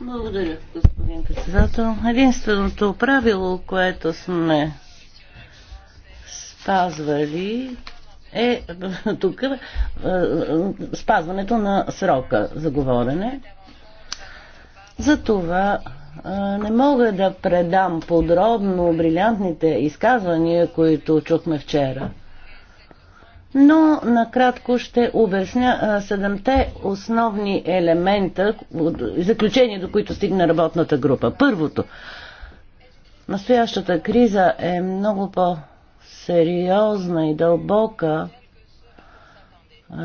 Благодаря, господин председател. Единственото правило, което сме спазвали е тук е, спазването на срока за говорене. Затова това е, не мога да предам подробно брилянтните изказвания, които чухме вчера но накратко ще обясня седемте основни елемента, заключения, до които стигна работната група. Първото, настоящата криза е много по-сериозна и дълбока а,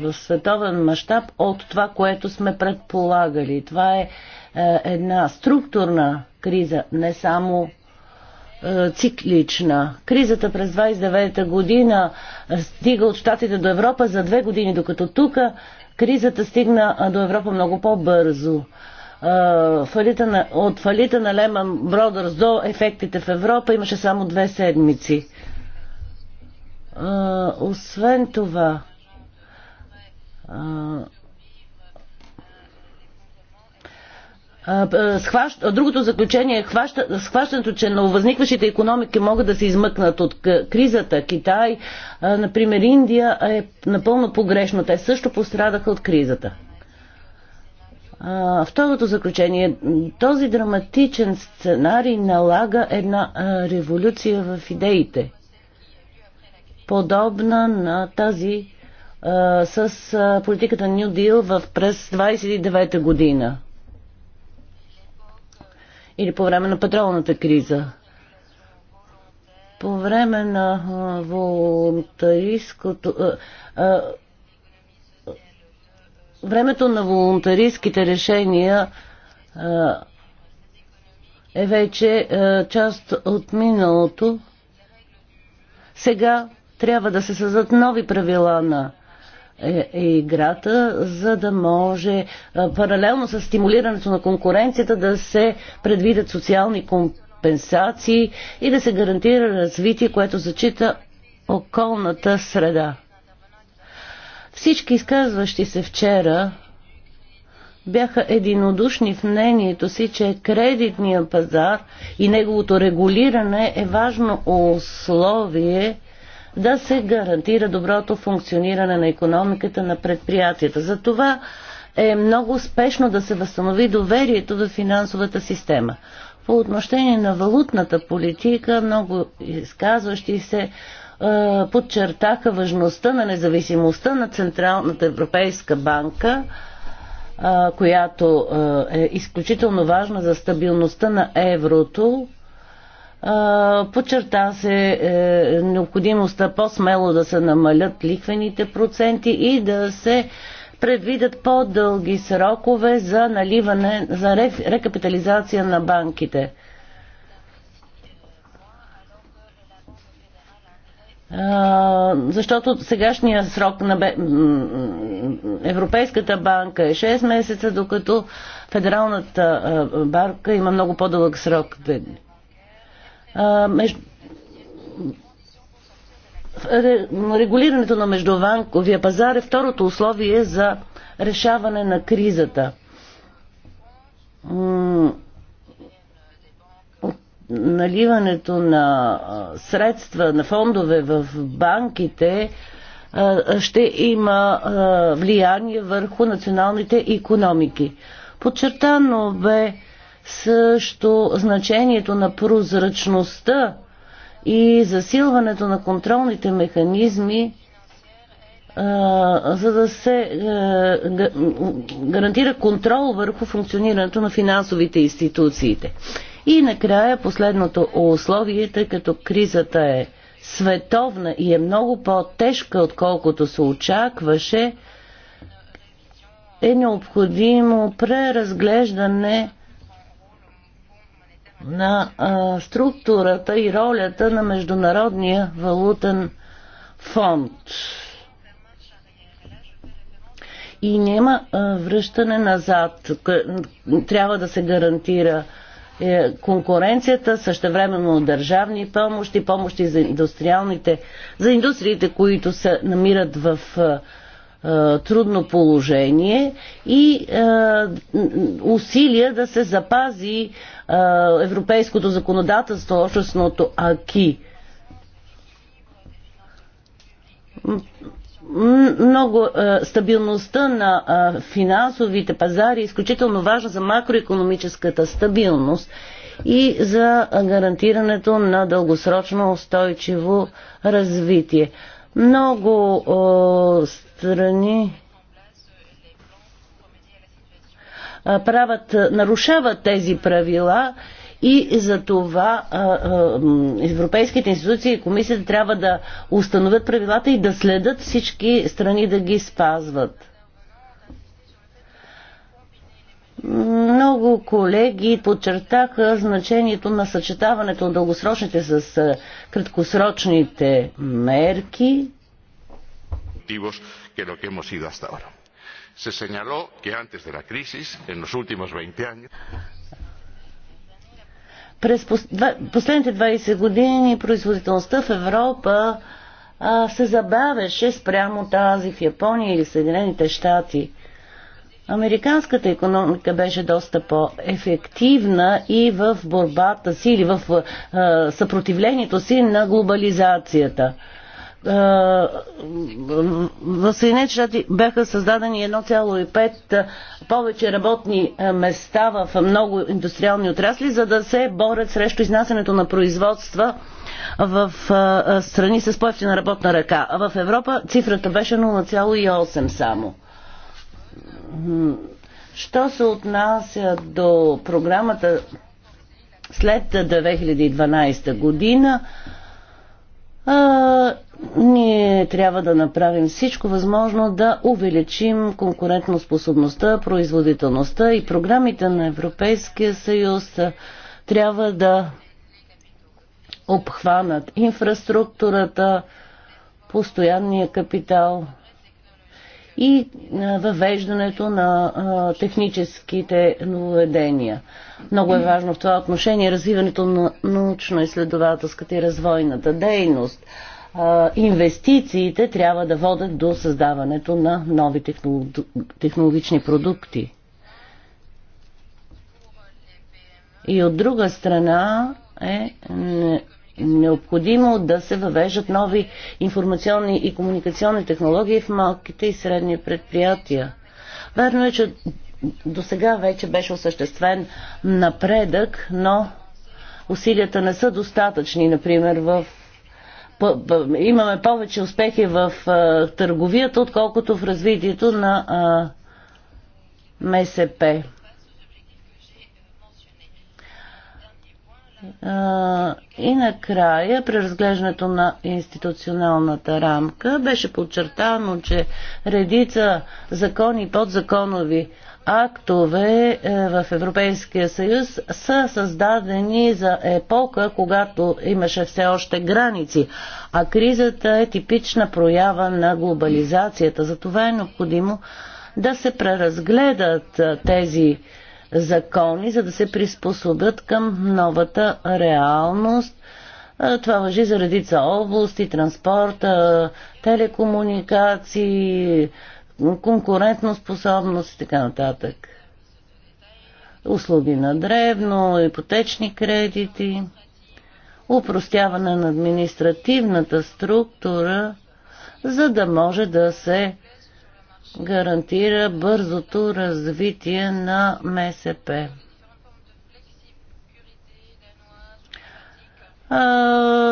в световен мащаб от това, което сме предполагали. Това е, е една структурна криза, не само е, циклична. Кризата през 29-та година стига от Штатите до Европа за две години, докато тук кризата стигна до Европа много по-бързо. Е, от фалита на Леман Бродърс до ефектите в Европа имаше само две седмици. Е, освен това, Схващ... Другото заключение е хваща... схващането, че нововъзникващите економики могат да се измъкнат от кризата. Китай, например Индия е напълно погрешно. Те също пострадаха от кризата. Второто заключение. Този драматичен сценарий налага една революция в идеите. Подобна на тази с политиката New Deal в през 29-та година или по време на петролната криза. По време на волонтаристското... Времето на волонтаристските решения е вече част от миналото. Сега трябва да се създадат нови правила на е, е, играта, за да може е, паралелно с стимулирането на конкуренцията да се предвидят социални компенсации и да се гарантира развитие, което зачита околната среда. Всички изказващи се вчера бяха единодушни в мнението си, че кредитния пазар и неговото регулиране е важно условие – да се гарантира доброто функциониране на економиката на предприятията. Затова е много спешно да се възстанови доверието в финансовата система. По отношение на валутната политика, много изказващи се е, подчертаха важността на независимостта на Централната европейска банка, е, която е, е изключително важна за стабилността на еврото, Подчерта се е, необходимостта по-смело да се намалят лихвените проценти и да се предвидят по-дълги срокове за наливане, за рекапитализация на банките. защото сегашния срок на Европейската банка е 6 месеца, докато Федералната банка има много по-дълъг срок между регулирането на междуванковия пазар е второто условие за решаване на кризата. Наливането на средства, на фондове в банките ще има влияние върху националните економики. Подчертано бе, също значението на прозрачността и засилването на контролните механизми, за да се гарантира контрол върху функционирането на финансовите институциите. И накрая последното условие, тъй като кризата е световна и е много по-тежка, отколкото се очакваше, е необходимо преразглеждане на а, структурата и ролята на Международния валутен фонд. И няма а, връщане назад. Трябва да се гарантира е, конкуренцията, същевременно държавни помощи, помощи за индустриалните, за индустриите, които се намират в а, е, трудно положение и е, усилия да се запази е, европейското законодателство, общественото АКИ. Много стабилността на финансовите пазари е изключително важна за макроекономическата стабилност и за гарантирането на дългосрочно устойчиво развитие. Много о, страни правят, нарушават тези правила и за това европейските институции и комисията трябва да установят правилата и да следят всички страни да ги спазват. Много колеги подчертаха значението на съчетаването на дългосрочните с краткосрочните мерки. Que lo que hemos ido hasta ahora. Se señaló que antes de la crisis, en los últimos 20 años. През последните 20 години производителността в Европа а, се забавеше спрямо тази в Япония или в Съединените щати Американската економика беше доста по-ефективна и в борбата си или в а, съпротивлението си на глобализацията. в Съединените щати бяха създадени 1,5 повече работни места в много индустриални отрасли, за да се борят срещу изнасянето на производства в страни с по-ефтина работна ръка. А в Европа цифрата беше 0,8 само. Що се отнася до програмата след 2012 година, а, ние трябва да направим всичко възможно да увеличим конкурентоспособността, производителността и програмите на Европейския съюз трябва да обхванат инфраструктурата, постоянния капитал, и въвеждането на техническите нововедения. Много е важно в това отношение развиването на научно-изследователската и развойната дейност. Инвестициите трябва да водят до създаването на нови технологични продукти. И от друга страна е необходимо да се въвеждат нови информационни и комуникационни технологии в малките и средни предприятия. Верно е, че до сега вече беше осъществен напредък, но усилията не са достатъчни. Например, в имаме повече успехи в търговията, отколкото в развитието на МСП. И накрая, при разглеждането на институционалната рамка, беше подчертано, че редица закони и подзаконови актове е, в Европейския съюз са създадени за епока, когато имаше все още граници, а кризата е типична проява на глобализацията. Затова е необходимо да се преразгледат е, тези закони, за да се приспособят към новата реалност. Това въжи за редица области, транспорта, телекомуникации, способност и така нататък. Услуги на древно, ипотечни кредити, упростяване на административната структура, за да може да се гарантира бързото развитие на МСП.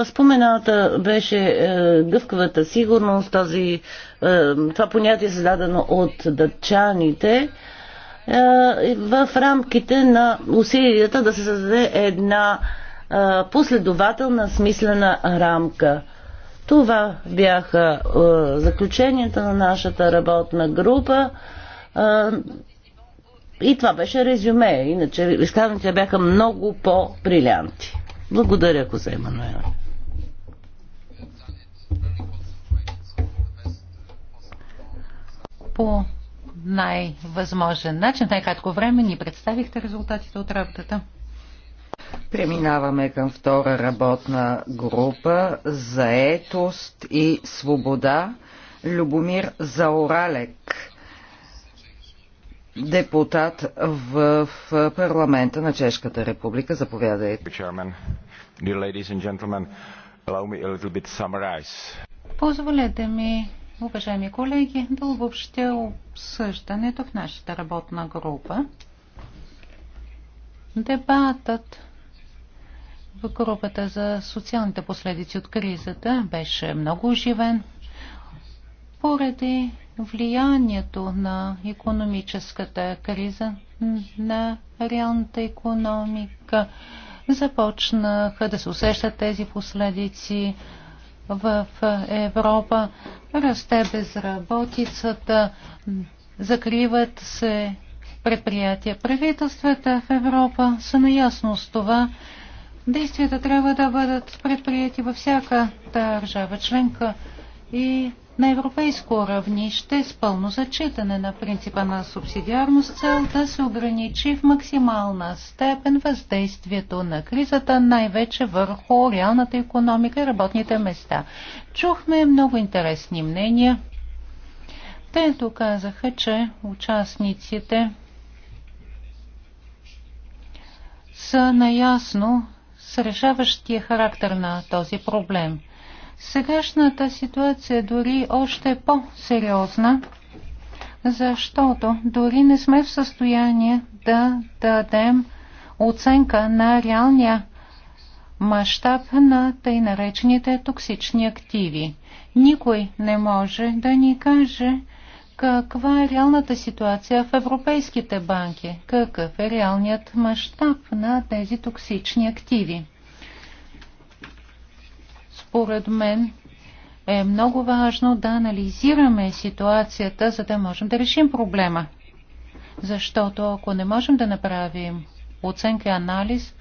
Спомената беше е, гъвкавата сигурност, този, е, това понятие е създадено от датчаните е, в рамките на усилията да се създаде една последователна смислена рамка – това бяха е, заключенията на нашата работна група. Е, и това беше резюме. Иначе изказванията бяха много по-брилянти. Благодаря, Козе Мануела. По най-възможен начин, в най-кратко време ни представихте резултатите от работата. Преминаваме към втора работна група Заетост и свобода. Любомир Заоралек, депутат в парламента на Чешката република. Заповядайте. Позволете ми, уважаеми колеги, да обобщя обсъждането в нашата работна група. Дебатът в групата за социалните последици от кризата беше много оживен поради влиянието на економическата криза на реалната економика. Започнаха да се усещат тези последици в Европа. Расте безработицата, закриват се предприятия. Правителствата в Европа са наясно с това, Действията трябва да бъдат предприяти във всяка държава членка и на европейско равнище с пълно зачитане на принципа на субсидиарност цел да се ограничи в максимална степен въздействието на кризата, най-вече върху реалната економика и работните места. Чухме много интересни мнения. Те доказаха, че участниците са наясно с решаващия характер на този проблем. Сегашната ситуация е дори още по-сериозна, защото дори не сме в състояние да дадем оценка на реалния мащаб на тъй наречените токсични активи. Никой не може да ни каже каква е реалната ситуация в европейските банки, какъв е реалният мащаб на тези токсични активи. Според мен е много важно да анализираме ситуацията, за да можем да решим проблема. Защото ако не можем да направим оценка и анализ,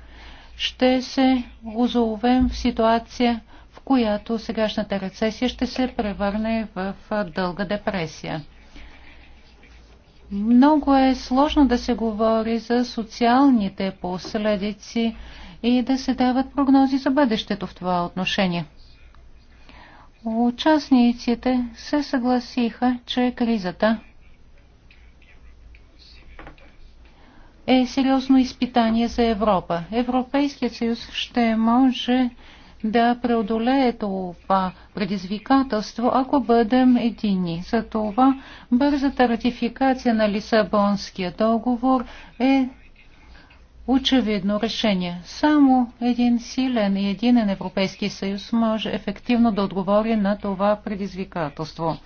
ще се озовем в ситуация, в която сегашната рецесия ще се превърне в дълга депресия. Много е сложно да се говори за социалните последици и да се дават прогнози за бъдещето в това отношение. Участниците се съгласиха, че кризата е сериозно изпитание за Европа. Европейският съюз ще може да преодолее това предизвикателство, ако бъдем едини. За това бързата ратификация на Лисабонския договор е очевидно решение. Само един силен и единен Европейски съюз може ефективно да отговори на това предизвикателство.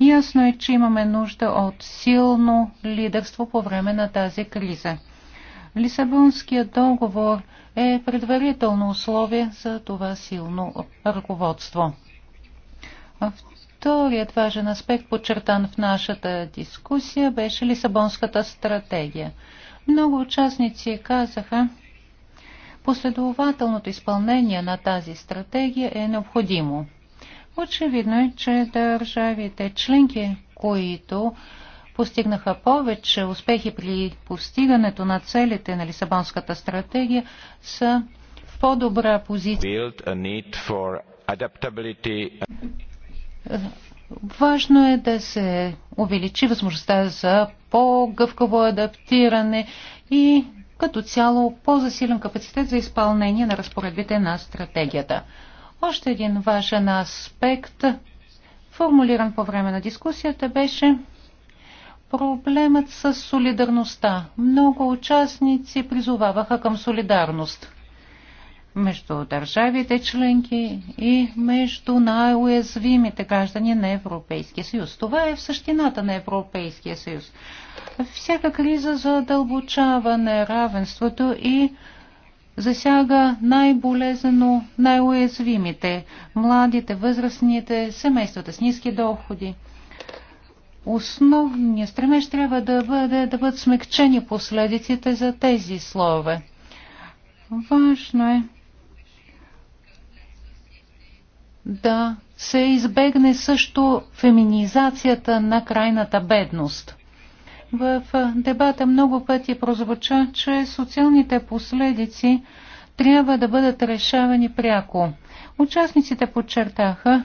Ясно е, че имаме нужда от силно лидерство по време на тази криза. Лисабонският договор е предварително условие за това силно ръководство. Вторият важен аспект, подчертан в нашата дискусия, беше Лисабонската стратегия. Много участници казаха, последователното изпълнение на тази стратегия е необходимо. Очевидно е, че държавите членки, които постигнаха повече успехи при постигането на целите на Лисабонската стратегия, са в по-добра позиция. Важно е да се увеличи възможността за по-гъвкаво адаптиране и като цяло по-засилен капацитет за изпълнение на разпоредбите на стратегията. Още един важен аспект, формулиран по време на дискусията, беше проблемът с солидарността. Много участници призоваваха към солидарност между държавите членки и между най-уязвимите граждани на Европейския съюз. Това е в същината на Европейския съюз. Всяка криза задълбочава неравенството и засяга най-болезнено най-уязвимите – младите, възрастните, семействата с ниски доходи – Основният стремеж трябва да бъде да бъдат смекчени последиците за тези слове. Важно е да се избегне също феминизацията на крайната бедност. В дебата много пъти прозвуча, че социалните последици трябва да бъдат решавани пряко. Участниците подчертаха,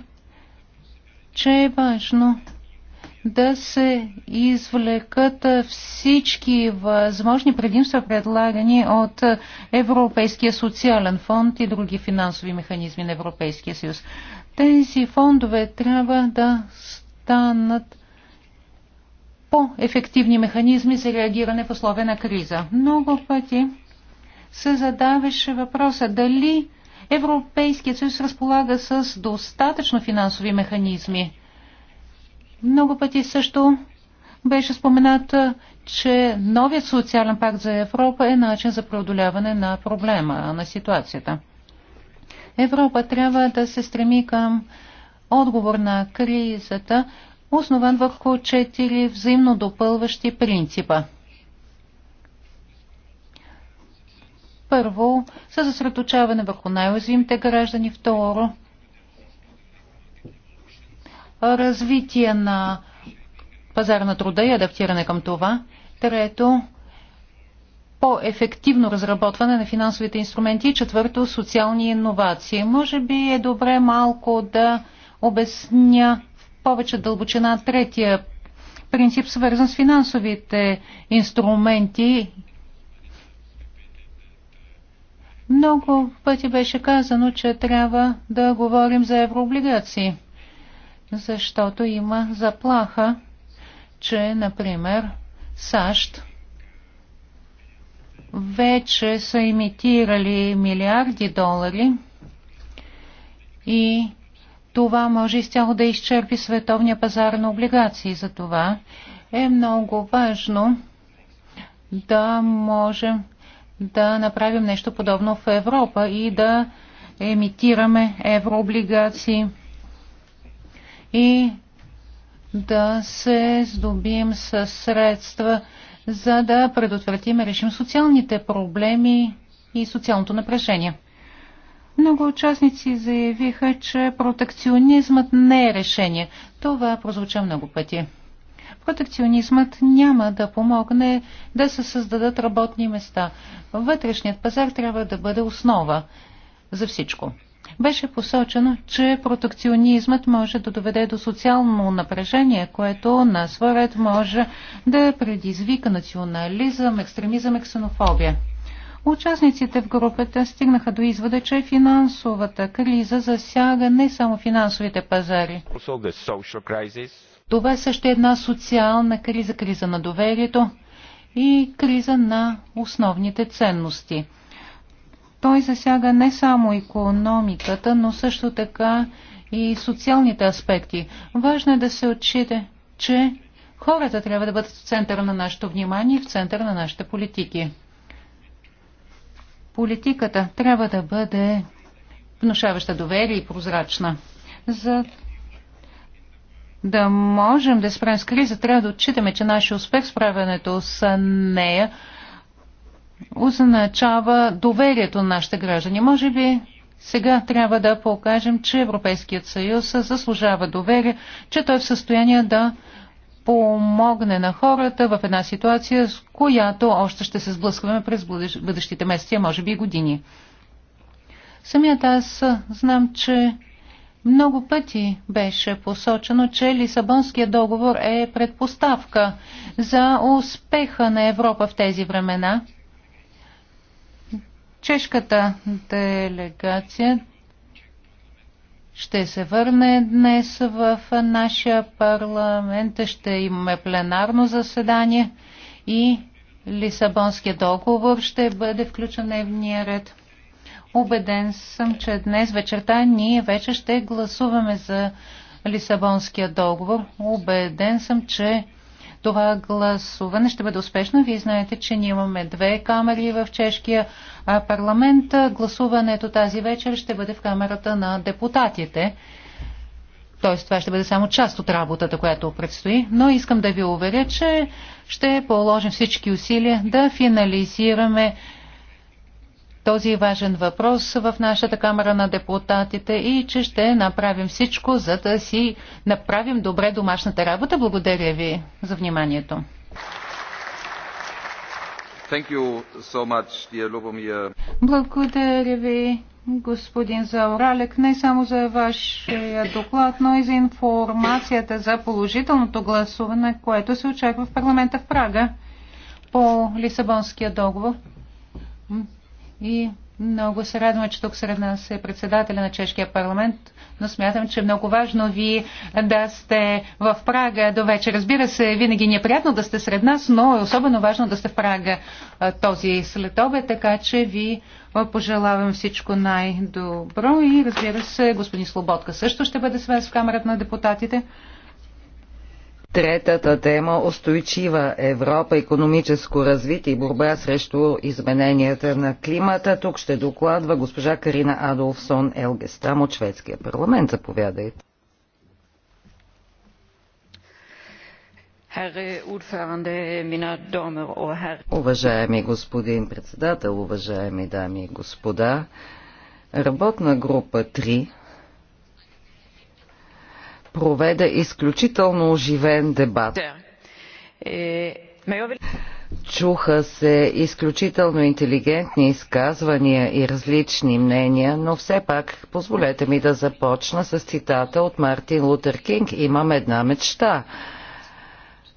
че е важно да се извлекат всички възможни предимства, предлагани от Европейския социален фонд и други финансови механизми на Европейския съюз. Тези фондове трябва да станат по-ефективни механизми за реагиране в условия на криза. Много пъти се задаваше въпроса дали Европейският съюз разполага с достатъчно финансови механизми много пъти също беше споменат, че новият социален пакт за Европа е начин за преодоляване на проблема, на ситуацията. Европа трябва да се стреми към отговор на кризата, основан върху четири взаимно допълващи принципа. Първо, съсредоточаване върху най-уязвимите граждани. Второ, развитие на пазара на труда и адаптиране към това. Трето, по-ефективно разработване на финансовите инструменти четвърто, социални иновации. Може би е добре малко да обясня в повече дълбочина третия принцип, свързан с финансовите инструменти. Много пъти беше казано, че трябва да говорим за еврооблигации защото има заплаха, че, например, САЩ вече са имитирали милиарди долари и това може изцяло да изчерпи световния пазар на облигации. За това е много важно да можем да направим нещо подобно в Европа и да емитираме еврооблигации и да се здобием с средства, за да предотвратим и решим социалните проблеми и социалното напрежение. Много участници заявиха, че протекционизмът не е решение. Това прозвуча много пъти. Протекционизмът няма да помогне да се създадат работни места. Вътрешният пазар трябва да бъде основа за всичко. Беше посочено, че протекционизмът може да доведе до социално напрежение, което на свой ред може да предизвика национализъм, екстремизъм и ксенофобия. Участниците в групата стигнаха до извода, че финансовата криза засяга не само финансовите пазари. Това е също е една социална криза, криза на доверието и криза на основните ценности. Той засяга не само економиката, но също така и социалните аспекти. Важно е да се отчита, че хората трябва да бъдат в центъра на нашето внимание и в центъра на нашите политики. Политиката трябва да бъде внушаваща доверие и прозрачна. За да можем да спрем с криза, трябва да отчитаме, че нашия успех в справянето с нея означава доверието на нашите граждани. Може би сега трябва да покажем, че Европейският съюз заслужава доверие, че той е в състояние да помогне на хората в една ситуация, с която още ще се сблъскваме през бъдещите месеци, а може би и години. Самият аз знам, че много пъти беше посочено, че Лисабонския договор е предпоставка за успеха на Европа в тези времена – Чешката делегация ще се върне днес в нашия парламент. Ще имаме пленарно заседание и Лисабонския договор ще бъде включен в дневния ред. Обеден съм, че днес вечерта ние вече ще гласуваме за Лисабонския договор. Обеден съм, че това гласуване ще бъде успешно. Вие знаете, че ние имаме две камери в чешкия парламент. Гласуването тази вечер ще бъде в камерата на депутатите. Тоест, това ще бъде само част от работата, която предстои, но искам да ви уверя, че ще положим всички усилия да финализираме този важен въпрос в нашата камера на депутатите и че ще направим всичко, за да си направим добре домашната работа. Благодаря ви за вниманието. So much, Благодаря ви, господин Заоралек, не само за вашия доклад, но и за информацията за положителното гласуване, което се очаква в парламента в Прага по Лисабонския договор. И много се радвам, че тук сред нас е председателя на Чешкия парламент, но смятам, че е много важно ви да сте в Прага до вече. Разбира се, винаги ни е приятно да сте сред нас, но е особено важно да сте в Прага този следобед, така че ви пожелавам всичко най-добро и разбира се, господин Слободка също ще бъде с вас в камерата на депутатите. Третата тема – устойчива Европа, економическо развитие и борба срещу измененията на климата. Тук ще докладва госпожа Карина Адолфсон Елгестам от Шведския парламент. Заповядайте. Уважаеми господин председател, уважаеми дами и господа, работна група проведе изключително оживен дебат. Е, Чуха се изключително интелигентни изказвания и различни мнения, но все пак позволете ми да започна с цитата от Мартин Лутер Кинг «Имам една мечта»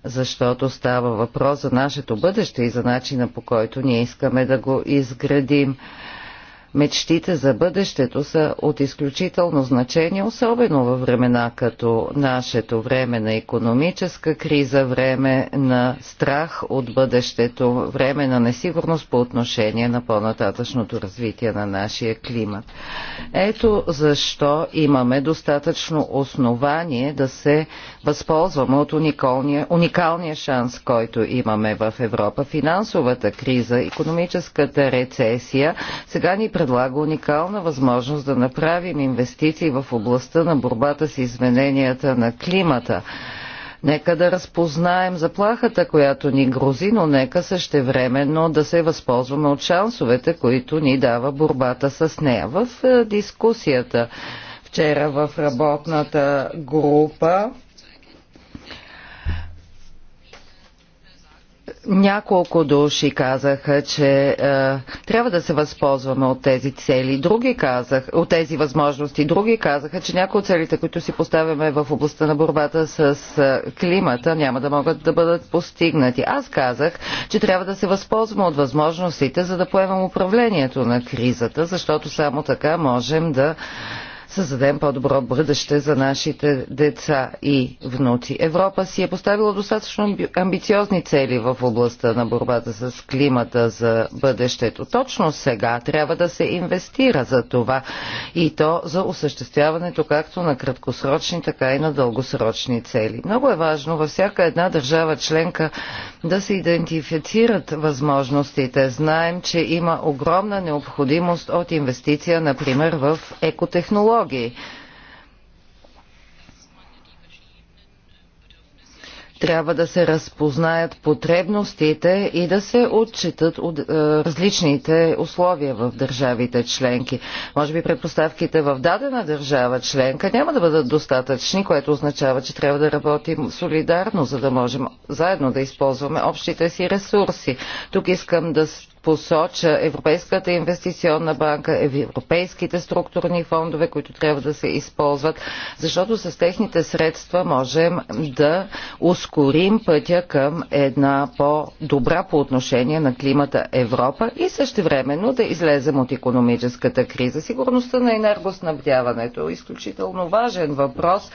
защото става въпрос за нашето бъдеще и за начина по който ние искаме да го изградим мечтите за бъдещето са от изключително значение, особено във времена като нашето време на економическа криза, време на страх от бъдещето, време на несигурност по отношение на по-нататъчното развитие на нашия климат. Ето защо имаме достатъчно основание да се възползваме от уникалния, уникалния шанс, който имаме в Европа. Финансовата криза, економическата рецесия сега ни предлага уникална възможност да направим инвестиции в областта на борбата с измененията на климата. Нека да разпознаем заплахата, която ни грози, но нека същевременно да се възползваме от шансовете, които ни дава борбата с нея. В е, дискусията вчера в работната група няколко души казаха, че е, трябва да се възползваме от тези цели. Други казах, от тези възможности. Други казаха, че някои от целите, които си поставяме в областта на борбата с е, климата, няма да могат да бъдат постигнати. Аз казах, че трябва да се възползваме от възможностите, за да поемам управлението на кризата, защото само така можем да създадем по-добро бъдеще за нашите деца и внуци. Европа си е поставила достатъчно амбициозни цели в областта на борбата с климата за бъдещето. Точно сега трябва да се инвестира за това и то за осъществяването както на краткосрочни, така и на дългосрочни цели. Много е важно във всяка една държава членка да се идентифицират възможностите. Знаем, че има огромна необходимост от инвестиция, например, в екотехнологии технологии. трябва да се разпознаят потребностите и да се отчитат от, е, различните условия в държавите членки. Може би предпоставките в дадена държава членка няма да бъдат достатъчни, което означава, че трябва да работим солидарно, за да можем заедно да използваме общите си ресурси. Тук искам да посоча Европейската инвестиционна банка, е европейските структурни фондове, които трябва да се използват, защото с техните средства можем да ускорим пътя към една по-добра по отношение на климата Европа и същевременно да излезем от економическата криза. Сигурността на енергоснабдяването е изключително важен въпрос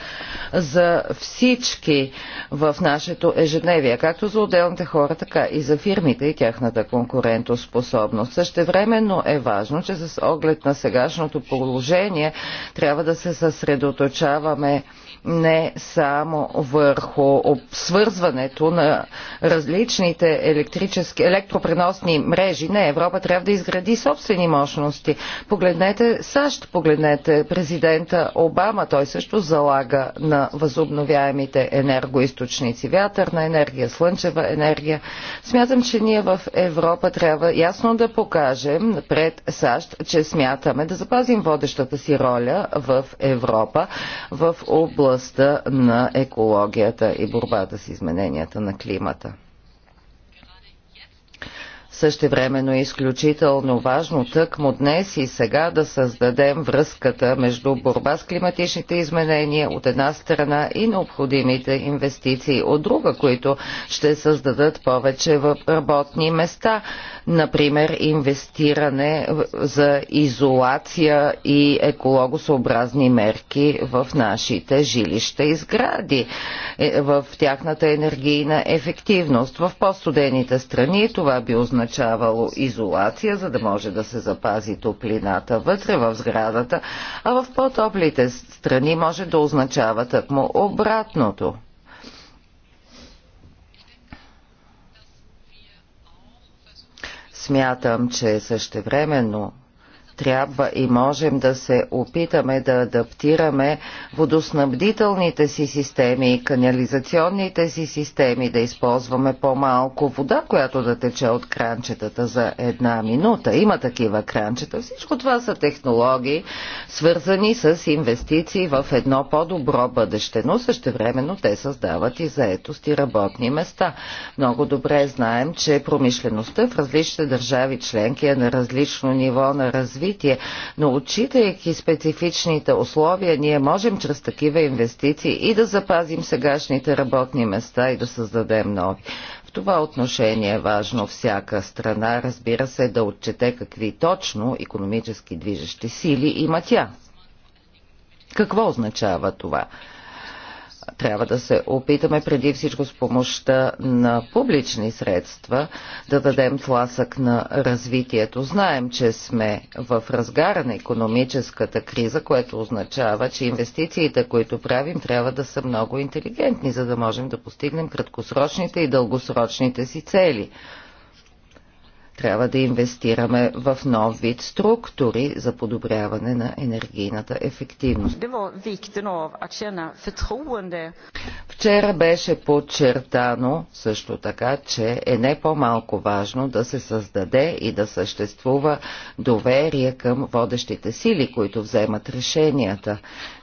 за всички в нашето ежедневие, както за отделните хора, така и за фирмите и тяхната конкурентност конкурентоспособност. Същевременно е важно, че с оглед на сегашното положение трябва да се съсредоточаваме не само върху свързването на различните електрически, електропреносни мрежи. Не, Европа трябва да изгради собствени мощности. Погледнете САЩ, погледнете президента Обама. Той също залага на възобновяемите енергоисточници. Вятърна енергия, слънчева енергия. Смятам, че ние в Европа трябва ясно да покажем пред САЩ, че смятаме да запазим водещата си роля в Европа в област областта на екологията и борбата с измененията на климата. Същевременно е изключително важно тъкмо днес и сега да създадем връзката между борба с климатичните изменения от една страна и необходимите инвестиции от друга, които ще създадат повече работни места. Например, инвестиране за изолация и екологосъобразни мерки в нашите жилища и сгради, е, в тяхната енергийна ефективност. В по-студените страни това би означава означавало изолация, за да може да се запази топлината вътре в сградата, а в по-топлите страни може да означава тъкмо обратното. Смятам, че същевременно трябва и можем да се опитаме да адаптираме водоснабдителните си системи и канализационните си системи, да използваме по-малко вода, която да тече от кранчетата за една минута. Има такива кранчета. Всичко това са технологии, свързани с инвестиции в едно по-добро бъдеще, но същевременно те създават и заетост и работни места. Много добре знаем, че промишлеността в различните държави членки е на различно ниво на развитие развитие. Но отчитайки специфичните условия, ние можем чрез такива инвестиции и да запазим сегашните работни места и да създадем нови. В това отношение е важно всяка страна, разбира се, да отчете какви точно економически движещи сили има тя. Какво означава това? трябва да се опитаме преди всичко с помощта на публични средства да дадем тласък на развитието. Знаем, че сме в разгара на економическата криза, което означава, че инвестициите, които правим, трябва да са много интелигентни, за да можем да постигнем краткосрочните и дългосрочните си цели. Трябва да инвестираме в нов вид структури за подобряване на енергийната ефективност. Вчера беше подчертано също така, че е не по-малко важно да се създаде и да съществува доверие към водещите сили, които вземат решенията.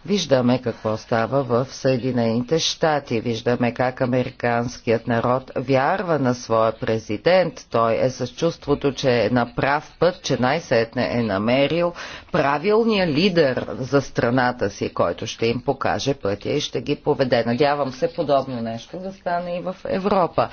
Виждаме какво става в Съединените щати, виждаме как американският народ вярва на своя президент, той е с чувство чувството, че е на прав път, че най-сетне е намерил правилния лидер за страната си, който ще им покаже пътя и ще ги поведе. Надявам се подобно нещо да стане и в Европа.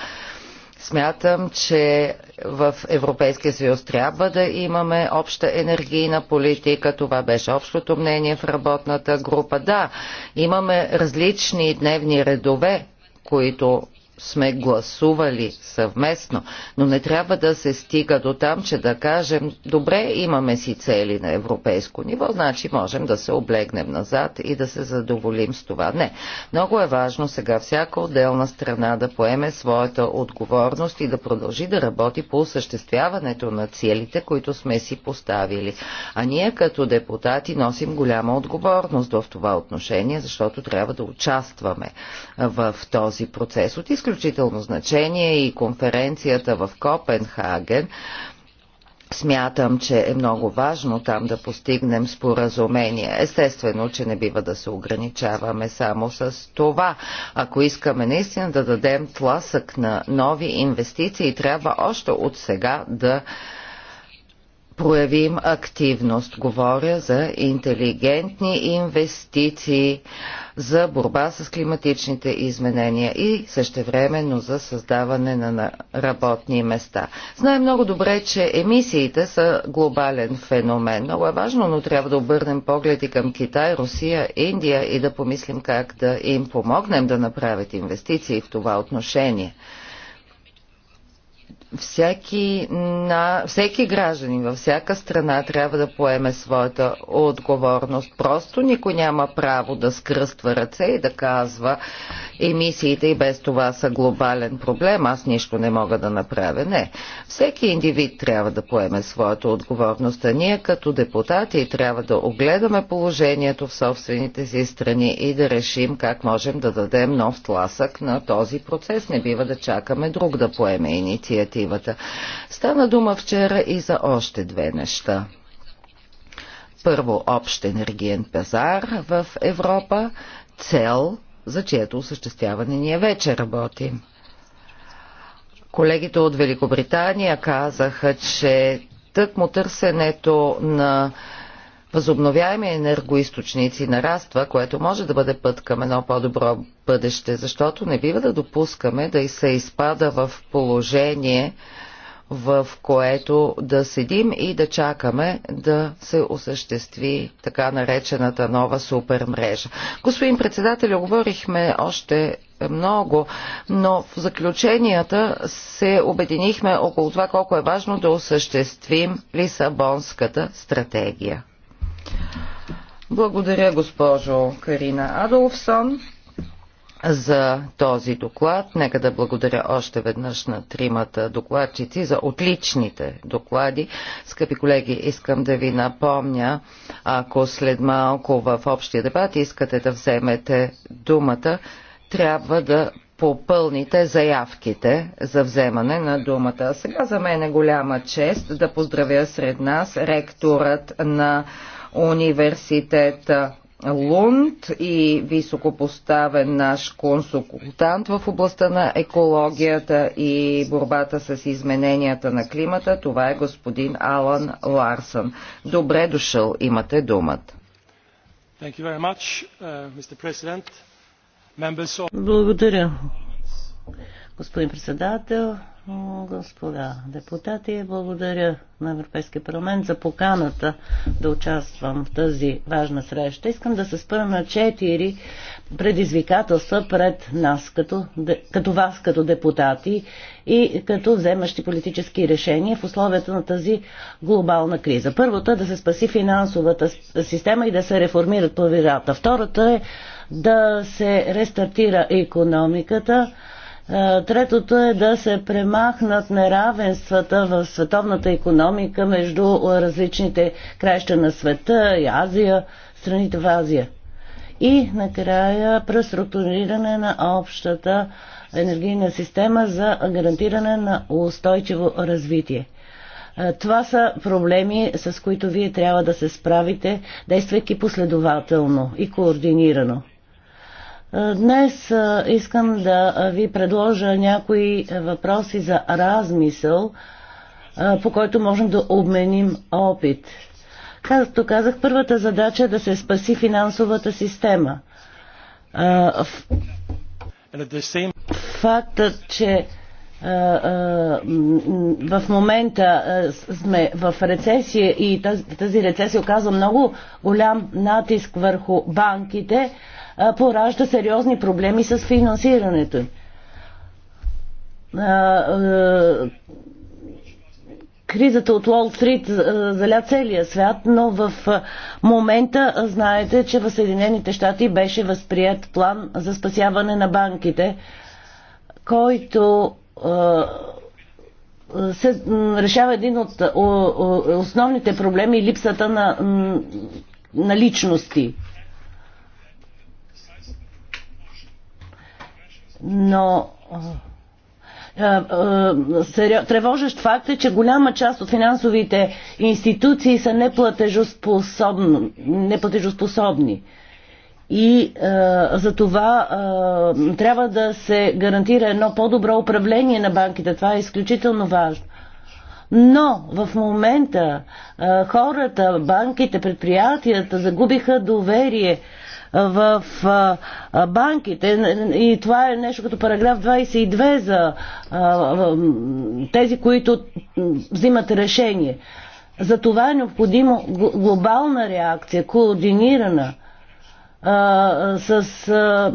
Смятам, че в Европейския съюз трябва да имаме обща енергийна политика. Това беше общото мнение в работната група. Да, имаме различни дневни редове, които сме гласували съвместно, но не трябва да се стига до там, че да кажем, добре, имаме си цели на европейско ниво, значи можем да се облегнем назад и да се задоволим с това. Не. Много е важно сега всяка отделна страна да поеме своята отговорност и да продължи да работи по осъществяването на целите, които сме си поставили. А ние като депутати носим голяма отговорност в това отношение, защото трябва да участваме в този процес. От изключително значение и конференцията в Копенхаген. Смятам, че е много важно там да постигнем споразумение. Естествено, че не бива да се ограничаваме само с това. Ако искаме наистина да дадем тласък на нови инвестиции, трябва още от сега да проявим активност. Говоря за интелигентни инвестиции, за борба с климатичните изменения и същевременно за създаване на работни места. Знаем много добре, че емисиите са глобален феномен. Много е важно, но трябва да обърнем поглед и към Китай, Русия, Индия и да помислим как да им помогнем да направят инвестиции в това отношение всяки, на, всеки гражданин във всяка страна трябва да поеме своята отговорност. Просто никой няма право да скръства ръце и да казва емисиите и без това са глобален проблем, аз нищо не мога да направя. Не. Всеки индивид трябва да поеме своята отговорност, а ние като депутати трябва да огледаме положението в собствените си страни и да решим как можем да дадем нов тласък на този процес. Не бива да чакаме друг да поеме инициатива директивата. Стана дума вчера и за още две неща. Първо, общ енергиен пазар в Европа, цел, за чието осъществяване ние вече работим. Колегите от Великобритания казаха, че тъкмо търсенето на възобновяеми енергоисточници нараства, което може да бъде път към едно по-добро бъдеще, защото не бива да допускаме да се изпада в положение, в което да седим и да чакаме да се осъществи така наречената нова супермрежа. Господин председател, говорихме още много, но в заключенията се обединихме около това колко е важно да осъществим Лисабонската стратегия. Благодаря, госпожо Карина Адолфсон, за този доклад. Нека да благодаря още веднъж на тримата докладчици за отличните доклади. Скъпи колеги, искам да ви напомня, ако след малко в общия дебат искате да вземете думата, трябва да попълните заявките за вземане на думата. Сега за мен е голяма чест да поздравя сред нас ректорът на университета Лунд и високопоставен наш консултант в областта на екологията и борбата с измененията на климата. Това е господин Алан Ларсън. Добре дошъл, имате думата. Uh, Благодаря, господин председател, господа депутати. Благодаря на Европейския парламент за поканата да участвам в тази важна среща. Искам да се спра на четири предизвикателства пред нас, като, като вас, като депутати и като вземащи политически решения в условията на тази глобална криза. Първата е да се спаси финансовата система и да се реформират повирата. Втората е да се рестартира економиката е, третото е да се премахнат неравенствата в световната економика между различните краища на света и Азия, страните в Азия. И накрая преструктуриране на общата енергийна система за гарантиране на устойчиво развитие. Е, това са проблеми, с които вие трябва да се справите, действайки последователно и координирано. Е, днес е, искам да ви предложа някои въпроси за размисъл, е, по който можем да обменим опит. Както казах, първата задача е да се спаси финансовата система. Фактът, че в момента сме в рецесия и тази, рецесия оказва много голям натиск върху банките, поражда сериозни проблеми с финансирането Кризата от Уолл Стрит заля целия свят, но в момента знаете, че в Съединените щати беше възприят план за спасяване на банките, който се решава един от основните проблеми липсата на, на личности. Но тревожещ факт е, че голяма част от финансовите институции са неплатежоспособни. И е, за това е, трябва да се гарантира едно по-добро управление на банките. Това е изключително важно. Но в момента е, хората, банките, предприятията загубиха доверие в банките. И това е нещо като параграф 22 за тези, които взимат решение. За това е необходимо глобална реакция, координирана с а,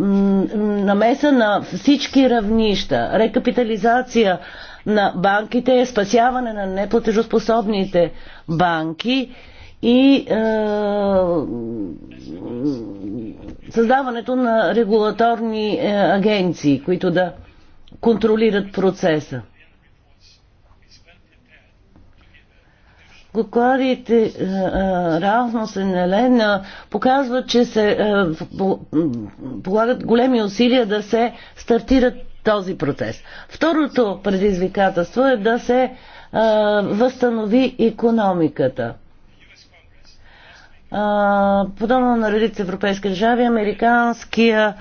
намеса на всички равнища, рекапитализация на банките, спасяване на неплатежоспособните банки и е, създаването на регулаторни е, агенции, които да контролират процеса. Докладите е, е, Раунос и Елена показват, че се е, полагат големи усилия да се стартират този процес. Второто предизвикателство е да се възстанови економиката подобно на редица европейски държави, американския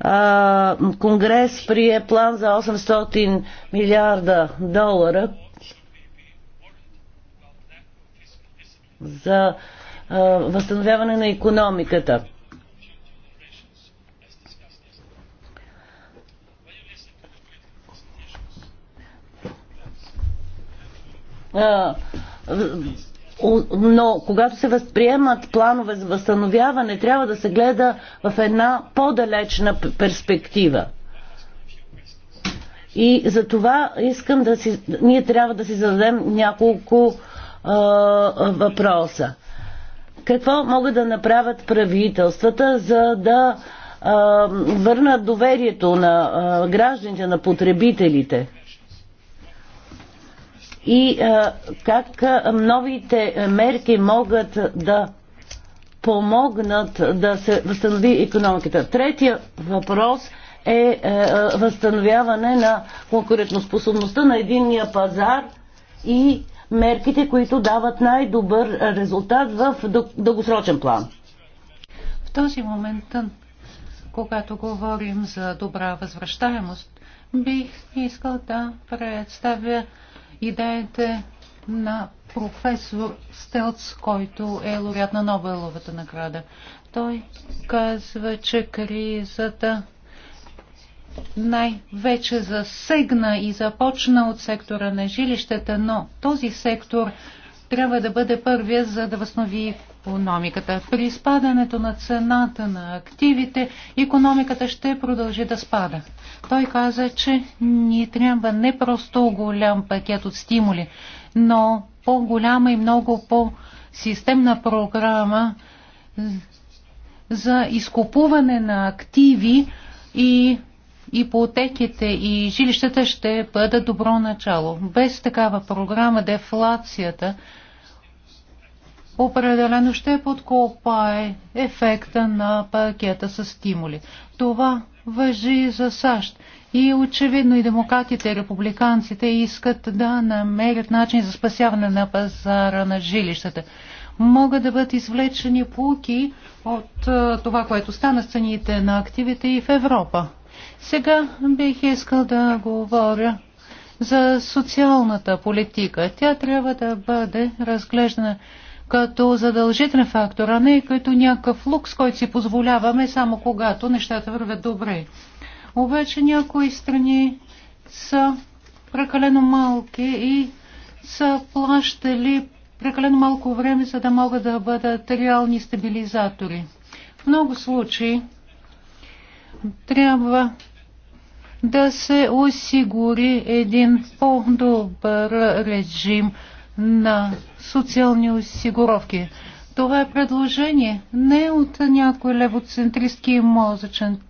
а, конгрес прие план за 800 милиарда долара за а, възстановяване на економиката. А, но когато се възприемат планове за възстановяване, трябва да се гледа в една по-далечна перспектива. И за това искам да си, ние трябва да си зададем няколко а, въпроса. Какво могат да направят правителствата, за да а, върнат доверието на а, гражданите, на потребителите? и е, как е, новите мерки могат да помогнат да се възстанови економиката. Третия въпрос е, е възстановяване на конкурентоспособността на единния пазар и мерките, които дават най-добър резултат в дългосрочен план. В този момент, когато говорим за добра възвръщаемост, бих искал да представя идеята е на професор Стелц, който е лауреат на Нобеловата награда. Той казва, че кризата най-вече засегна и започна от сектора на жилищата, но този сектор трябва да бъде първия, за да възнови економиката. При спадането на цената на активите, економиката ще продължи да спада. Той каза, че ни трябва не просто голям пакет от стимули, но по-голяма и много по-системна програма за изкупуване на активи и ипотеките и жилищата ще бъдат добро начало. Без такава програма дефлацията определено ще подкопае ефекта на пакета с стимули. Това въжи за САЩ. И очевидно и демократите, и републиканците искат да намерят начин за спасяване на пазара на жилищата. Могат да бъдат извлечени полки от това, което стана с цените на активите и в Европа. Сега бих искал да говоря за социалната политика. Тя трябва да бъде разглеждана като задължителен фактор, а не като някакъв лукс, който си позволяваме само когато нещата вървят добре. Обаче някои страни са прекалено малки и са плащали прекалено малко време, за да могат да бъдат реални стабилизатори. В много случаи трябва да се осигури един по-добър режим на социални осигуровки. Това е предложение не от някой левоцентристски мозъчен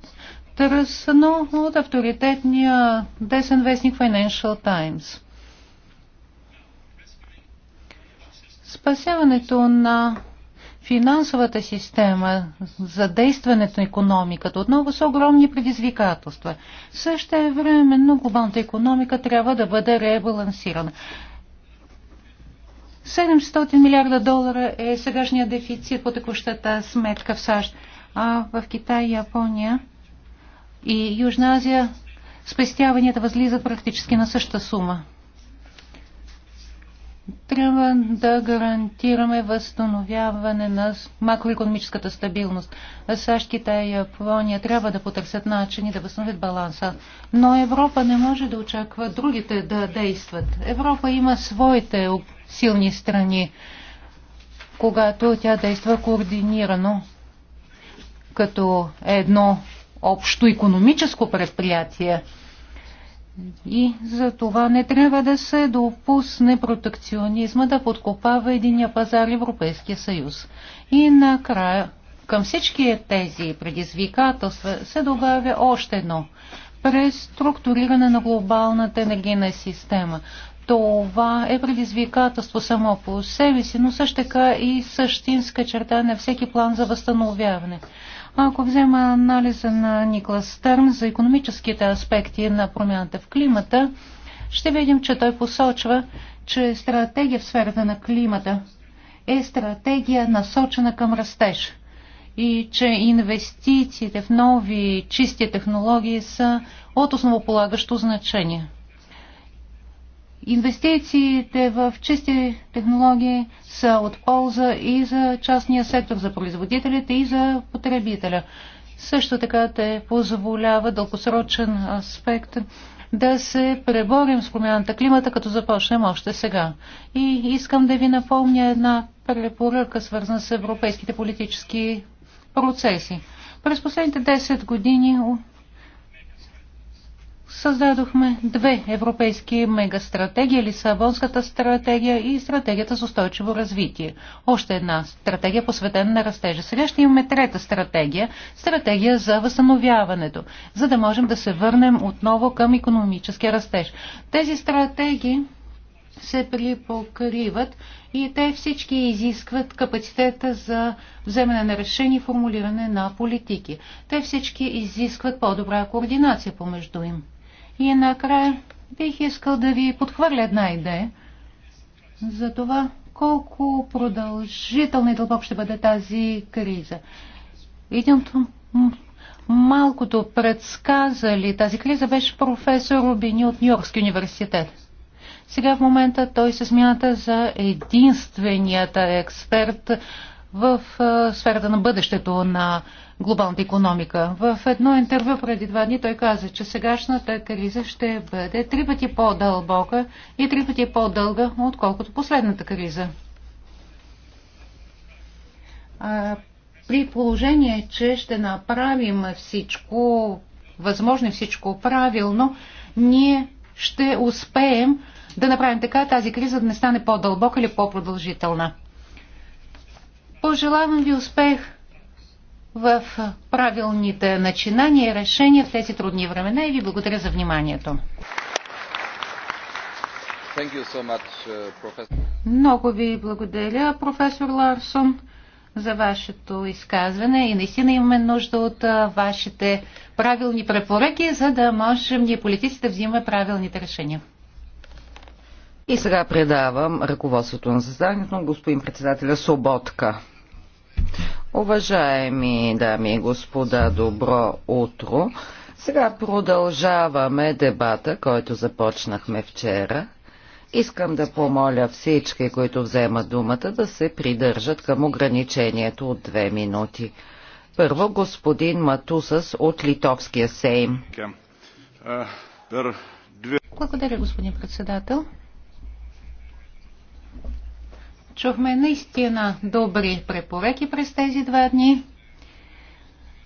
търс, но от авторитетния десен вестник Financial Times. Спасяването на финансовата система, за действането на економиката отново са огромни предизвикателства. Също е но глобалната економика трябва да бъде ребалансирана. 700 милиарда долара е сегашния дефицит по текущата сметка в САЩ. А в Китай, Япония и Южна Азия спестяванията възлизат практически на същата сума трябва да гарантираме възстановяване на макроекономическата стабилност. САЩ, Китай и Япония трябва да потърсят начини да възстановят баланса. Но Европа не може да очаква другите да действат. Европа има своите силни страни, когато тя действа координирано като едно общо економическо предприятие – и за това не трябва да се допусне протекционизма да подкопава единия пазар Европейския съюз. И накрая към всички тези предизвикателства се добавя още едно – преструктуриране на глобалната енергийна система. Това е предизвикателство само по себе си, но също така и същинска черта на всеки план за възстановяване. Ако взема анализа на Никлас Стърн за економическите аспекти на промяната в климата, ще видим, че той посочва, че стратегия в сферата на климата е стратегия насочена към растеж и че инвестициите в нови чисти технологии са от основополагащо значение. Инвестициите в чисти технологии са от полза и за частния сектор, за производителите и за потребителя. Също така те позволява дългосрочен аспект да се преборим с промяната климата, като започнем още сега. И искам да ви напомня една препоръка, свързана с европейските политически процеси. През последните 10 години създадохме две европейски мегастратегии, Лисабонската стратегия и стратегията за устойчиво развитие. Още една стратегия посветена на растежа. Сега ще имаме трета стратегия, стратегия за възстановяването, за да можем да се върнем отново към економически растеж. Тези стратегии се припокриват и те всички изискват капацитета за вземане на решение и формулиране на политики. Те всички изискват по-добра координация помежду им. И накрая бих искал да ви подхвърля една идея за това колко продължителна и дълбок ще бъде тази криза. Един от малкото предсказали тази криза беше професор Рубини от Нью-Йоркски университет. Сега в момента той се смята за единственият експерт, в сферата на бъдещето на глобалната економика. В едно интервю преди два дни той каза, че сегашната криза ще бъде три пъти по-дълбока и три пъти по-дълга, отколкото последната криза. А, при положение, че ще направим всичко възможно и всичко правилно, ние ще успеем да направим така тази криза да не стане по-дълбока или по-продължителна. Пожелавам ви успех в правилните начинания и решения в тези трудни времена и ви благодаря за вниманието. So much, uh, Много ви благодаря, професор Ларсон, за вашето изказване и наистина имаме нужда от вашите правилни препоръки, за да можем ние политиците да взимаме правилните решения. И сега предавам ръководството на заседанието на господин председателя Соботка. Уважаеми дами и господа, добро утро! Сега продължаваме дебата, който започнахме вчера. Искам да помоля всички, които вземат думата, да се придържат към ограничението от две минути. Първо господин Матусас от Литовския сейм. Благодаря, господин председател. Чухме наистина добри препоръки през тези два дни.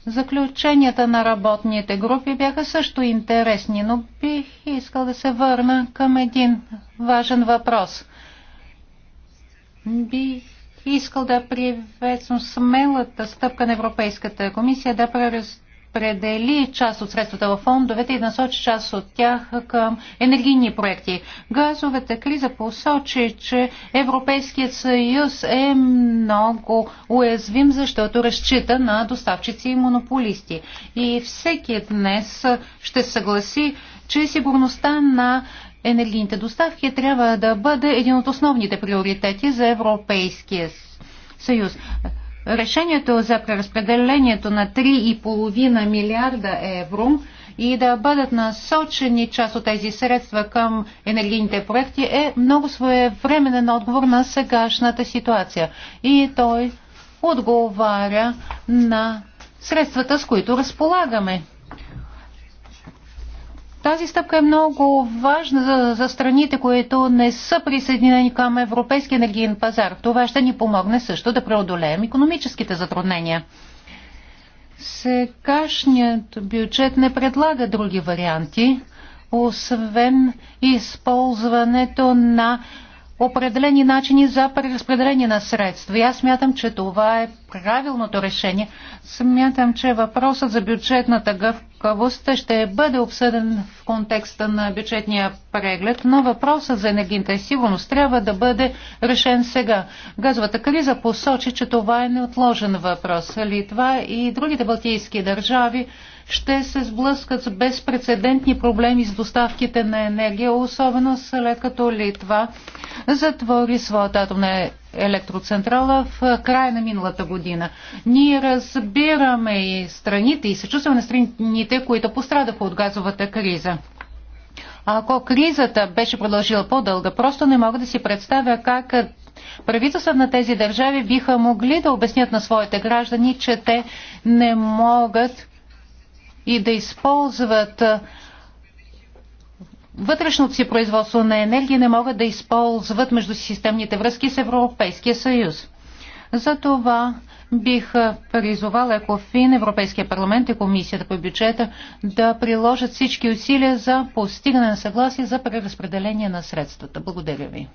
Заключенията на работните групи бяха също интересни, но бих искал да се върна към един важен въпрос. Бих искал да приветствам смелата стъпка на Европейската комисия да преразгледа разпредели част от средствата във фондовете и насочи част от тях към енергийни проекти. Газовата криза посочи, че Европейският съюз е много уязвим, защото разчита на доставчици и монополисти. И всеки днес ще съгласи, че сигурността на енергийните доставки трябва да бъде един от основните приоритети за Европейския съюз решението за преразпределението на 3,5 милиарда евро и да бъдат насочени част от тези средства към енергийните проекти е много своевременен отговор на сегашната ситуация. И той отговаря на средствата, с които разполагаме. Тази стъпка е много важна за, за страните, които не са присъединени към Европейския енергиен пазар. Това ще ни помогне също да преодолеем економическите затруднения. Сегашният бюджет не предлага други варианти, освен използването на определени начини за преразпределение на средства. И аз смятам, че това е правилното решение. Смятам, че въпросът за бюджетната гъвкавост ще бъде обсъден в контекста на бюджетния преглед, но въпросът за енергийната сигурност трябва да бъде решен сега. Газовата криза посочи, че това е неотложен въпрос. Литва и другите балтийски държави ще се сблъскат с безпредседентни проблеми с доставките на енергия, особено след като Литва затвори своята атомна електроцентрала в края на миналата година. Ние разбираме и страните и съчувстваме на страните, които пострадаха от газовата криза. Ако кризата беше продължила по-дълга, просто не мога да си представя как правителства на тези държави биха могли да обяснят на своите граждани, че те не могат и да използват вътрешното си производство на енергия, не могат да използват междусистемните връзки с Европейския съюз. За това бих призовал Екофин, Европейския парламент и Комисията по бюджета да приложат всички усилия за постигане на съгласие за преразпределение на средствата. Благодаря ви.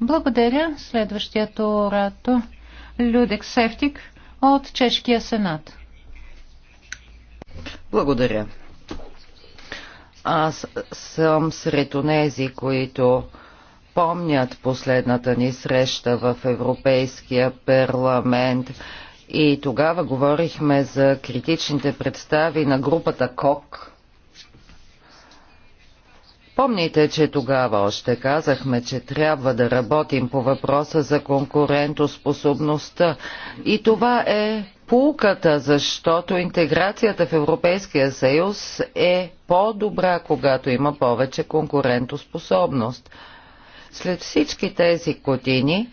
Благодаря. Следващият оратор Людек Сефтик от Чешкия сенат. Благодаря. Аз съм сред онези, които помнят последната ни среща в Европейския парламент и тогава говорихме за критичните представи на групата КОК, Помните, че тогава още казахме, че трябва да работим по въпроса за конкурентоспособността. И това е пулката, защото интеграцията в Европейския съюз е по-добра, когато има повече конкурентоспособност. След всички тези години,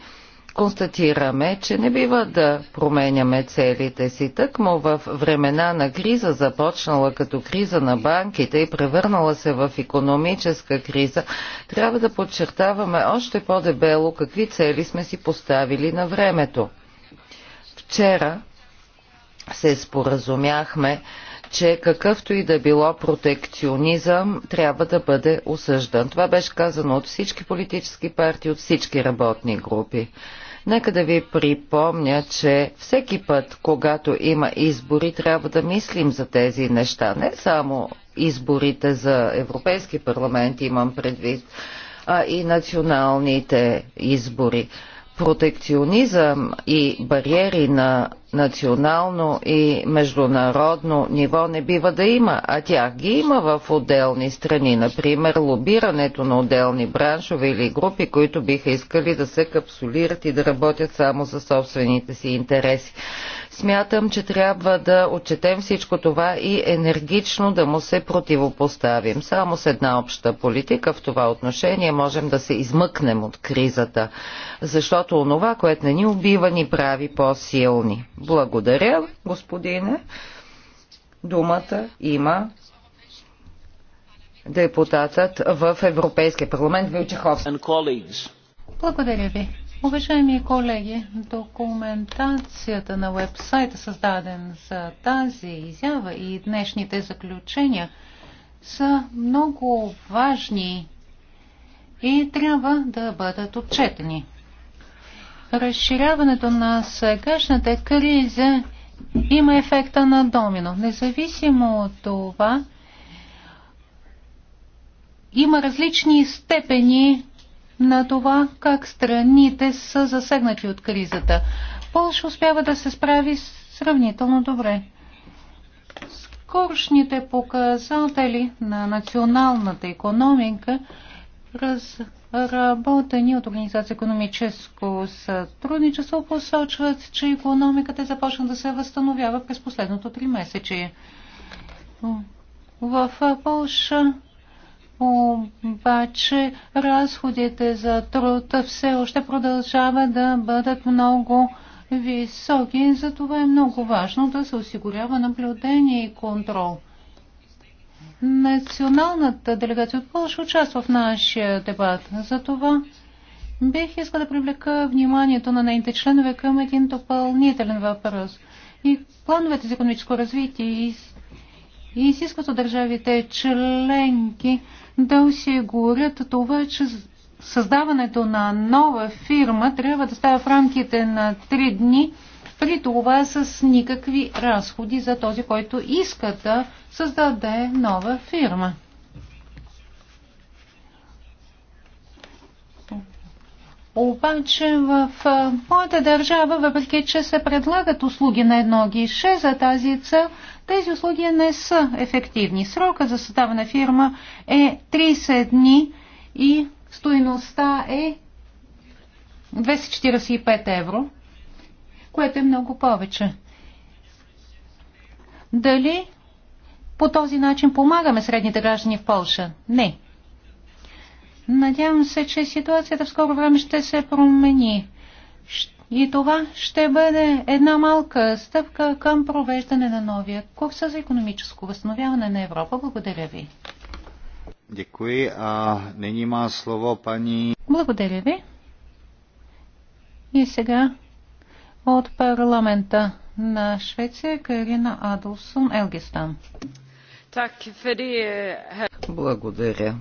констатираме, че не бива да променяме целите си. Тъкмо в времена на криза, започнала като криза на банките и превърнала се в економическа криза, трябва да подчертаваме още по-дебело какви цели сме си поставили на времето. Вчера се споразумяхме, че какъвто и да било протекционизъм трябва да бъде осъждан. Това беше казано от всички политически партии, от всички работни групи. Нека да ви припомня, че всеки път, когато има избори, трябва да мислим за тези неща. Не само изборите за Европейски парламент имам предвид, а и националните избори протекционизъм и бариери на национално и международно ниво не бива да има, а тях ги има в отделни страни. Например, лобирането на отделни браншове или групи, които биха искали да се капсулират и да работят само за собствените си интереси. Смятам, че трябва да отчетем всичко това и енергично да му се противопоставим. Само с една обща политика в това отношение можем да се измъкнем от кризата, защото онова, което не ни убива, ни прави по-силни. Благодаря, господине. Думата има депутатът в Европейския парламент Вилчехов. Благодаря ви. Уважаеми колеги, документацията на вебсайта, създаден за тази изява и днешните заключения, са много важни и трябва да бъдат отчетени разширяването на сегашната криза има ефекта на домино. Независимо от това, има различни степени на това как страните са засегнати от кризата. Полша успява да се справи сравнително добре. Скоршните показатели на националната економика раз, работени от Организация економическо сътрудничество посочват, че економиката е започна да се възстановява през последното три месечи. В Польша обаче разходите за труд все още продължават да бъдат много високи. Затова е много важно да се осигурява наблюдение и контрол – Националната делегация от Польша участва в нашия дебат. За това бих искал да привлека вниманието на нейните членове към един допълнителен въпрос. И плановете за економическо развитие и изискват от държавите членки да осигурят това, че създаването на нова фирма трябва да става в рамките на три дни – при това с никакви разходи за този, който иска да създаде нова фирма. Обаче в моята държава, въпреки че се предлагат услуги на едно гише за тази цел, тези услуги не са ефективни. Срока за създаване фирма е 30 дни и стоиността е 245 евро което е много повече. Дали по този начин помагаме средните граждани в Польша? Не. Надявам се, че ситуацията в скоро време ще се промени. И това ще бъде една малка стъпка към провеждане на новия курс за економическо възстановяване на Европа. Благодаря ви. Děkuji а nyní má slovo Благодаря ви. И сега от парламента на Швеция Карина Адолсон Елгистан. Е, Благодаря,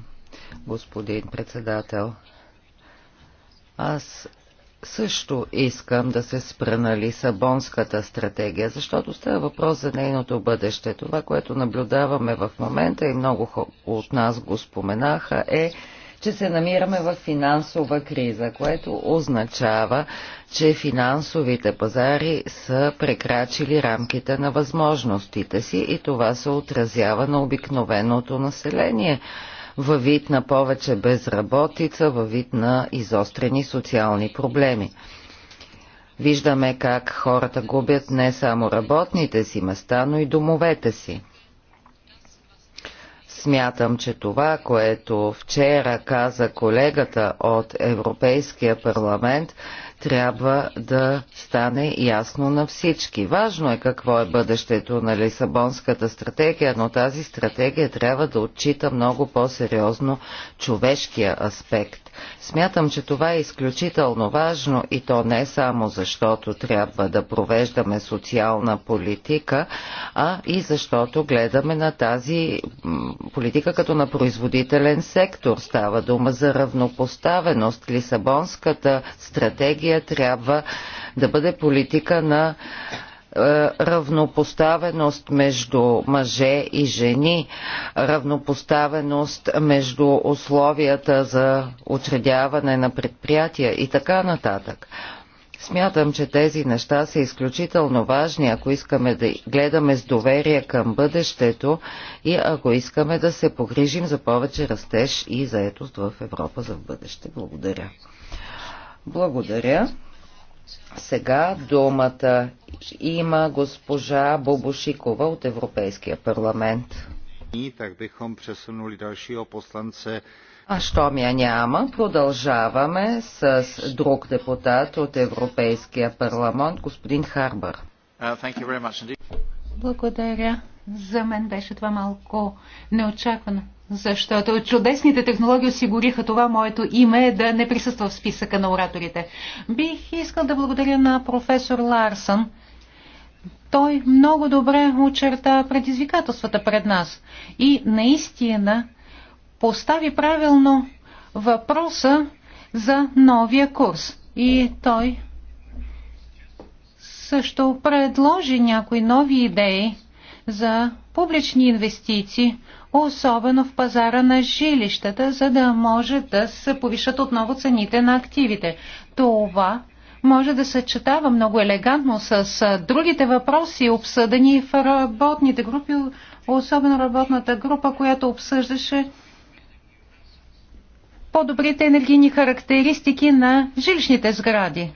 господин председател. Аз също искам да се спра на Лисабонската стратегия, защото става въпрос за нейното бъдеще. Това, което наблюдаваме в момента и много от нас го споменаха, е че се намираме в финансова криза, което означава, че финансовите пазари са прекрачили рамките на възможностите си и това се отразява на обикновеното население във вид на повече безработица, във вид на изострени социални проблеми. Виждаме как хората губят не само работните си места, но и домовете си. Смятам, че това, което вчера каза колегата от Европейския парламент, трябва да стане ясно на всички. Важно е какво е бъдещето на Лисабонската стратегия, но тази стратегия трябва да отчита много по-сериозно човешкия аспект. Смятам, че това е изключително важно и то не само защото трябва да провеждаме социална политика, а и защото гледаме на тази политика като на производителен сектор. Става дума за равнопоставеност. Лисабонската стратегия стратегия трябва да бъде политика на е, равнопоставеност между мъже и жени, равнопоставеност между условията за учредяване на предприятия и така нататък. Смятам, че тези неща са изключително важни, ако искаме да гледаме с доверие към бъдещето и ако искаме да се погрижим за повече растеж и заетост в Европа за в бъдеще. Благодаря. Благодаря. Сега думата има госпожа Бобошикова от Европейския парламент. Так бихом пресунули дальшиго посланце а що ми я няма, продължаваме с друг депутат от Европейския парламент, господин Харбър. Uh, Благодаря. За мен беше това малко неочаквано, защото чудесните технологии осигуриха това моето име да не присъства в списъка на ораторите. Бих искал да благодаря на професор Ларсън. Той много добре очерта предизвикателствата пред нас и наистина постави правилно въпроса за новия курс. И той също предложи някои нови идеи за публични инвестиции, особено в пазара на жилищата, за да може да се повишат отново цените на активите. Това може да съчетава много елегантно с другите въпроси, обсъдени в работните групи, особено работната група, която обсъждаше по-добрите енергийни характеристики на жилищните сгради.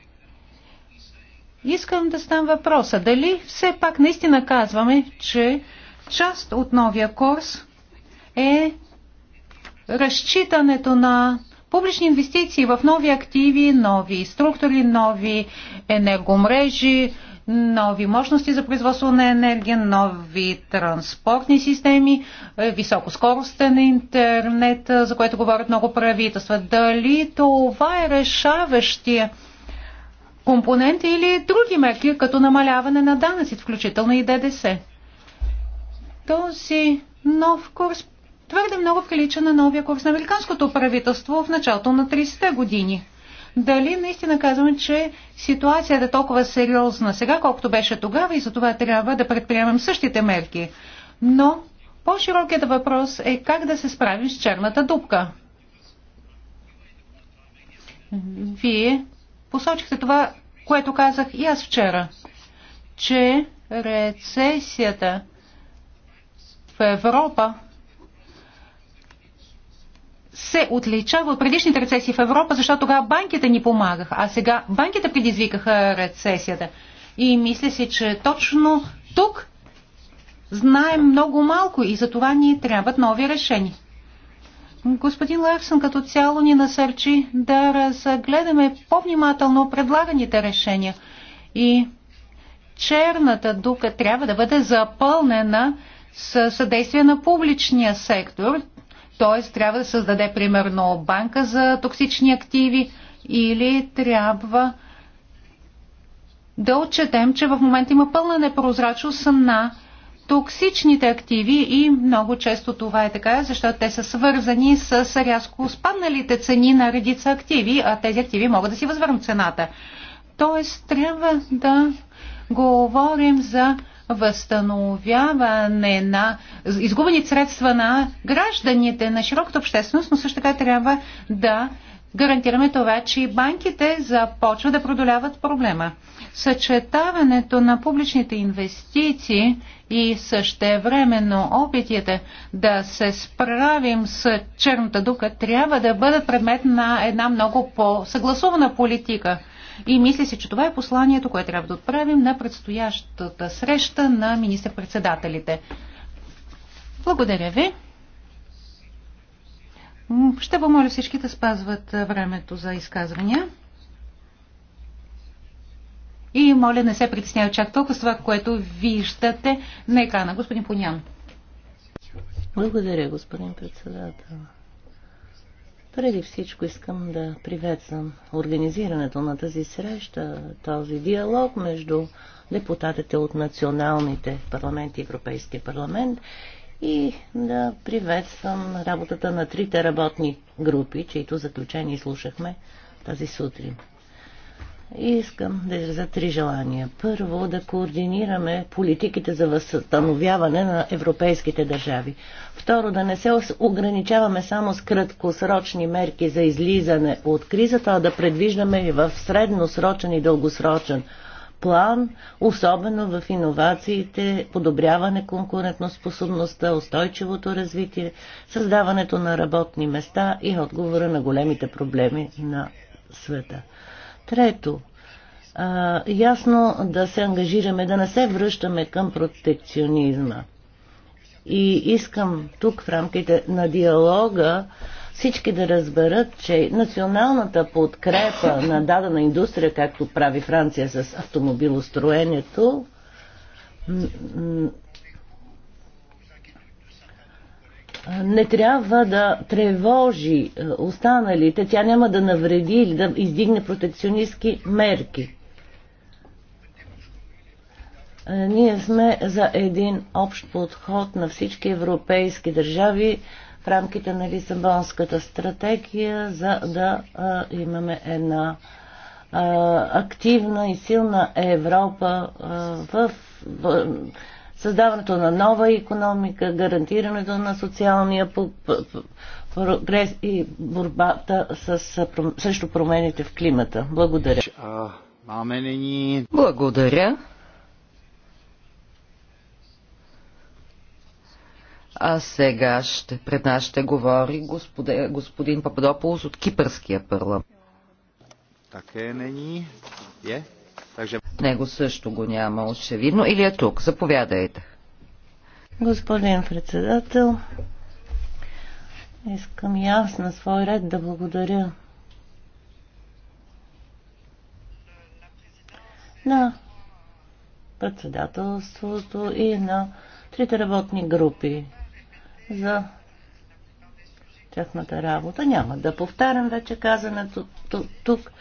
Искам да стам въпроса. Дали все пак наистина казваме, че част от новия курс е разчитането на публични инвестиции в нови активи, нови структури, нови енергомрежи, нови мощности за производство на енергия, нови транспортни системи, е, високоскоростен интернет, за което говорят много правителства. Дали това е решаващия Компоненти или други мерки, като намаляване на данъци, включително и ДДС. Този нов курс твърде много прилича на новия курс на американското правителство в началото на 30-те години. Дали наистина казваме, че ситуацията е толкова сериозна сега, колкото беше тогава и за това трябва да предприемем същите мерки. Но по-широкият въпрос е как да се справим с черната дупка. Вие посочихте това, което казах и аз вчера, че рецесията в Европа се отличава от предишните рецесии в Европа, защото тогава банките ни помагаха, а сега банките предизвикаха рецесията. И мисля си, че точно тук знаем много малко и за това ни трябват нови решения. Господин Ларсън като цяло ни насърчи да разгледаме по-внимателно предлаганите решения и черната дука трябва да бъде запълнена с съдействие на публичния сектор, т.е. трябва да създаде примерно банка за токсични активи или трябва да отчетем, че в момента има пълна непрозрачност на токсичните активи и много често това е така, защото те са свързани с рязко спадналите цени на редица активи, а тези активи могат да си възвърнат цената. Тоест трябва да говорим за възстановяване на изгубени средства на гражданите, на широката общественост, но също така трябва да гарантираме това, че и банките започват да продоляват проблема. Съчетаването на публичните инвестиции и същевременно опитите да се справим с черната дука трябва да бъдат предмет на една много по-съгласувана политика. И мисля си, че това е посланието, което трябва да отправим на предстоящата среща на министър-председателите. Благодаря ви. Ще помоля всички да спазват времето за изказвания. И моля, не се притеснява чак толкова с това, което виждате на екрана. Господин Понян. Благодаря, господин председател. Преди всичко искам да приветствам организирането на тази среща, този диалог между депутатите от националните парламенти Европейския парламент и да приветствам работата на трите работни групи, чието заключение слушахме тази сутрин. и Искам да изразя три желания. Първо, да координираме политиките за възстановяване на европейските държави. Второ, да не се ограничаваме само с краткосрочни мерки за излизане от кризата, а да предвиждаме и в средносрочен и дългосрочен план, особено в иновациите, подобряване конкурентоспособността, устойчивото развитие, създаването на работни места и отговора на големите проблеми на света. Трето, а, ясно да се ангажираме, да не се връщаме към протекционизма. И искам тук в рамките на диалога всички да разберат, че националната подкрепа на дадена индустрия, както прави Франция с автомобилостроението, не трябва да тревожи е, останалите, тя няма да навреди или да издигне протекционистски мерки. Е, ние сме за един общ подход на всички европейски държави в рамките на Лисабонската стратегия, за да а, имаме една а, активна и силна Европа а, в, в създаването на нова економика, гарантирането на социалния прогрес и борбата с, срещу промените в климата. Благодаря. Благодаря. А сега ще, пред нас ще говори господе, господин Пападополос от Кипърския парламент. Така не ни е. Также... Него също го няма, очевидно. Или е тук? Заповядайте. Господин председател, искам и аз на свой ред да благодаря на председателството и на трите работни групи, за тяхната работа. Няма да повтарям вече казаното тук,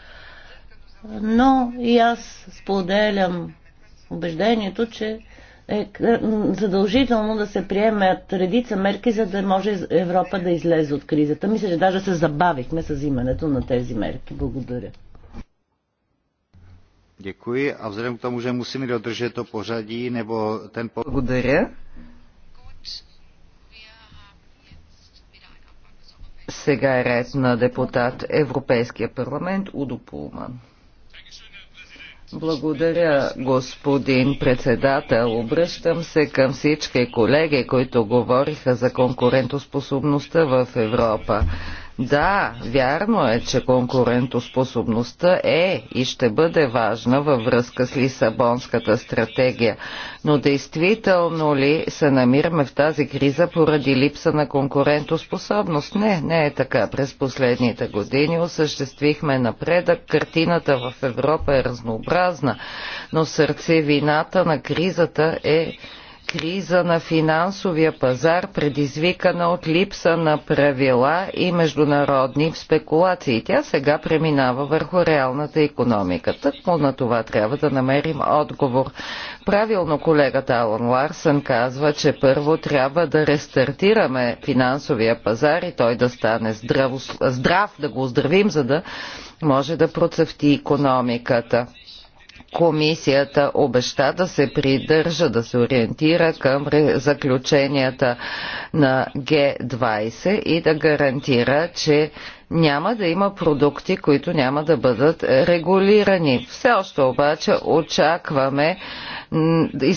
но и аз споделям убеждението, че е задължително да се приемат редица мерки, за да може Европа да излезе от кризата. Мисля, че даже се забавихме с взимането на тези мерки. Благодаря. Děkuji a vzhledem k tomu, že musím to pořadí nebo ten... Благодаря. Сега е ред на депутат Европейския парламент Удо Пулман. Благодаря, господин председател. Обръщам се към всички колеги, които говориха за конкурентоспособността в Европа. Да, вярно е, че конкурентоспособността е и ще бъде важна във връзка с Лисабонската стратегия. Но действително ли се намираме в тази криза поради липса на конкурентоспособност? Не, не е така. През последните години осъществихме напредък. Картината в Европа е разнообразна, но сърцевината на кризата е криза на финансовия пазар, предизвикана от липса на правила и международни спекулации. Тя сега преминава върху реалната економика. Тъкмо на това трябва да намерим отговор. Правилно колегата Алан Ларсън казва, че първо трябва да рестартираме финансовия пазар и той да стане здрав, здрав да го оздравим, за да може да процъфти економиката. Комисията обеща да се придържа, да се ориентира към заключенията на Г20 и да гарантира, че няма да има продукти, които няма да бъдат регулирани. Все още обаче очакваме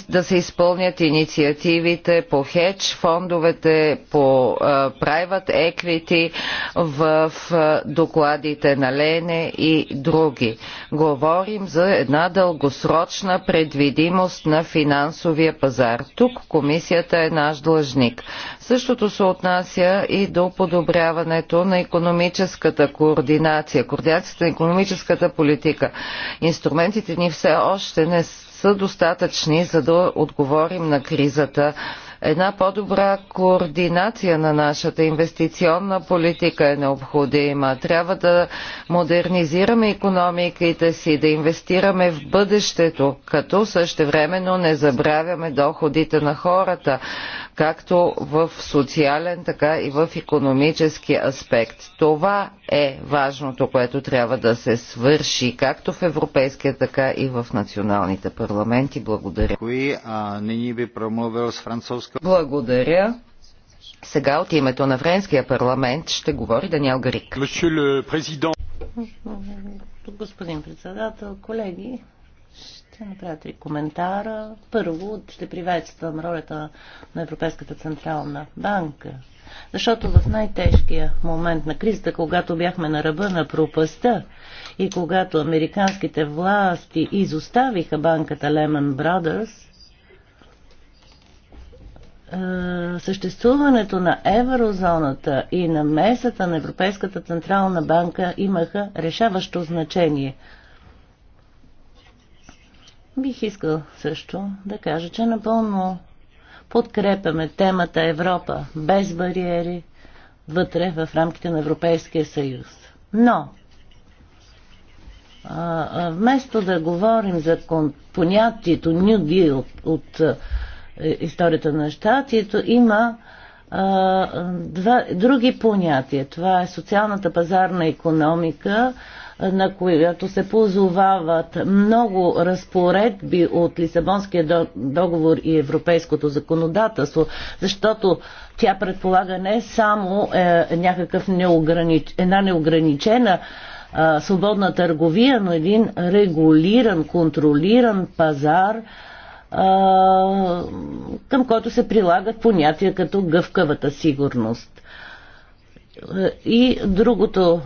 да се изпълнят инициативите по хедж фондовете, по private equity в докладите на Лене и други. Говорим за една дългосрочна предвидимост на финансовия пазар. Тук комисията е наш длъжник. Същото се отнася и до подобряването на економическата координация, координацията на економическата политика. Инструментите ни все още не са са достатъчни, за да отговорим на кризата Една по-добра координация на нашата инвестиционна политика е необходима. Трябва да модернизираме економиките си, да инвестираме в бъдещето, като същевременно не забравяме доходите на хората, както в социален, така и в економически аспект. Това е важното, което трябва да се свърши, както в европейския, така и в националните парламенти. Благодаря. Děkuji a nyní by благодаря. Сега от името на Френския парламент ще говори Даниел Гарик. Господин председател, колеги, ще направя три коментара. Първо, ще приветствам ролята на Европейската централна банка, защото в най-тежкия момент на кризата, когато бяхме на ръба на пропаста и когато американските власти изоставиха банката Lehman Brothers, е, съществуването на еврозоната и на месата на Европейската централна банка имаха решаващо значение. Бих искал също да кажа, че напълно подкрепяме темата Европа без бариери вътре в рамките на Европейския съюз. Но, а, вместо да говорим за понятието New Deal от е, историята на щатието, има а, два, други понятия. Това е социалната пазарна економика, на която се позовават много разпоредби от Лисабонския договор и европейското законодателство, защото тя предполага не само е, някакъв неогранич... една неограничена е, свободна търговия, но един регулиран, контролиран пазар, към който се прилагат понятия като гъвкавата сигурност. И другото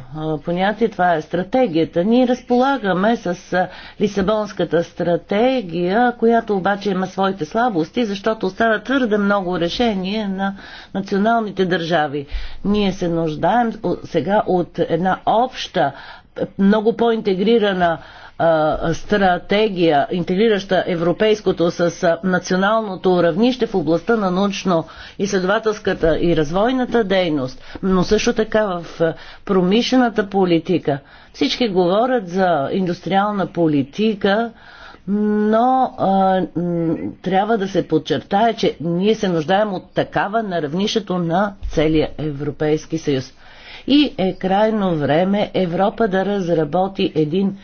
понятие, това е стратегията. Ние разполагаме с Лисабонската стратегия, която обаче има своите слабости, защото остава твърде много решение на националните държави. Ние се нуждаем сега от една обща, много по-интегрирана стратегия, интегрираща европейското с националното равнище в областта на научно-изследователската и развойната дейност, но също така в промишлената политика. Всички говорят за индустриална политика, но а, трябва да се подчертае, че ние се нуждаем от такава на равнището на целия Европейски съюз и е крайно време Европа да разработи един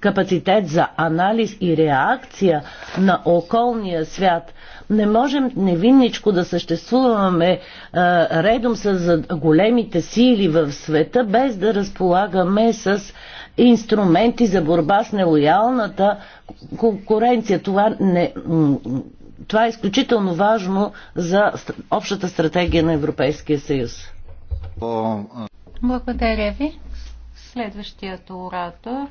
капацитет за анализ и реакция на околния свят. Не можем невинничко да съществуваме а, е, редом с големите сили в света, без да разполагаме с инструменти за борба с нелоялната конкуренция. Това не, това е изключително важно за общата стратегия на Европейския съюз. Благодаря ви. Следващият оратор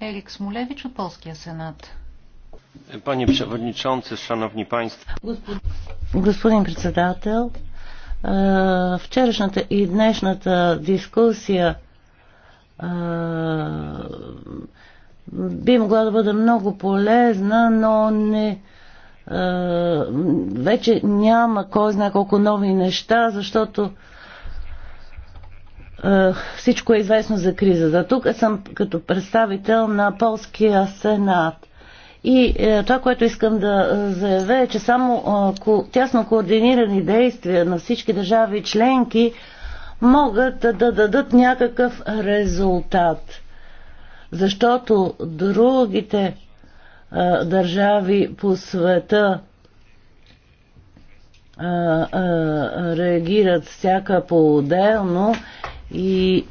Ерик Смолевич от Полския сенат. Пани Przewodniczący, Szanowni Państwo. Господин председател, вчерашната и днешната дискусия би могла да бъде много полезна, но не, вече няма кой знае колко нови неща, защото е, всичко е известно за кризата. Тук съм като представител на Полския сенат. И е, това, което искам да заявя е, че само е, тясно координирани действия на всички държави членки могат да, дадат някакъв резултат. Защото другите държави по света реагират всяка по-отделно и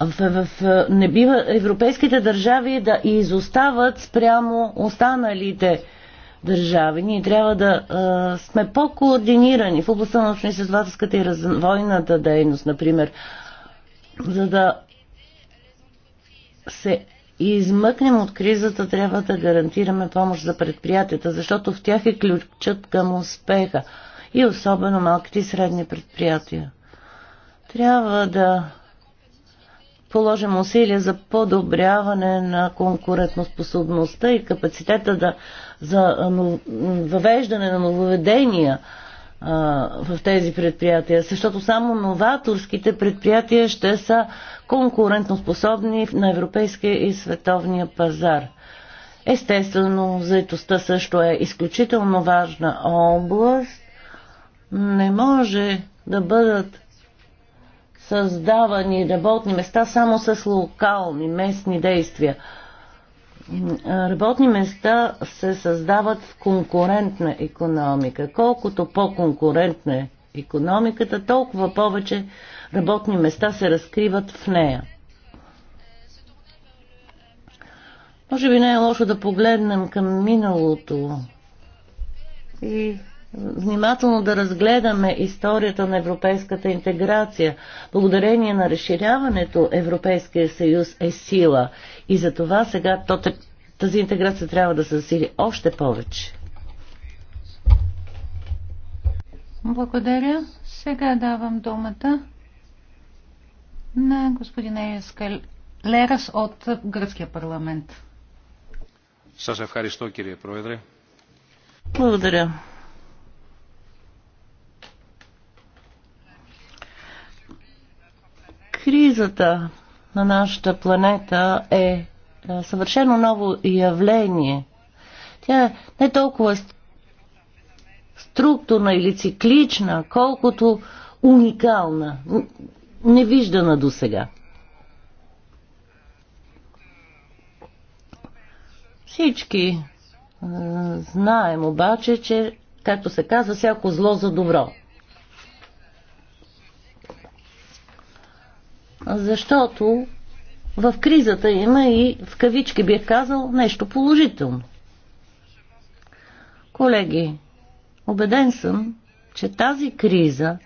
в, в, в, не бива европейските държави да изостават спрямо останалите държави. Ние трябва да а, сме по-координирани в областта на научно-изследователската и развойната дейност, например, за да се измъкнем от кризата, трябва да гарантираме помощ за предприятията, защото в тях е ключът към успеха и особено малките и средни предприятия. Трябва да положим усилия за подобряване на конкурентоспособността и капацитета да, за въвеждане на нововедения в тези предприятия, защото само новаторските предприятия ще са конкурентоспособни на европейския и световния пазар. Естествено, заетостта също е изключително важна област. Не може да бъдат създавани работни места само с локални, местни действия. Работни места се създават в конкурентна економика. Колкото по-конкурентна е економиката, толкова повече работни места се разкриват в нея. Може би не е лошо да погледнем към миналото и внимателно да разгледаме историята на европейската интеграция. Благодарение на разширяването Европейския съюз е сила и за това сега тази интеграция трябва да се засили още повече. Благодаря. Сега давам думата на господин Ескал Лерас от Гръцкия парламент. Благодаря, Кризата на нашата планета е, е съвършено ново явление. Тя е не толкова структурна или циклична, колкото уникална, невиждана до сега. Всички е, знаем обаче, че, както се казва, всяко зло за добро. защото в кризата има и, в кавички бих казал, нещо положително. Колеги, убеден съм, че тази криза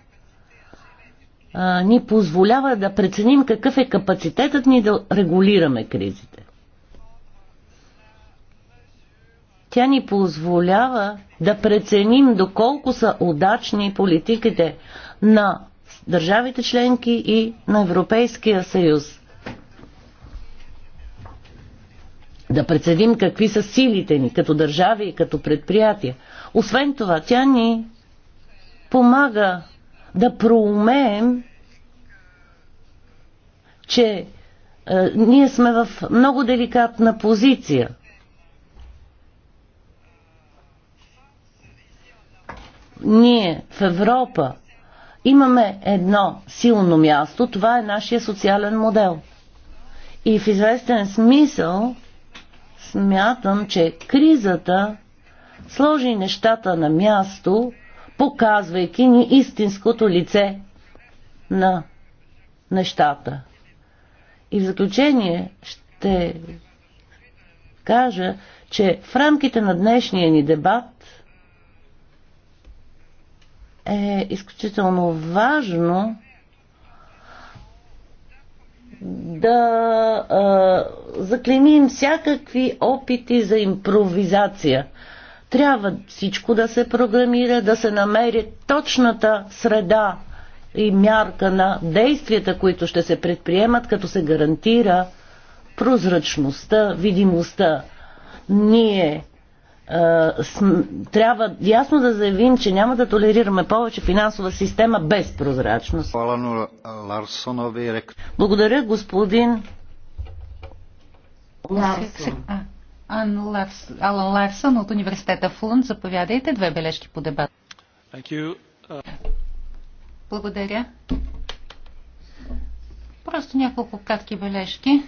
а, ни позволява да преценим какъв е капацитетът ни да регулираме кризите. Тя ни позволява да преценим доколко са удачни политиките на държавите членки и на Европейския съюз. Да председим какви са силите ни като държави и като предприятия. Освен това, тя ни помага да проумеем, че е, ние сме в много деликатна позиция. Ние в Европа имаме едно силно място, това е нашия социален модел. И в известен смисъл смятам, че кризата сложи нещата на място, показвайки ни истинското лице на нещата. И в заключение ще кажа, че в рамките на днешния ни дебат е изключително важно да а, заклемим всякакви опити за импровизация. Трябва всичко да се програмира, да се намери точната среда и мярка на действията, които ще се предприемат, като се гарантира прозрачността, видимостта. Ние трябва ясно да заявим, че няма да толерираме повече финансова система без прозрачност. Благодаря, господин Ларсон. Алан Ларсон от университета в Лунд. Заповядайте две бележки по дебат. Благодаря. Просто няколко кратки бележки.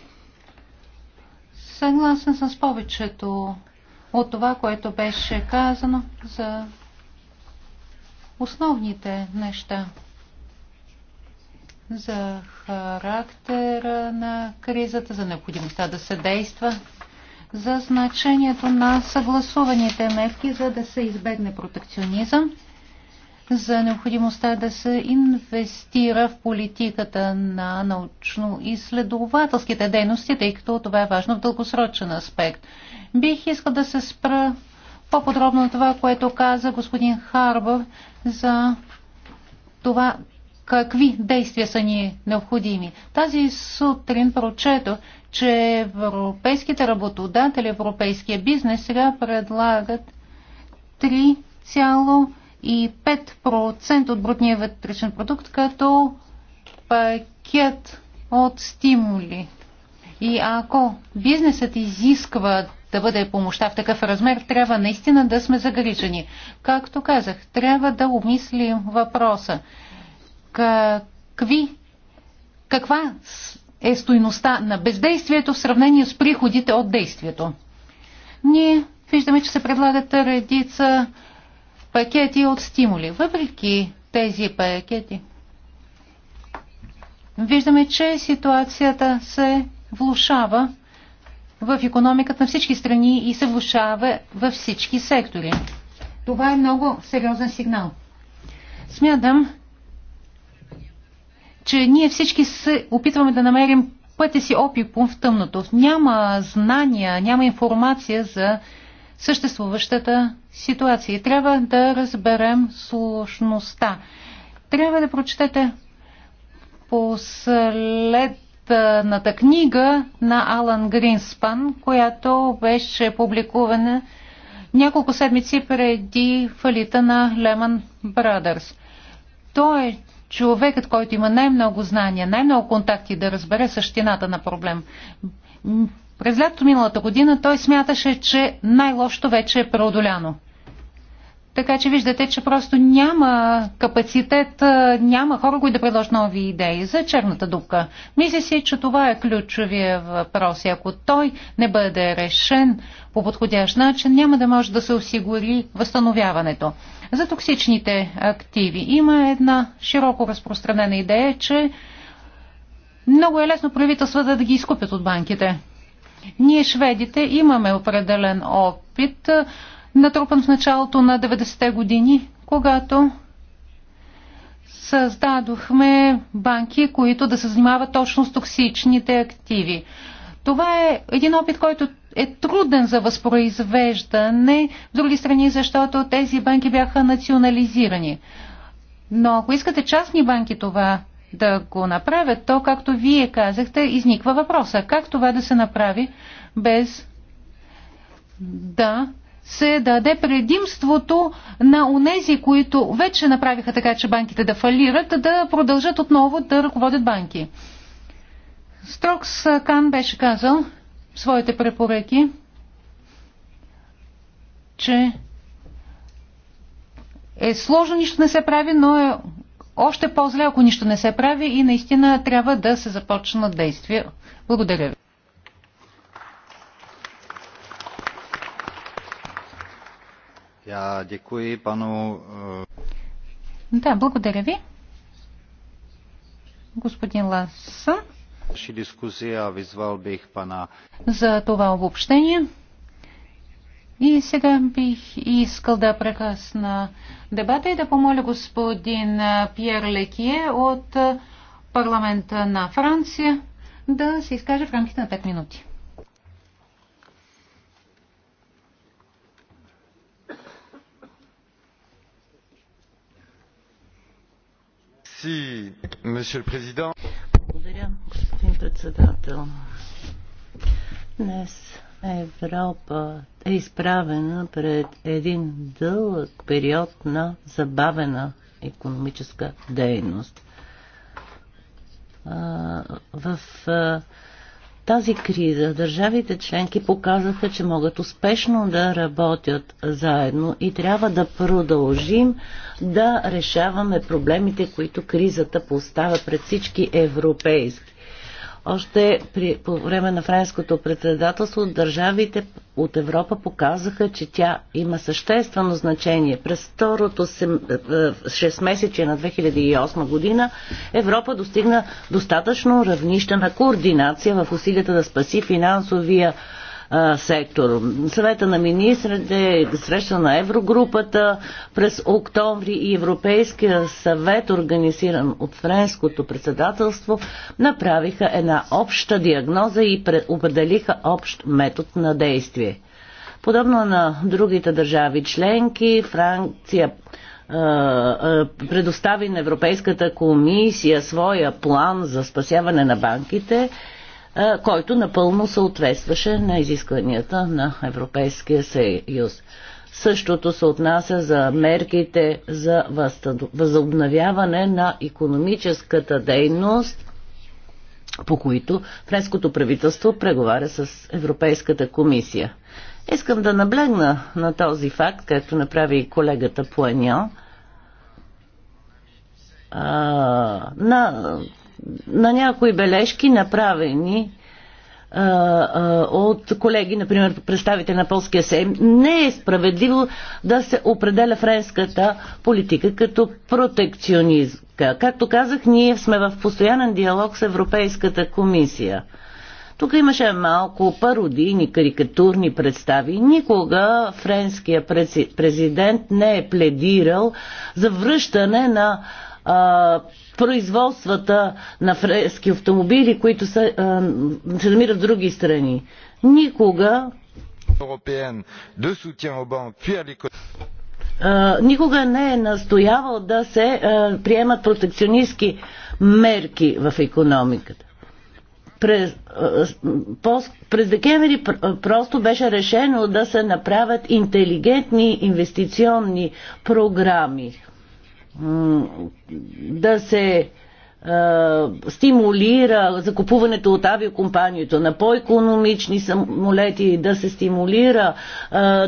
Съгласен съм с повечето от това, което беше казано за основните неща за характера на кризата, за необходимостта да се действа, за значението на съгласуваните мерки, за да се избегне протекционизъм, за необходимостта да се инвестира в политиката на научно-изследователските дейности, тъй като това е важно в дългосрочен аспект. Бих искал да се спра по-подробно на това, което каза господин Харбър за това какви действия са ни необходими. Тази сутрин прочето, че европейските работодатели, европейския бизнес сега предлагат 3,5% от брутния вътрешен продукт като пакет от стимули. И ако бизнесът изисква да бъде помощта в такъв размер, трябва наистина да сме загрижени. Както казах, трябва да обмислим въпроса. Какви, каква е стоиността на бездействието в сравнение с приходите от действието? Ние виждаме, че се предлагат редица пакети от стимули. Въпреки тези пакети, виждаме, че ситуацията се влушава в економиката на всички страни и се влушава във всички сектори. Това е много сериозен сигнал. Смятам, че ние всички се опитваме да намерим пътя си опикум в тъмното. Няма знания, няма информация за съществуващата ситуация. трябва да разберем сложността. Трябва да прочетете послед последната книга на Алан Гринспан, която беше публикувана няколко седмици преди фалита на Леман Брадърс. Той е човекът, който има най-много знания, най-много контакти да разбере същината на проблем. През лято миналата година той смяташе, че най-лошото вече е преодоляно. Така че виждате, че просто няма капацитет, няма хора, които да предложат нови идеи за черната дупка. Мисля си, че това е ключовия въпрос. И ако той не бъде решен по подходящ начин, няма да може да се осигури възстановяването. За токсичните активи има една широко разпространена идея, че много е лесно правителствата да ги изкупят от банките. Ние, шведите, имаме определен опит натрупан в началото на 90-те години, когато създадохме банки, които да се занимават точно с токсичните активи. Това е един опит, който е труден за възпроизвеждане в други страни, защото тези банки бяха национализирани. Но ако искате частни банки това да го направят, то, както вие казахте, изниква въпроса. Как това да се направи без да се даде предимството на онези, които вече направиха така, че банките да фалират, да продължат отново да ръководят банки. Строкс Кан беше казал в своите препоръки, че е сложно, нищо не се прави, но е още по-зле, ако нищо не се прави и наистина трябва да се започнат действия. Благодаря ви. Да, благодаря ви. Господин Ласън. дискусия визвал бих пана... За това обобщение. И сега бих искал да прекъсна дебата и да помоля господин Пьер Лекие от парламента на Франция да се изкаже в рамките на 5 минути. monsieur le président. Благодаря, господин председател. Днес Европа е изправена пред един дълъг период на забавена економическа дейност. В тази криза държавите членки показаха, че могат успешно да работят заедно и трябва да продължим да решаваме проблемите, които кризата поставя пред всички европейски още при, по време на френското председателство държавите от Европа показаха, че тя има съществено значение. През второто 6 е, е, месече на 2008 година Европа достигна достатъчно равнище на координация в усилията да спаси финансовия а, сектор. Съвета на министрите, среща на Еврогрупата през октомври и Европейския съвет, организиран от Френското председателство, направиха една обща диагноза и определиха общ метод на действие. Подобно на другите държави членки, Франция предостави на Европейската комисия своя план за спасяване на банките който напълно съответстваше на изискванията на Европейския съюз. Същото се отнася за мерките за възобновяване на економическата дейност, по които френското правителство преговаря с Европейската комисия. Искам да наблегна на този факт, както направи и колегата Пуаньо, на на някои бележки, направени а, а, от колеги, например представители на Полския Сейм, не е справедливо да се определя френската политика като протекционистка. Както казах, ние сме в постоянен диалог с Европейската комисия. Тук имаше малко пародийни, карикатурни представи. Никога френския президент не е пледирал за връщане на а, производствата на фрески автомобили, които са, а, се намират в други страни. Никога а, никога не е настоявал да се а, приемат протекционистски мерки в економиката. През, а, през декември просто беше решено да се направят интелигентни инвестиционни програми да се стимулира закупуването от авиокомпанието на по-економични самолети, да се стимулира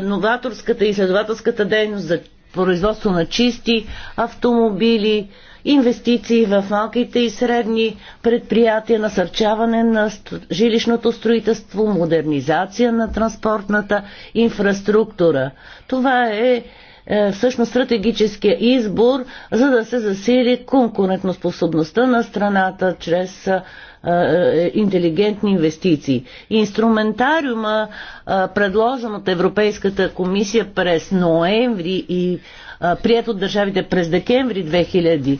новаторската и изследователската дейност за производство на чисти автомобили, инвестиции в малките и средни предприятия, насърчаване на жилищното строителство, модернизация на транспортната инфраструктура. Това е е, всъщност стратегическия избор, за да се засили конкурентоспособността на страната чрез е, е, интелигентни инвестиции. Инструментариума, предложен от Европейската комисия през ноември и прият от държавите през декември 2000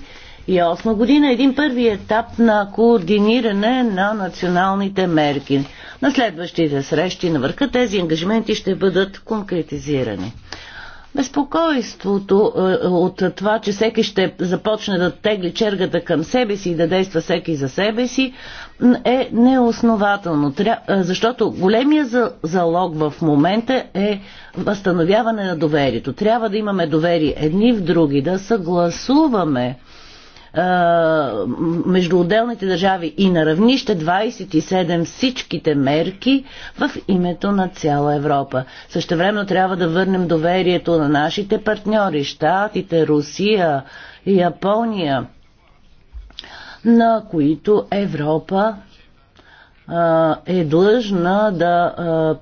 2008 година един първи етап на координиране на националните мерки. На следващите срещи на върха тези ангажименти ще бъдат конкретизирани. Безпокойството е, е, от това, че всеки ще започне да тегли чергата към себе си и да действа всеки за себе си, е неоснователно. Е, защото големия залог в момента е възстановяване на доверието. Трябва да имаме доверие едни в други, да съгласуваме между отделните държави и на равнище 27 всичките мерки в името на цяла Европа. Също време трябва да върнем доверието на нашите партньори, Штатите, Русия, Япония, на които Европа е длъжна да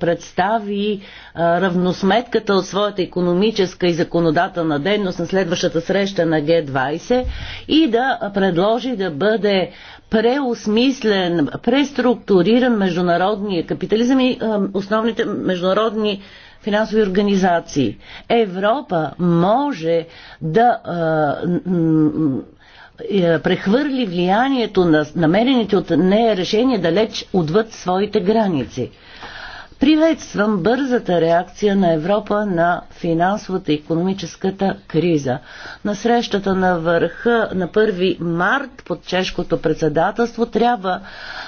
представи равносметката от своята економическа и законодателна дейност на следващата среща на Г-20 и да предложи да бъде преосмислен, преструктуриран международния капитализъм и основните международни финансови организации. Европа може да е, прехвърли влиянието на намерените от нея решения далеч отвъд своите граници. Приветствам бързата реакция на Европа на финансовата и економическата криза. На срещата на върха на 1 март под чешкото председателство трябва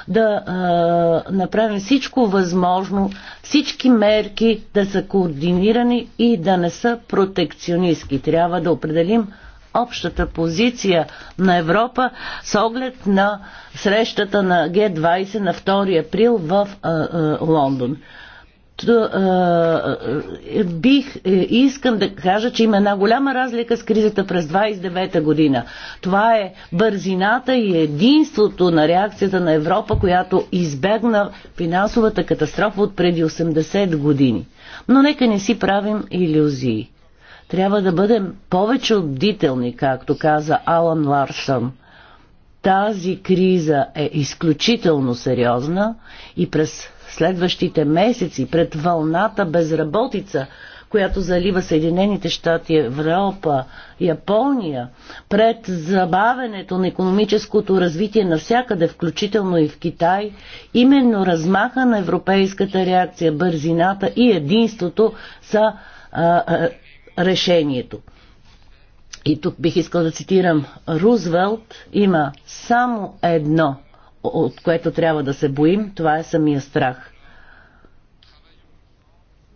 да е, направим всичко възможно, всички мерки да са координирани и да не са протекционистки. Трябва да определим общата позиция на Европа с оглед на срещата на Г-20 на 2 април в а, а, Лондон. Ту, а, бих, е, искам да кажа, че има една голяма разлика с кризата през 29-та година. Това е бързината и единството на реакцията на Европа, която избегна финансовата катастрофа от преди 80 години. Но нека не си правим иллюзии трябва да бъдем повече от бдителни, както каза Алан Ларсън. Тази криза е изключително сериозна и през следващите месеци, пред вълната безработица, която залива Съединените щати, Европа, Япония, пред забавенето на економическото развитие навсякъде, включително и в Китай, именно размаха на европейската реакция, бързината и единството са а, а, решението. И тук бих искал да цитирам Рузвелт. Има само едно, от което трябва да се боим. Това е самия страх.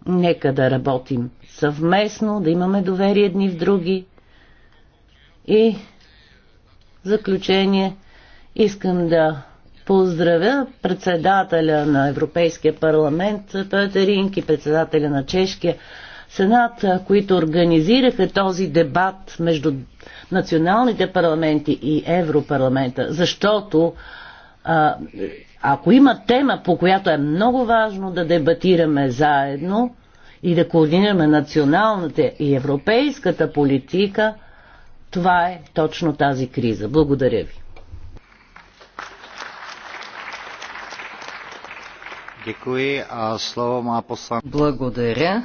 Нека да работим съвместно, да имаме доверие едни в други. И в заключение искам да поздравя председателя на Европейския парламент Петеринки, председателя на Чешкия Сената, които организираха този дебат между националните парламенти и Европарламента, защото а, ако има тема, по която е много важно да дебатираме заедно и да координираме националната и европейската политика, това е точно тази криза. Благодаря ви. Благодаря.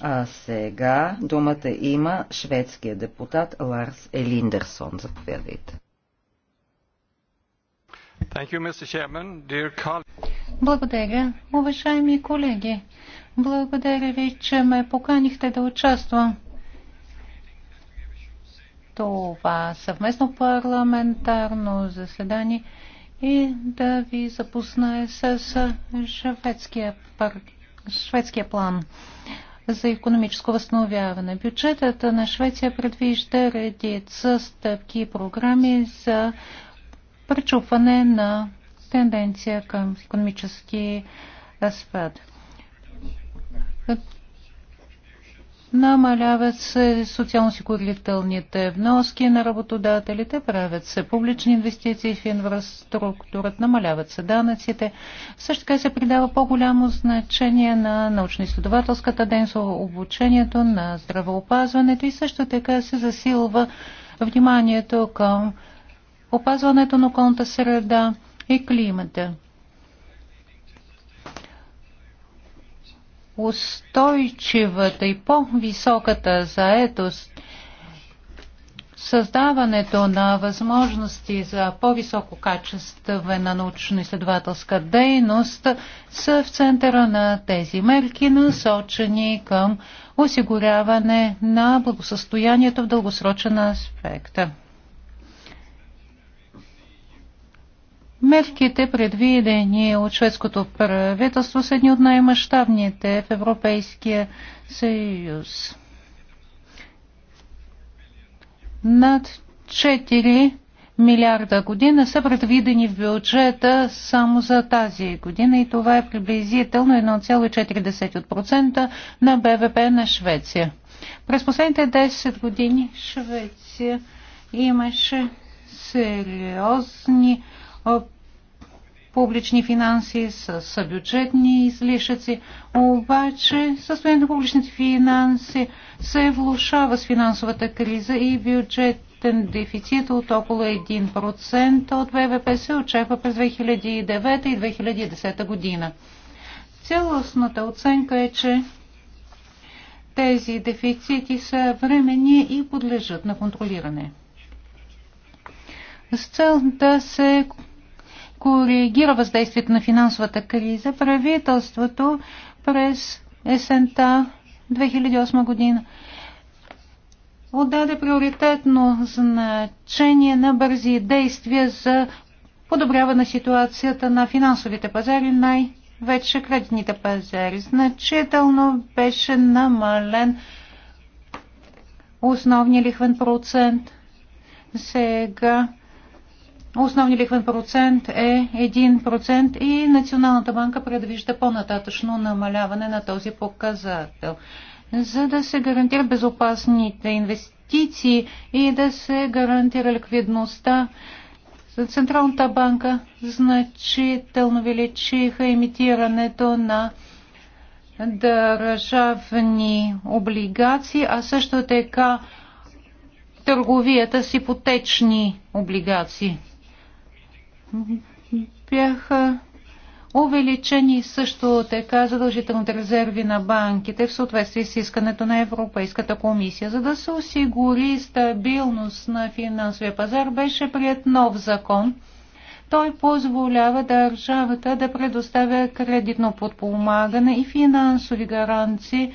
А сега думата има шведския депутат Ларс Елиндерсон. Заповядайте. Благодаря, уважаеми колеги. Благодаря ви, че ме поканихте да участвам. Това съвместно парламентарно заседание и да ви запозная с шведския, пар... шведския план за економическо възстановяване. Бюджетът на Швеция предвижда редица стъпки и програми за пречупване на тенденция към економически спад намаляват се социално-сигурителните вноски на работодателите, правят се публични инвестиции в инфраструктурата, намаляват се данъците. Също така се придава по-голямо значение на научно-изследователската дейност, обучението, на здравеопазването и също така се засилва вниманието към опазването на околната среда и климата. устойчивата и по-високата заетост, създаването на възможности за по-високо качествена научно-изследователска дейност са в центъра на тези мерки, насочени към осигуряване на благосъстоянието в дългосрочен аспект. Мерките, предвидени от шведското правителство, са едни от най масштабните в Европейския съюз. Над 4 милиарда година са предвидени в бюджета само за тази година и това е приблизително 1,4% на БВП на Швеция. През последните 10 години Швеция имаше сериозни публични финанси, с, бюджетни излишъци, обаче състоянието на публичните финанси се влушава с финансовата криза и бюджетен дефицит от около 1% от ВВП се очаква през 2009 и 2010 година. Цялостната оценка е, че тези дефицити са времени и подлежат на контролиране. С цел да се коригира въздействието на финансовата криза, правителството през есента 2008 година отдаде приоритетно значение на бързи действия за подобряване на ситуацията на финансовите пазари, най-вече кредитните пазари. Значително беше намален основния лихвен процент. Сега основни лихвен процент е 1% и Националната банка предвижда по-нататъчно намаляване на този показател. За да се гарантира безопасните инвестиции и да се гарантира ликвидността, Централната банка значително увеличиха имитирането на държавни облигации, а също така търговията с ипотечни облигации бяха увеличени също така задължителните резерви на банките в съответствие с искането на Европейската комисия. За да се осигури стабилност на финансовия пазар, беше прият нов закон. Той позволява държавата да предоставя кредитно подпомагане и финансови гаранции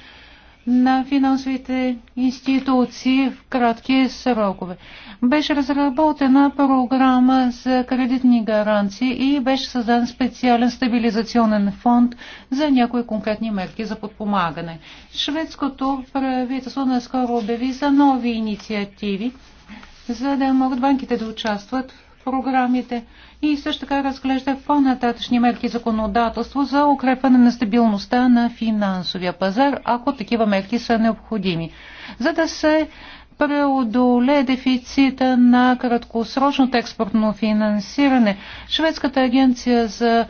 на финансовите институции в кратки срокове. Беше разработена програма за кредитни гаранции и беше създан специален стабилизационен фонд за някои конкретни мерки за подпомагане. Шведското правителство наскоро обяви за нови инициативи, за да могат банките да участват в програмите и също така разглежда по-нататъчни мерки законодателство за укрепване на стабилността на финансовия пазар, ако такива мерки са необходими. За да се преодолее дефицита на краткосрочното експортно финансиране, Шведската агенция за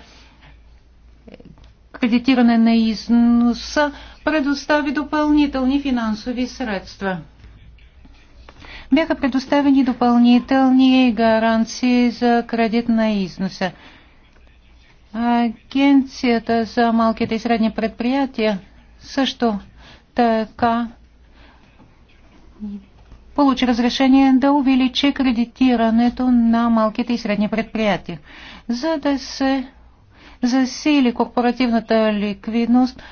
кредитиране на износа предостави допълнителни финансови средства бяха предоставени допълнителни гаранции за кредит на износа. Агенцията за малките и средни предприятия също така получи разрешение да увеличи кредитирането на малките и средни предприятия. За да се засили корпоративната ликвидност,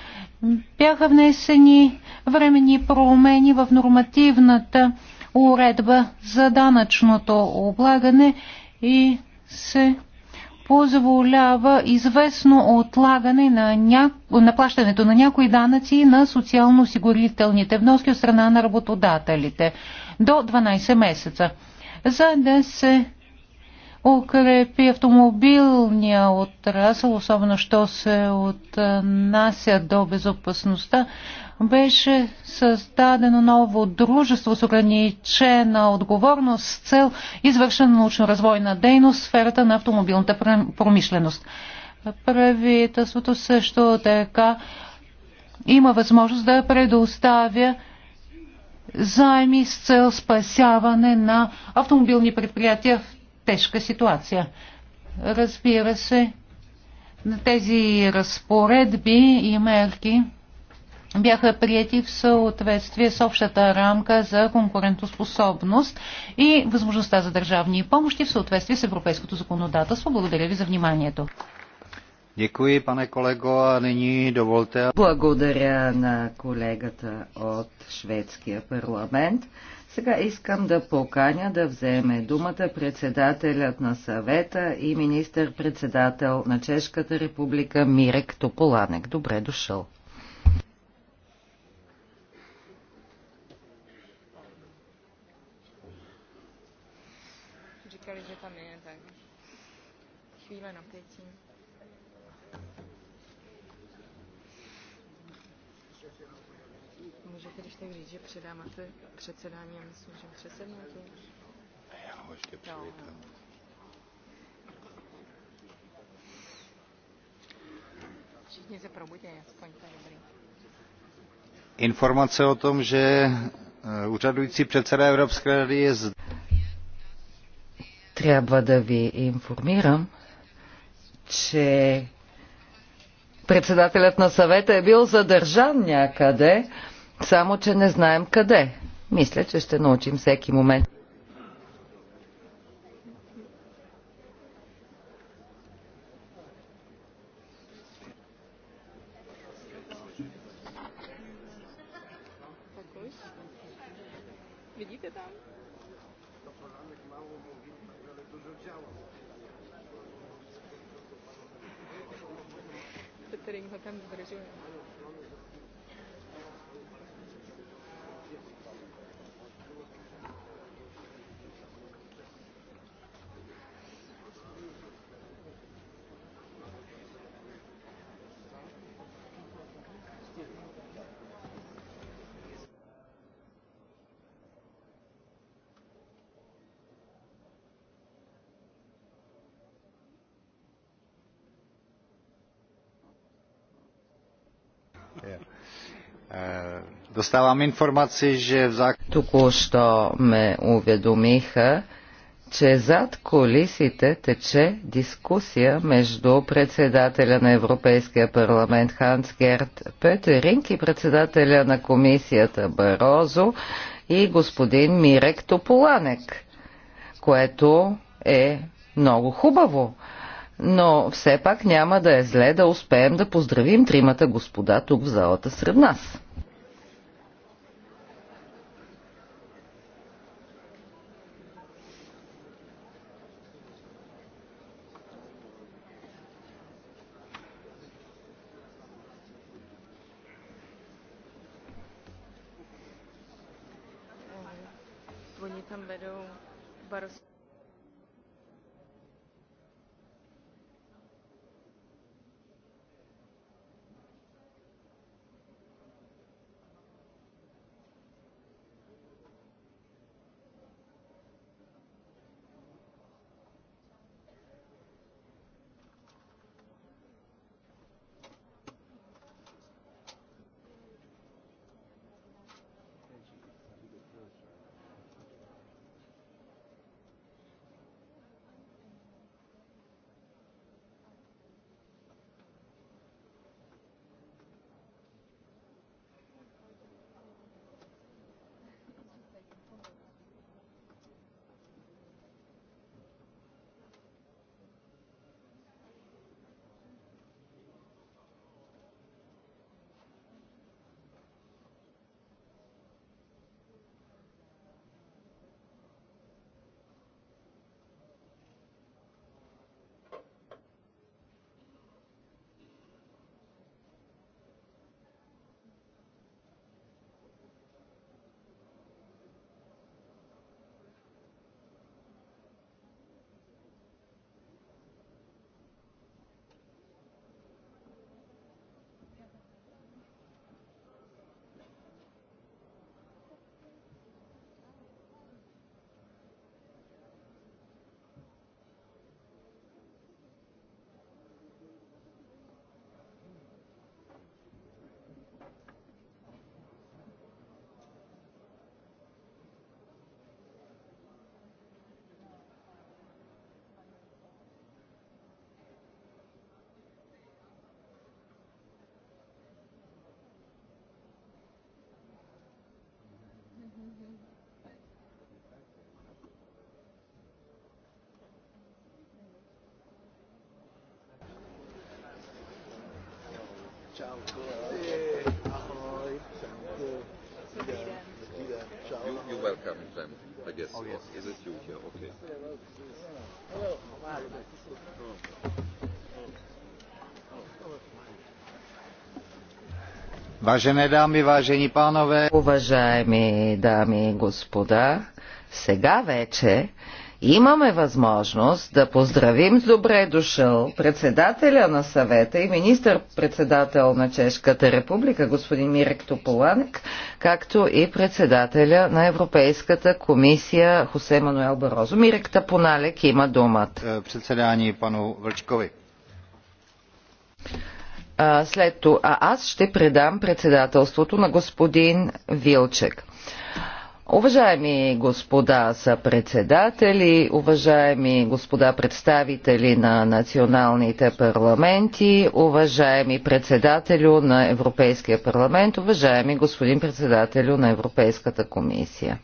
бяха внесени временни промени в нормативната уредба за данъчното облагане и се позволява известно отлагане на, ня... на плащането на някои данъци на социално-осигурителните вноски от страна на работодателите до 12 месеца, за да се укрепи автомобилния отрасъл, особено що се отнася до безопасността беше създадено ново дружество с ограничена отговорност с цел извършена научно-развойна дейност в сферата на автомобилната промишленост. Правителството също така има възможност да предоставя заеми с цел спасяване на автомобилни предприятия в тежка ситуация. Разбира се, тези разпоредби и мерки бяха прияти в съответствие с общата рамка за конкурентоспособност и възможността за държавни помощи в съответствие с европейското законодателство. Благодаря ви за вниманието. Děkuji, pane kolego, a nyní доволте. Благодаря на колегата от шведския парламент. Сега искам да поканя да вземе думата председателят на съвета и министър-председател на Чешката република Мирек Тополанек. Добре дошъл. že předáme předsedání a myslím, že předsednutí. Já ho ještě přivítám. Všichni se probudějí, aspoň to je dobrý. Informace o tom, že úřadující předseda Evropské rady je z... Třeba da vy informírám, že председателят на съвета е бил задържан някъде само, че не знаем къде. Мисля, че ще научим всеки момент. Доставам информации, че в зак... Току-що ме уведомиха, че зад колисите тече дискусия между председателя на Европейския парламент Ханс Герт Петеринг и председателя на комисията Барозо и господин Мирек Тополанек, което е много хубаво. Но все пак няма да е зле да успеем да поздравим тримата господа тук в залата сред нас. You, you welcome them, I guess. Oh, yes. Is it you here? Okay. Hello. Vážené dámy, vážení pánové. Уважаеми дами и господа, сега вече Имаме възможност да поздравим с добре дошъл председателя на съвета и министър-председател на Чешката република господин Мирек Тополанек, както и председателя на Европейската комисия Хосе Мануел Барозо. Мирек Тапоналек има думата. Е, председание пану Върчкови. След това аз ще предам председателството на господин Вилчек. Уважаеми господа съпредседатели, уважаеми господа представители на националните парламенти, уважаеми председателю на Европейския парламент, уважаеми господин председателю на Европейската комисия.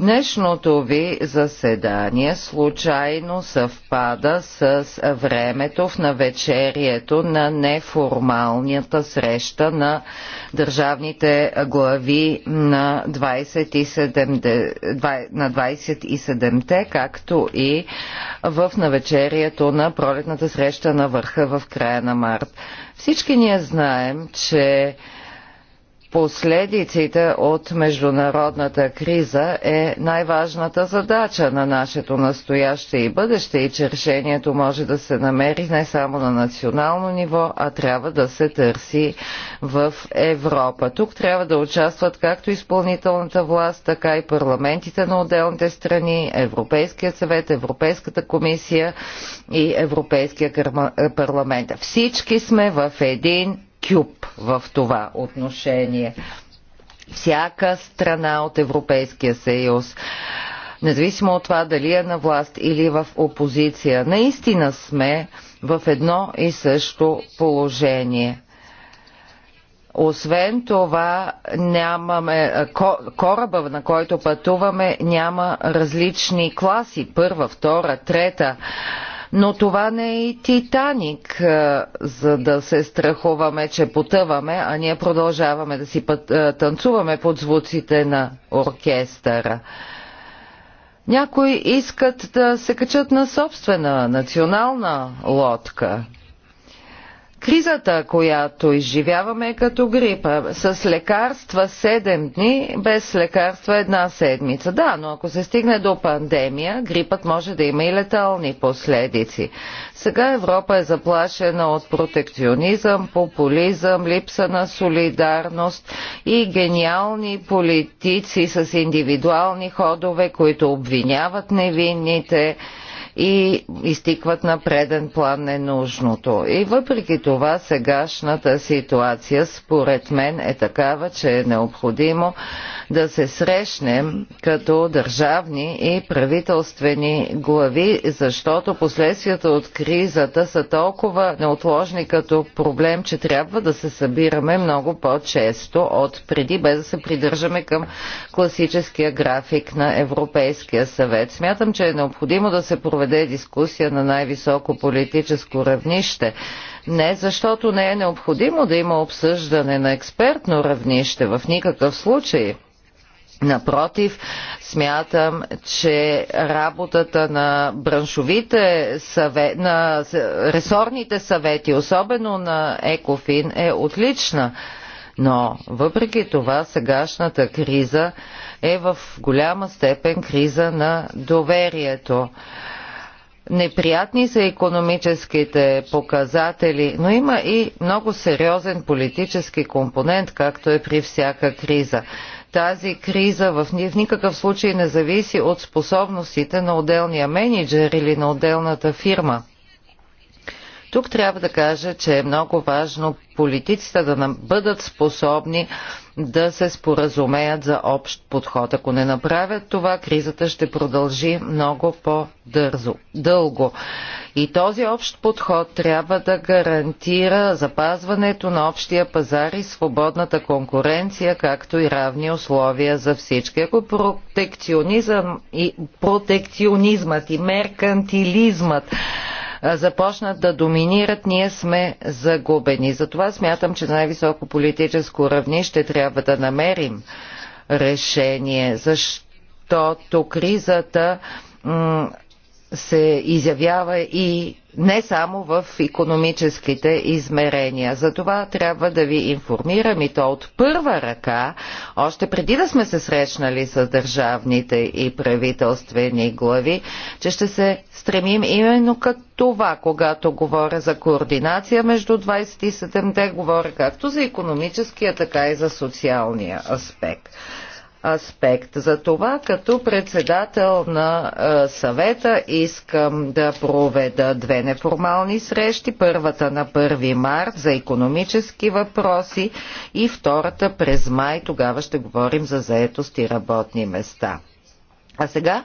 Днешното ви заседание случайно съвпада с времето в навечерието на неформалната среща на държавните глави на 27-те, на 27 както и в навечерието на пролетната среща на върха в края на март. Всички ние знаем, че последиците от международната криза е най-важната задача на нашето настояще и бъдеще и че решението може да се намери не само на национално ниво, а трябва да се търси в Европа. Тук трябва да участват както изпълнителната власт, така и парламентите на отделните страни, Европейския съвет, Европейската комисия и Европейския парламент. Всички сме в един кюб в това отношение. Всяка страна от Европейския съюз независимо от това дали е на власт или в опозиция. Наистина сме в едно и също положение. Освен това, нямаме, кораба, на който пътуваме, няма различни класи. Първа, втора, трета. Но това не е и Титаник, за да се страхуваме, че потъваме, а ние продължаваме да си път, танцуваме под звуците на оркестъра. Някои искат да се качат на собствена национална лодка. Кризата, която изживяваме е като грипа. С лекарства 7 дни, без лекарства една седмица. Да, но ако се стигне до пандемия, грипът може да има и летални последици. Сега Европа е заплашена от протекционизъм, популизъм, липса на солидарност и гениални политици с индивидуални ходове, които обвиняват невинните и изтикват на преден план ненужното. И въпреки това сегашната ситуация според мен е такава, че е необходимо да се срещнем като държавни и правителствени глави, защото последствията от кризата са толкова неотложни като проблем, че трябва да се събираме много по-често от преди, без да се придържаме към класическия график на Европейския съвет. Смятам, че е необходимо да се проведе проведе дискусия на най-високо политическо равнище. Не защото не е необходимо да има обсъждане на експертно равнище в никакъв случай. Напротив, смятам, че работата на браншовите съвети на ресорните съвети, особено на Екофин, е отлична. Но въпреки това сегашната криза е в голяма степен криза на доверието. Неприятни са економическите показатели, но има и много сериозен политически компонент, както е при всяка криза. Тази криза в никакъв случай не зависи от способностите на отделния менеджер или на отделната фирма. Тук трябва да кажа, че е много важно политиците да бъдат способни да се споразумеят за общ подход. Ако не направят това, кризата ще продължи много по-дълго. И този общ подход трябва да гарантира запазването на общия пазар и свободната конкуренция, както и равни условия за всички. Ако протекционизъм и протекционизмът и меркантилизмът започнат да доминират, ние сме загубени. Затова смятам, че на най-високо политическо равнище трябва да намерим решение, защото кризата се изявява и не само в економическите измерения. За това трябва да ви информирам и то от първа ръка, още преди да сме се срещнали с държавните и правителствени глави, че ще се стремим именно като това, когато говоря за координация между 27-те, говоря както за економическия, така и за социалния аспект аспект. За това като председател на съвета искам да проведа две неформални срещи. Първата на 1 март за економически въпроси и втората през май. Тогава ще говорим за заетост и работни места. А сега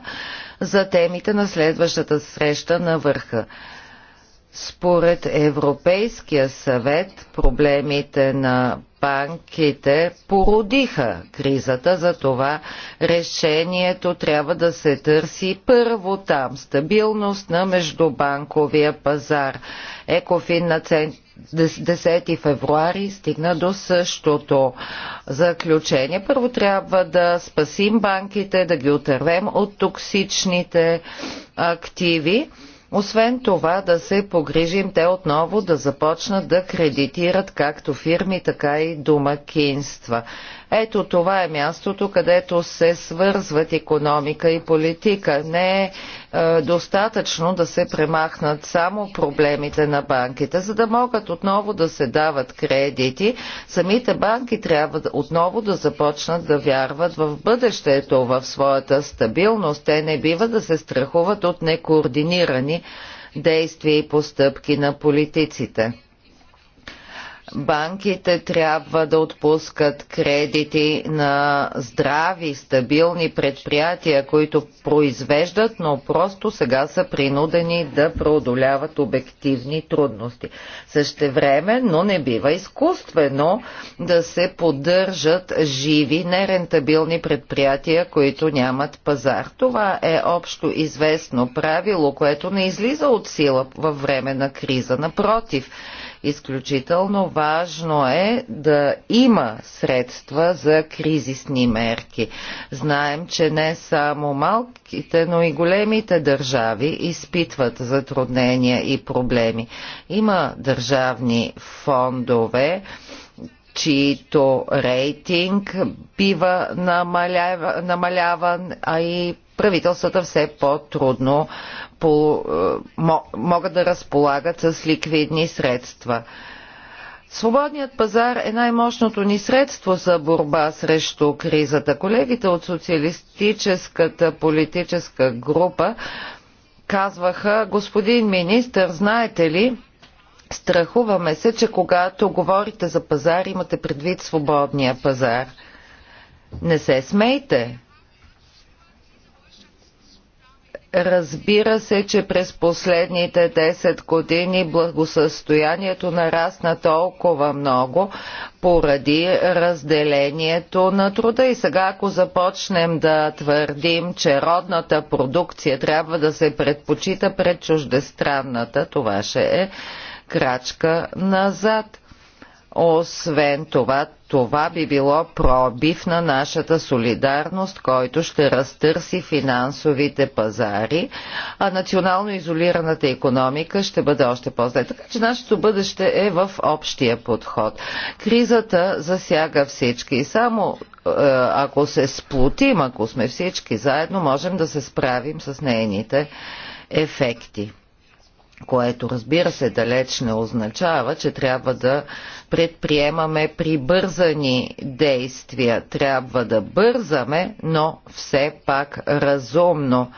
за темите на следващата среща на върха. Според Европейския съвет проблемите на банките породиха кризата, затова решението трябва да се търси първо там стабилност на междубанковия пазар. Екофин на 10 февруари стигна до същото заключение. Първо трябва да спасим банките, да ги отървем от токсичните активи освен това да се погрижим те отново да започнат да кредитират както фирми, така и домакинства. Ето това е мястото, където се свързват економика и политика. Не е, е достатъчно да се премахнат само проблемите на банките, за да могат отново да се дават кредити. Самите банки трябва отново да започнат да вярват в бъдещето, в своята стабилност. Те не бива да се страхуват от некоординирани действия и постъпки на политиците банките трябва да отпускат кредити на здрави, стабилни предприятия, които произвеждат, но просто сега са принудени да преодоляват обективни трудности. време, но не бива изкуствено да се поддържат живи, нерентабилни предприятия, които нямат пазар. Това е общо известно правило, което не излиза от сила във време на криза. Напротив, Изключително важно е да има средства за кризисни мерки. Знаем, че не само малките, но и големите държави изпитват затруднения и проблеми. Има държавни фондове, чието рейтинг бива намаляван, а и правителствата все по-трудно по, е, могат да разполагат с ликвидни средства. Свободният пазар е най-мощното ни средство за борба срещу кризата. Колегите от социалистическата политическа група казваха, господин министър, знаете ли, страхуваме се, че когато говорите за пазар, имате предвид свободния пазар. Не се смейте, Разбира се, че през последните 10 години благосъстоянието нарасна толкова много поради разделението на труда. И сега, ако започнем да твърдим, че родната продукция трябва да се предпочита пред чуждестранната, това ще е крачка назад. Освен това, това би било пробив на нашата солидарност, който ще разтърси финансовите пазари, а национално изолираната економика ще бъде още по-зле. Така че нашето бъдеще е в общия подход. Кризата засяга всички и само е, ако се сплотим, ако сме всички заедно, можем да се справим с нейните ефекти което разбира се далеч не означава, че трябва да предприемаме прибързани действия. Трябва да бързаме, но все пак разумно.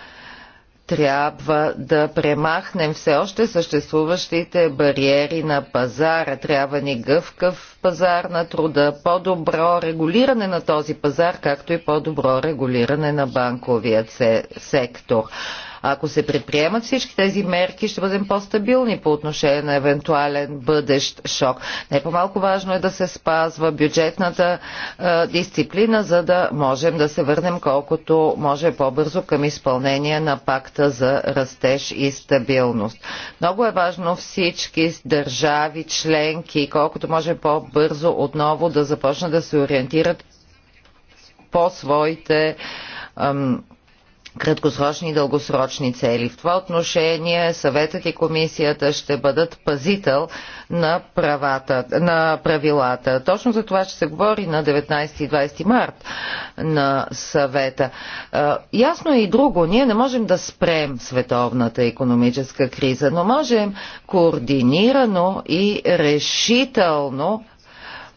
Трябва да премахнем все още съществуващите бариери на пазара. Трябва ни гъвкав пазар на труда, по-добро регулиране на този пазар, както и по-добро регулиране на банковия сектор. Ако се предприемат всички тези мерки, ще бъдем по-стабилни по отношение на евентуален бъдещ шок. Не по-малко важно е да се спазва бюджетната а, е, дисциплина, за да можем да се върнем колкото може по-бързо към изпълнение на пакта за растеж и стабилност. Много е важно всички държави, членки, колкото може по-бързо отново да започнат да се ориентират по своите ам, краткосрочни и дългосрочни цели. В това отношение съветът и комисията ще бъдат пазител на, правата, на правилата. Точно за това ще се говори на 19 и 20 март на съвета. Ясно е и друго. Ние не можем да спрем световната економическа криза, но можем координирано и решително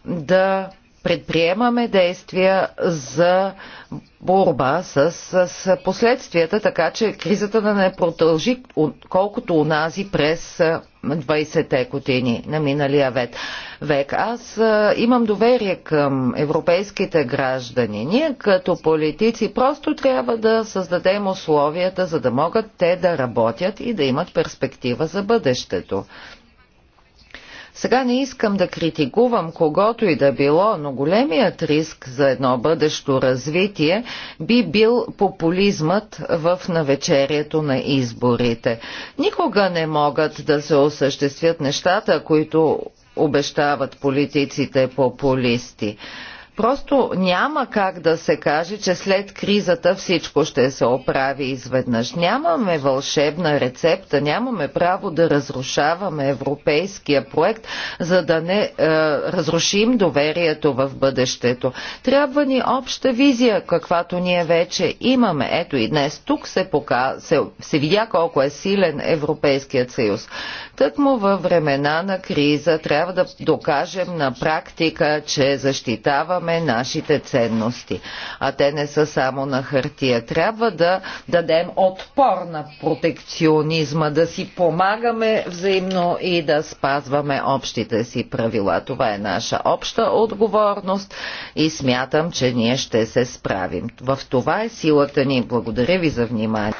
да предприемаме действия за борба с, с, последствията, така че кризата да не продължи колкото унази през 20-те години на миналия век. век. Аз а, имам доверие към европейските граждани. Ние като политици просто трябва да създадем условията, за да могат те да работят и да имат перспектива за бъдещето. Сега не искам да критикувам когото и да било, но големият риск за едно бъдещо развитие би бил популизмът в навечерието на изборите. Никога не могат да се осъществят нещата, които обещават политиците популисти. Просто няма как да се каже, че след кризата всичко ще се оправи изведнъж. Нямаме вълшебна рецепта, нямаме право да разрушаваме европейския проект, за да не е, разрушим доверието в бъдещето. Трябва ни обща визия, каквато ние вече имаме. Ето и днес тук се, пока, се, се видя колко е силен Европейският съюз. Тъкмо във времена на криза трябва да докажем на практика, че защитаваме отстояваме нашите ценности. А те не са само на хартия. Трябва да дадем отпор на протекционизма, да си помагаме взаимно и да спазваме общите си правила. Това е наша обща отговорност и смятам, че ние ще се справим. В това е силата ни. Благодаря ви за внимание.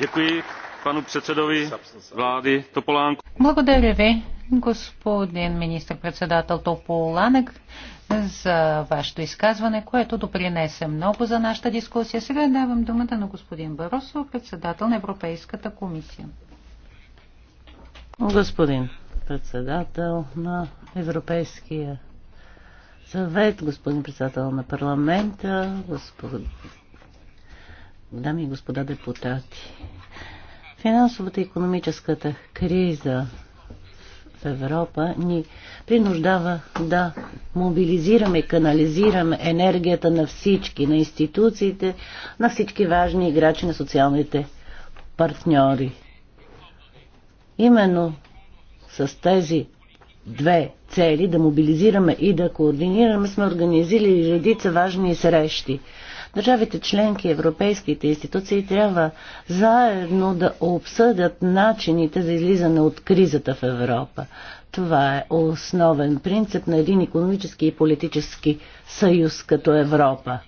Děkuji panu předsedovi vlády Topolánku. Благодаря ви, господин министр-председател Тополанък за вашето изказване, което допринесе много за нашата дискусия. Сега давам думата на господин Баросо, председател на Европейската комисия. Господин председател на Европейския съвет, господин председател на парламента, господин... дами и господа депутати. Финансовата и економическата криза Европа ни принуждава да мобилизираме, канализираме енергията на всички, на институциите, на всички важни играчи на социалните партньори. Именно с тези две цели да мобилизираме и да координираме сме организирали редица важни срещи – Държавите членки, европейските институции трябва заедно да обсъдят начините за излизане от кризата в Европа. Това е основен принцип на един економически и политически съюз като Европа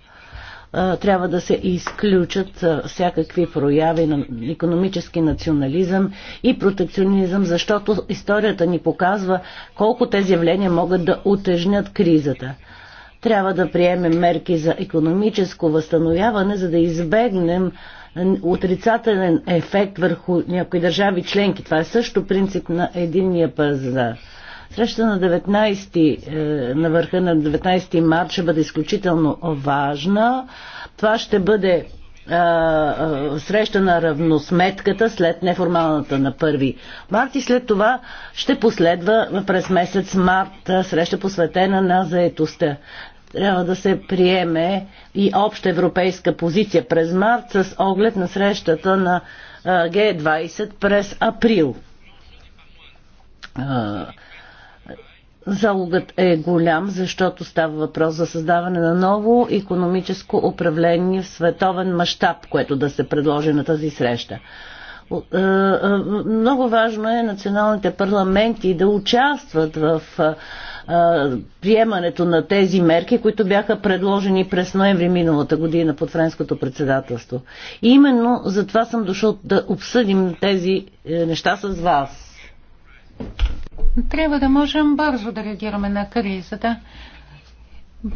трябва да се изключат всякакви прояви на економически национализъм и протекционизъм, защото историята ни показва колко тези явления могат да утежнят кризата. Трябва да приемем мерки за економическо възстановяване, за да избегнем отрицателен ефект върху някои държави членки. Това е също принцип на единния пазар. Среща на 19 е, на върха на 19 март ще бъде изключително важна. Това ще бъде е, е, среща на равносметката след неформалната на 1 март и след това ще последва през месец март среща посветена на заетостта трябва да се приеме и обща европейска позиция през март с оглед на срещата на Г20 през април. Залогът е голям, защото става въпрос за създаване на ново економическо управление в световен мащаб, което да се предложи на тази среща. Много важно е националните парламенти да участват в а, приемането на тези мерки, които бяха предложени през ноември миналата година под френското председателство. И именно за това съм дошъл да обсъдим тези е, неща с вас. Трябва да можем бързо да реагираме на кризата.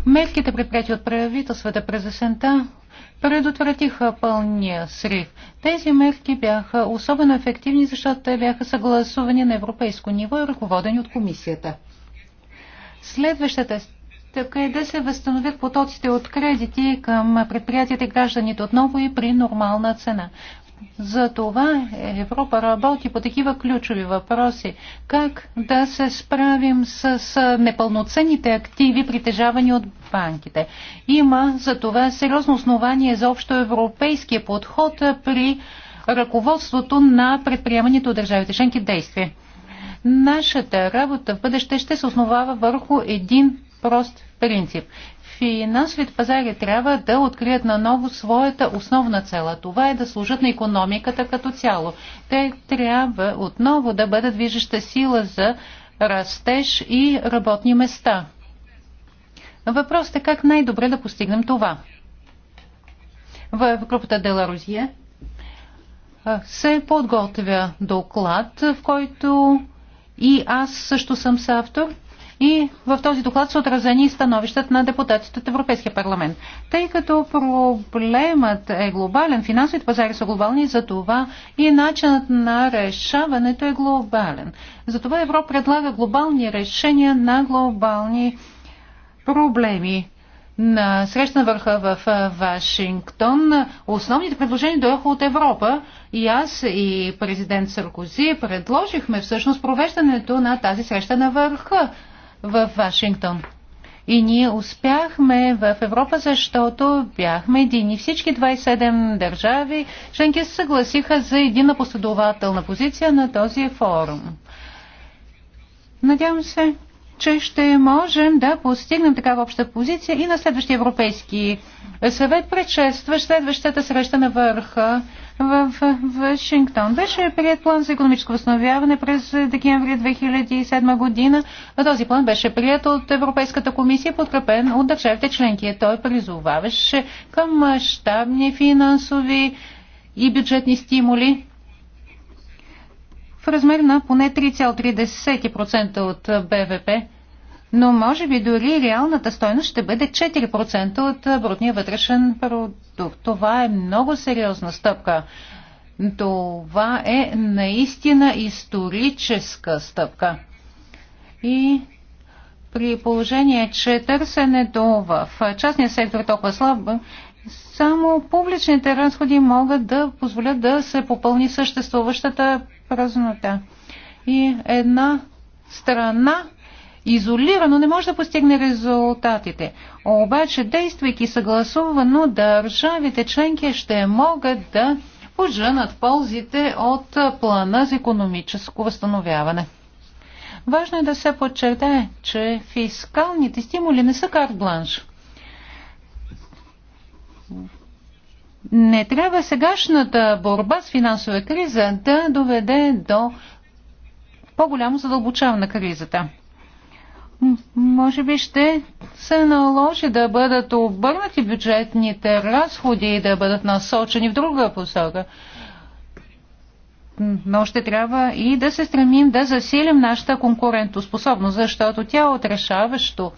Мерките предприяти от правителствата през есента предотвратиха пълния срив. Тези мерки бяха особено ефективни, защото те бяха съгласувани на европейско ниво и ръководени от комисията. Следващата стъпка е да се възстановят потоците от кредити към предприятията и гражданите отново и при нормална цена. За това Европа работи по такива ключови въпроси. Как да се справим с непълноценните активи, притежавани от банките? Има за това сериозно основание за общо европейския подход при ръководството на предприемането от държавите Шенки действия. Нашата работа в бъдеще ще се основава върху един прост принцип. Финансовите пазари трябва да открият наново своята основна цела. Това е да служат на економиката като цяло. Те трябва отново да бъдат движеща сила за растеж и работни места. Въпросът е как най-добре да постигнем това. В групата Деларузия се подготвя доклад, в който и аз също съм съавтор. И в този доклад са отразени становищата на депутатите от Европейския парламент. Тъй като проблемът е глобален, финансовите пазари са глобални, за това и начинът на решаването е глобален. Затова Европа предлага глобални решения на глобални проблеми на среща на върха в Вашингтон, основните предложения дойдоха от Европа и аз и президент Саркози предложихме всъщност провеждането на тази среща на върха в Вашингтон. И ние успяхме в Европа, защото бяхме едини. Всички 27 държави членки се съгласиха за едина последователна позиция на този форум. Надявам се, че ще можем да постигнем такава обща позиция и на следващия Европейски съвет, предшестващ следващата среща на върха в Вашингтон. Беше прият план за економическо възстановяване през декември 2007 година. Този план беше прият от Европейската комисия, подкрепен от държавите членки. Той призоваваше към мащабни финансови и бюджетни стимули размер на поне 3,3% от БВП, но може би дори реалната стойност ще бъде 4% от брутния вътрешен продукт. Това е много сериозна стъпка. Това е наистина историческа стъпка. И при положение, че търсенето в частния сектор е толкова слабо, само публичните разходи могат да позволят да се попълни съществуващата празнота. И една страна изолирано не може да постигне резултатите. Обаче, действайки съгласувано, държавите членки ще могат да поженат ползите от плана за економическо възстановяване. Важно е да се подчертае, че фискалните стимули не са карт бланш. Не трябва сегашната борба с финансова криза да доведе до по-голямо задълбочаване на кризата. Може би ще се наложи да бъдат обърнати бюджетните разходи и да бъдат насочени в друга посока. Но ще трябва и да се стремим да засилим нашата конкурентоспособност, защото тя е отрешаващо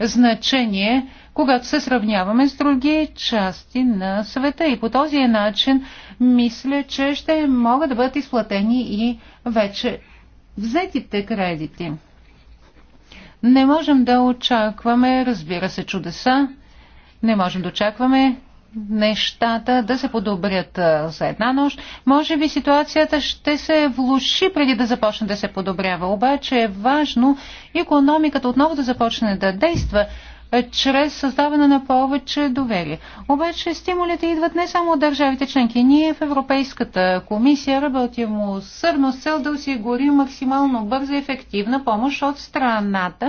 значение когато се сравняваме с други части на света. И по този начин мисля, че ще могат да бъдат изплатени и вече взетите кредити. Не можем да очакваме, разбира се, чудеса. Не можем да очакваме нещата да се подобрят за една нощ. Може би ситуацията ще се влуши преди да започне да се подобрява. Обаче е важно економиката отново да започне да действа, е, чрез създаване на повече доверие. Обаче стимулите идват не само от държавите членки. Ние в Европейската комисия работим усърдно с цел да осигурим максимално бърза и ефективна помощ от страната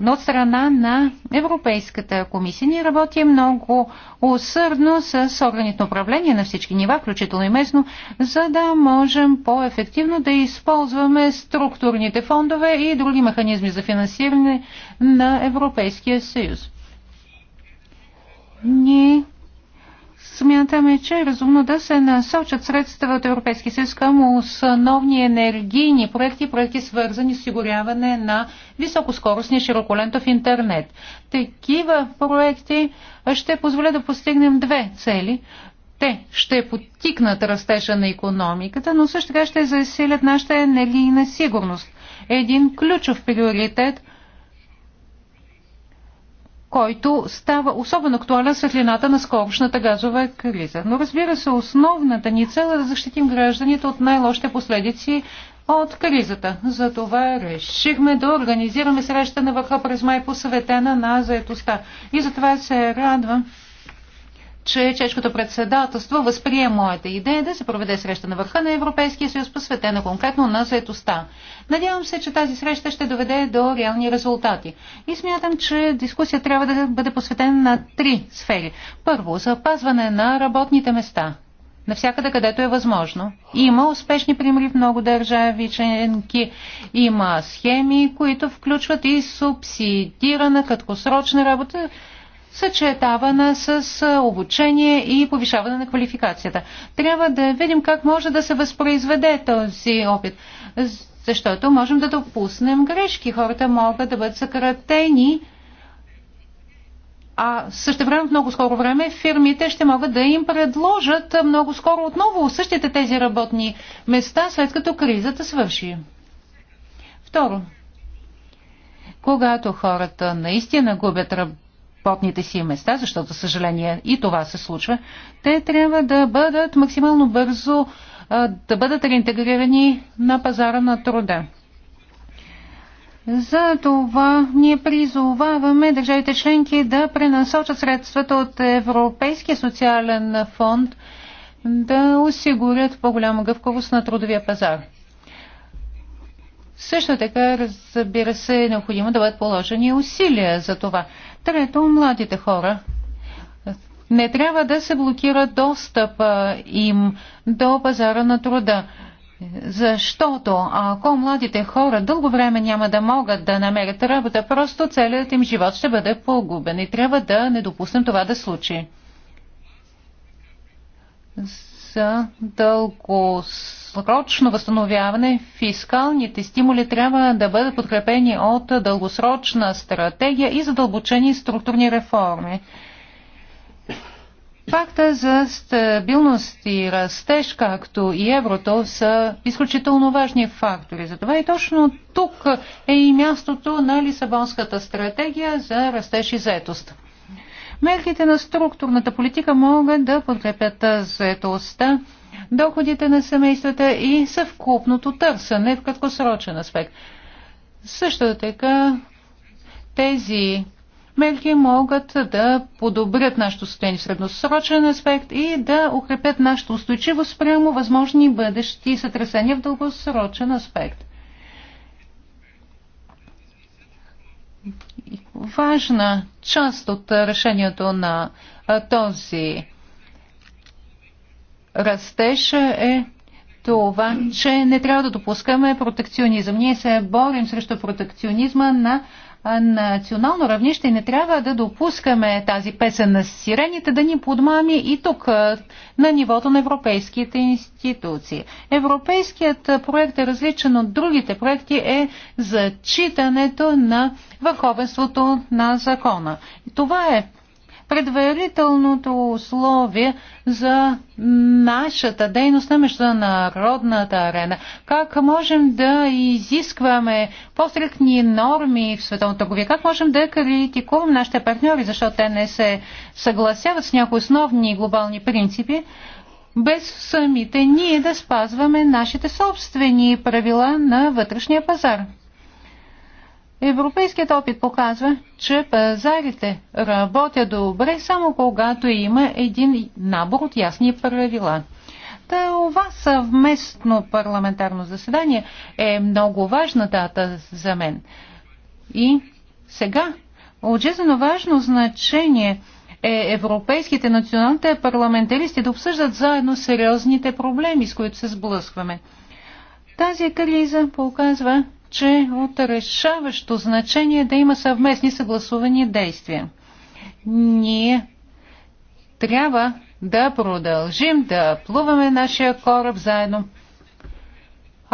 но от страна на Европейската комисия. Ние работим много усърдно с органите на управление на всички нива, включително и местно, за да можем по-ефективно да използваме структурните фондове и други механизми за финансиране на Европейския съюз. Ние Смятаме, че е разумно да се насочат средства от Европейски съюз към основни енергийни проекти, проекти свързани с осигуряване на високоскоростни широколентов интернет. Такива проекти ще позволят да постигнем две цели. Те ще потикнат растежа на економиката, но също така ще засилят нашата енергийна сигурност. Един ключов приоритет – който става особено актуален светлината на скорошната газова криза. Но разбира се, основната ни цел е да защитим гражданите от най-лошите последици от кризата. Затова решихме да организираме среща на върха през май посъветена на заетостта. И затова се радвам, че чешкото председателство възприе моята идея да се проведе среща на върха на Европейския съюз, посветена конкретно на заетостта. Надявам се, че тази среща ще доведе до реални резултати. И смятам, че дискусия трябва да бъде посветена на три сфери. Първо, запазване на работните места. Навсякъде, където е възможно. Има успешни примери в много държави, членки. Има схеми, които включват и субсидирана краткосрочна работа, съчетавана с обучение и повишаване на квалификацията. Трябва да видим как може да се възпроизведе този опит, защото можем да допуснем грешки. Хората могат да бъдат съкратени, а също време, в много скоро време, фирмите ще могат да им предложат много скоро отново същите тези работни места, след като кризата свърши. Второ, когато хората наистина губят работа, потните си места, защото, за съжаление, и това се случва, те трябва да бъдат максимално бързо да бъдат реинтегрирани на пазара на труда. За това ние призоваваме държавите членки да пренасочат средствата от Европейския социален фонд да осигурят по-голяма гъвковост на трудовия пазар. Също така, разбира се, е необходимо да бъдат положени усилия за това. Трето, младите хора. Не трябва да се блокира достъпа им до пазара на труда. Защото ако младите хора дълго време няма да могат да намерят работа, просто целият им живот ще бъде погубен и трябва да не допуснем това да случи. За дълго дългосрочно възстановяване, фискалните стимули трябва да бъдат подкрепени от дългосрочна стратегия и задълбочени структурни реформи. Факта за стабилност и растеж, както и еврото, са изключително важни фактори. Затова и точно тук е и мястото на Лисабонската стратегия за растеж и заетост. Мерките на структурната политика могат да подкрепят заетостта доходите на семействата и съвкупното търсене в краткосрочен аспект. Също така тези мерки могат да подобрят нашето състояние в средносрочен аспект и да укрепят нашата устойчивост спрямо възможни бъдещи сътресения в дългосрочен аспект. Важна част от решението на този растеж е това, че не трябва да допускаме протекционизъм. Ние се борим срещу протекционизма на национално равнище и не трябва да допускаме тази песен на сирените да ни подмами и тук на нивото на европейските институции. Европейският проект е различен от другите проекти е зачитането на върховенството на закона. Това е предварителното условие за нашата дейност на международната арена. Как можем да изискваме по-стрикни норми в световната търговия? Как можем да критикуваме нашите партньори, защото те не се съгласяват с някои основни глобални принципи? без самите ние да спазваме нашите собствени правила на вътрешния пазар. Европейският опит показва, че пазарите работят добре само когато има един набор от ясни правила. Това съвместно парламентарно заседание е много важна дата за мен. И сега от жизненно важно значение е европейските националните парламентаристи да обсъждат заедно сериозните проблеми, с които се сблъскваме. Тази криза показва, че от решаващо значение е да има съвместни съгласувани действия. Ние трябва да продължим да плуваме нашия кораб заедно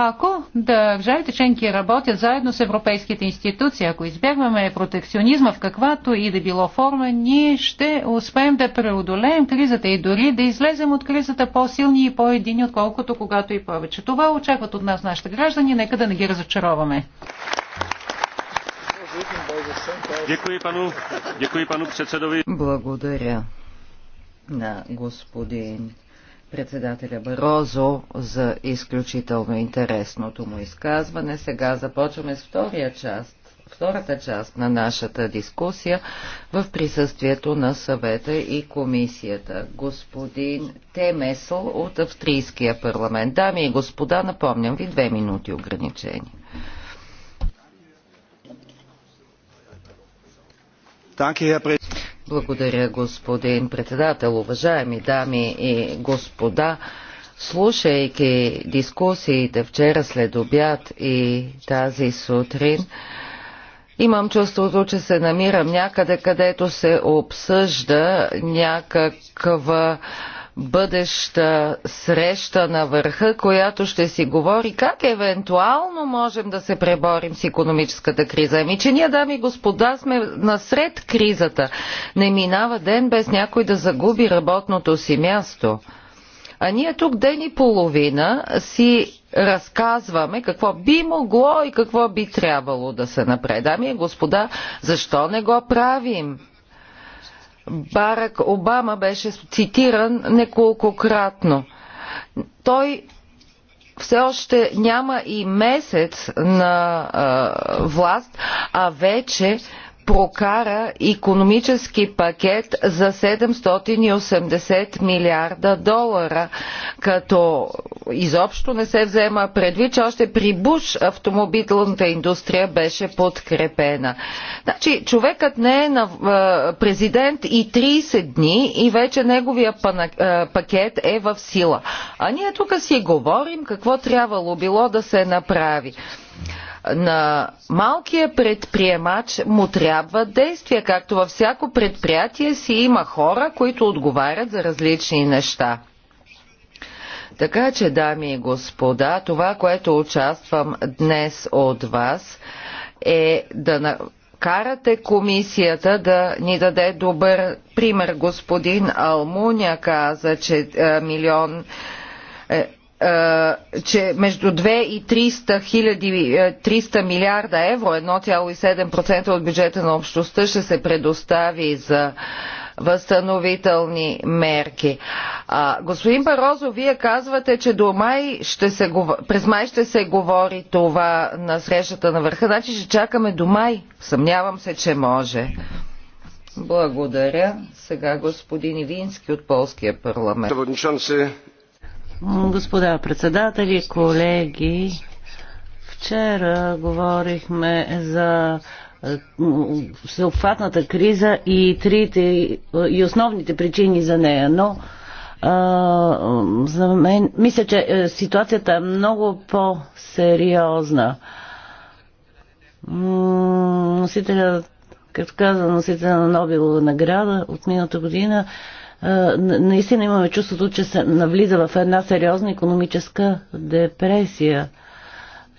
ако държавите членки работят заедно с европейските институции, ако избягваме протекционизма в каквато и да било форма, ние ще успеем да преодолеем кризата и дори да излезем от кризата по-силни и по-едини, отколкото когато и повече. Това очакват от нас нашите граждани, нека да не ги разочароваме. Благодаря на господин председателя Барозо за изключително интересното му изказване. Сега започваме с втория част втората част на нашата дискусия в присъствието на съвета и комисията. Господин Темесъл от Австрийския парламент. Дами и господа, напомням ви две минути ограничение. Благодаря, господин председател. Уважаеми дами и господа, слушайки дискусиите вчера след обяд и тази сутрин, Имам чувството, че се намирам някъде, където се обсъжда някаква бъдеща среща на върха, която ще си говори как евентуално можем да се преборим с економическата криза. Ами, че ние, дами и господа, сме насред кризата. Не минава ден без някой да загуби работното си място. А ние тук ден и половина си разказваме какво би могло и какво би трябвало да се напреда. и господа, защо не го правим? Барак Обама беше цитиран неколкократно. Той все още няма и месец на а, власт, а вече прокара економически пакет за 780 милиарда долара, като изобщо не се взема предвид, че още при Буш автомобилната индустрия беше подкрепена. Значи, човекът не е на президент и 30 дни и вече неговия пакет е в сила. А ние тук си говорим какво трябвало било да се направи на малкия предприемач му трябва действия, както във всяко предприятие си има хора, които отговарят за различни неща. Така че, дами и господа, това, което участвам днес от вас, е да карате комисията да ни даде добър пример. Господин Алмуня каза, че е, милион е, е, че между 2 и 300, хиляди, 300 е, милиарда евро, 1,7% от бюджета на общността ще се предостави за възстановителни мерки. А, господин Барозо, вие казвате, че до май ще се, през май ще се говори това на срещата на върха. Значи ще чакаме до май. Съмнявам се, че може. Благодаря. Сега господин Ивински от Полския парламент. Господа председатели, колеги, вчера говорихме за е, всеобхватната криза и трите е, и основните причини за нея, но а, за мен мисля, че е, ситуацията е много по-сериозна. Носителя, както каза, носителя на Нобелова награда от миналата година наистина имаме чувството, че се навлиза в една сериозна економическа депресия.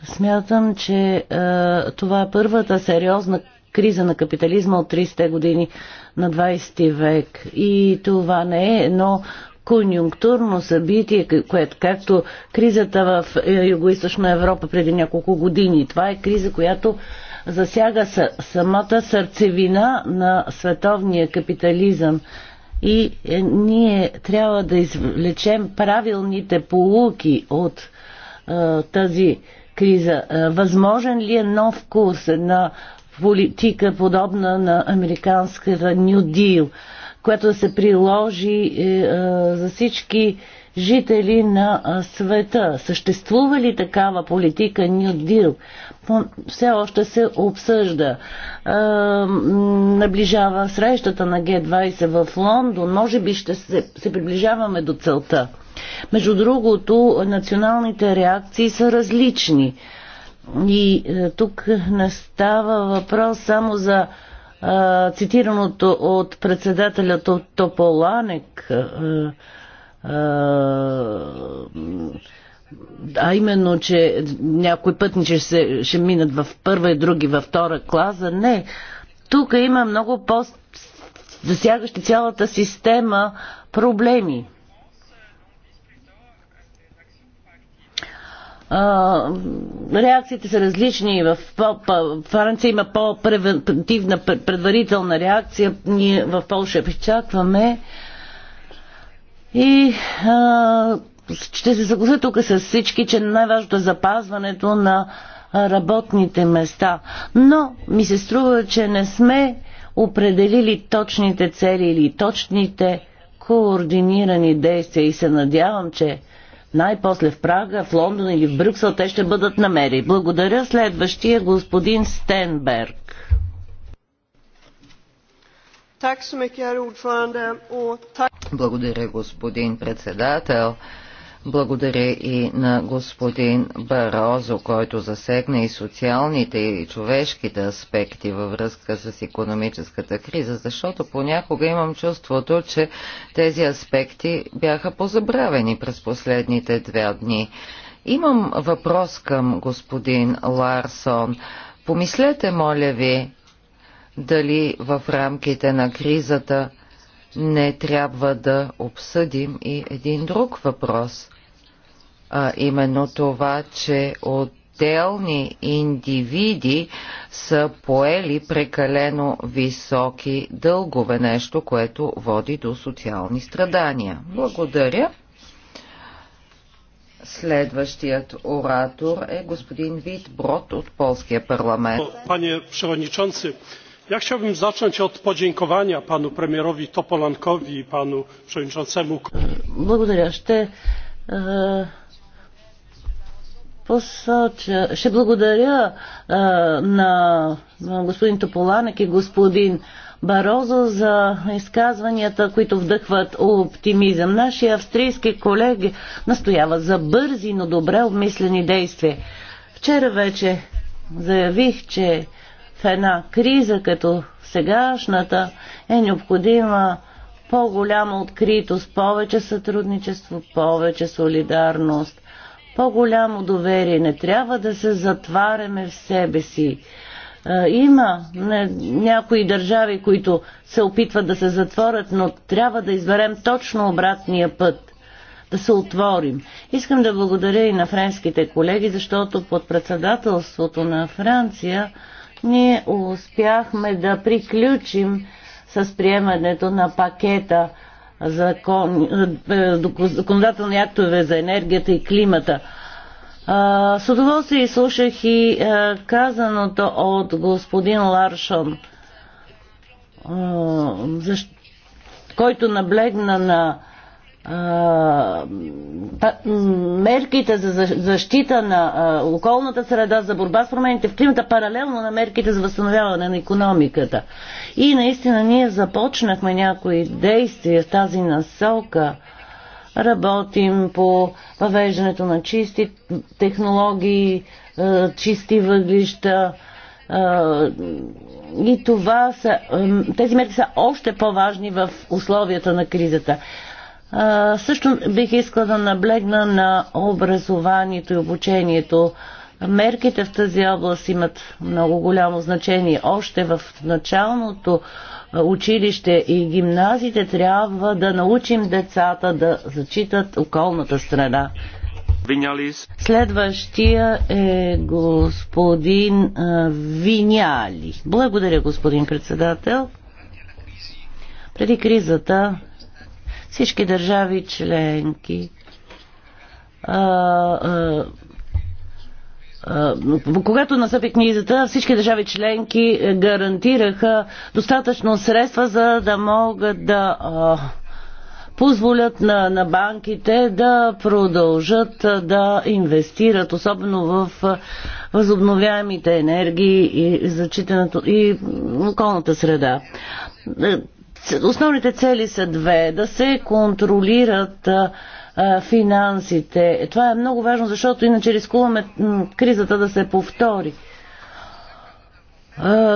Смятам, че това е първата сериозна криза на капитализма от 30-те години на 20 век. И това не е едно конюнктурно събитие, което, както кризата в е, Юго-Источна Европа преди няколко години. Това е криза, която засяга самата сърцевина на световния капитализъм и е, ние трябва да извлечем правилните полуки от а, е, тази криза. Е, възможен ли е нов курс, една политика подобна на американската New Deal, която да се приложи а, за всички жители на света. Съществува ли такава политика New Deal? Все още се обсъжда. Наближава срещата на Г20 в Лондон. Може би ще се, се приближаваме до целта. Между другото, националните реакции са различни. И е, тук не става въпрос само за е, цитираното от председателя Тополанек е, а именно, че някои пътни ще, ще минат в първа и други във втора класа. Не. Тук има много по засягащи цялата система проблеми. А, реакциите са различни. В Франция има по-превентивна предварителна реакция. Ние в Польша изчакваме. А, и а, ще се съглася тук с всички, че най-важното е запазването на работните места. Но ми се струва, че не сме определили точните цели или точните координирани действия и се надявам, че най-после в Прага, в Лондон или в Брюксел те ще бъдат намери. Благодаря следващия е господин Стенберг. Благодаря, господин председател. Благодаря и на господин Барозо, който засегна и социалните и човешките аспекти във връзка с економическата криза, защото понякога имам чувството, че тези аспекти бяха позабравени през последните две дни. Имам въпрос към господин Ларсон. Помислете, моля ви, дали в рамките на кризата не трябва да обсъдим и един друг въпрос, а именно това, че отделни индивиди са поели прекалено високи дългове, нещо, което води до социални страдания. Благодаря. Следващият оратор е господин Вит Брод от Полския парламент. Пане chciałbym zacząć od podziękowania panu premierowi topolankowi i panu przewodniczącemu. Благодаря. Ще, е, посоча, ще благодаря е, на, господин Тополанък и господин Барозо за изказванията, които вдъхват оптимизъм. Нашия австрийски колеги настояват за бързи, но добре обмислени действия. Вчера вече заявих, че в една криза като сегашната е необходима по-голяма откритост, повече сътрудничество, повече солидарност, по-голямо доверие. Не трябва да се затваряме в себе си. Е, има някои държави, които се опитват да се затворят, но трябва да изберем точно обратния път да се отворим. Искам да благодаря и на френските колеги, защото под председателството на Франция ние успяхме да приключим с приемането на пакета закон, е, е, законодателни актове за енергията и климата. С удоволствие слушах и е, казаното от господин Ларшон, който наблегна на мерките за защита на околната среда, за борба с промените в климата, паралелно на мерките за възстановяване на економиката. И наистина ние започнахме някои действия в тази насока. Работим по въвеждането на чисти технологии, чисти въглища, и това са, тези мерки са още по-важни в условията на кризата. А, също бих искала да наблегна на образованието и обучението. Мерките в тази област имат много голямо значение. Още в началното училище и гимназите трябва да научим децата да зачитат околната страна. Следващия е господин Виняли. Благодаря, господин председател. Преди кризата всички държави членки а, а, когато настъпи книзата, всички държави членки гарантираха достатъчно средства, за да могат да а, позволят на, на банките да продължат да инвестират, особено в възобновяемите енергии и зачитането и околната среда. Основните цели са две. Да се контролират финансите. Това е много важно, защото иначе рискуваме кризата да се повтори.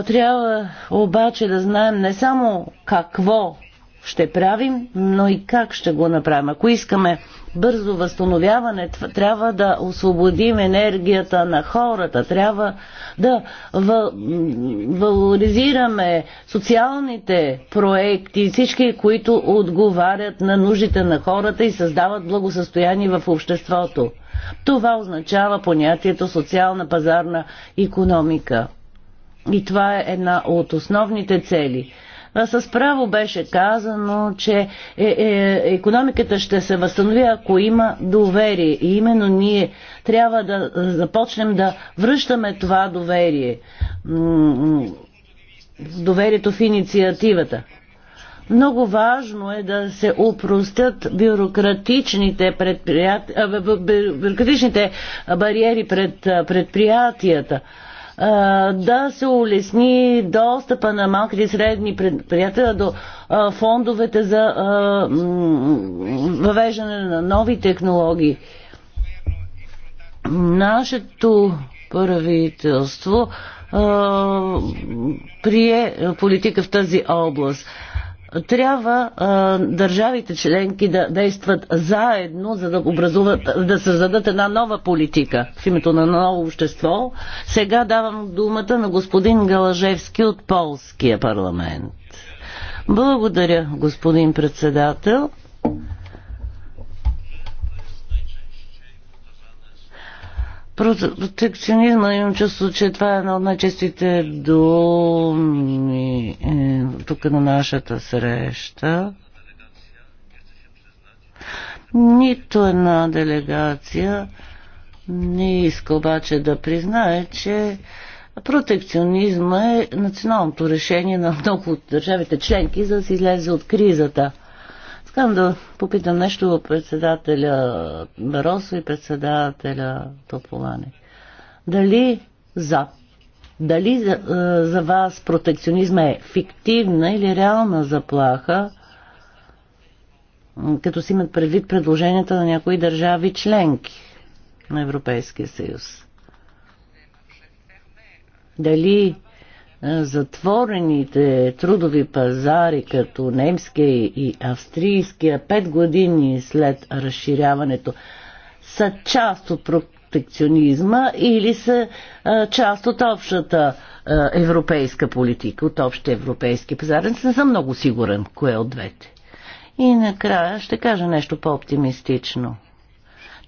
Трябва обаче да знаем не само какво ще правим, но и как ще го направим. Ако искаме бързо възстановяване, трябва да освободим енергията на хората, трябва да валоризираме социалните проекти, всички, които отговарят на нуждите на хората и създават благосъстояние в обществото. Това означава понятието социална пазарна економика. И това е една от основните цели. С право беше казано, че е, е, економиката ще се възстанови, ако има доверие. И именно ние трябва да започнем да връщаме това доверие. Доверието в инициативата. Много важно е да се упростят бюрократичните, предприят... бюрократичните бариери пред предприятията да се улесни достъпа на малките и средни предприятия до фондовете за въвеждане на нови технологии. Нашето правителство прие политика в тази област трябва а, държавите членки да действат заедно, за да образуват, да създадат една нова политика в името на ново общество. Сега давам думата на господин Галажевски от Полския парламент. Благодаря, господин председател. Протекционизма имам чувство, че това е едно от най-честите думи е, тук на нашата среща. Нито една делегация не иска обаче да признае, че протекционизма е националното решение на много от държавите членки, за да се излезе от кризата – Искам да попитам нещо от председателя Баросо и председателя Тополане. Дали за дали за, е, за вас протекционизма е фиктивна или реална заплаха, като си имат предвид предложенията на някои държави членки на Европейския съюз? Дали затворените трудови пазари, като немския и австрийския, пет години след разширяването, са част от протекционизма или са а, част от общата а, европейска политика, от общия европейски пазар. Не съм много сигурен кое от двете. И накрая ще кажа нещо по-оптимистично.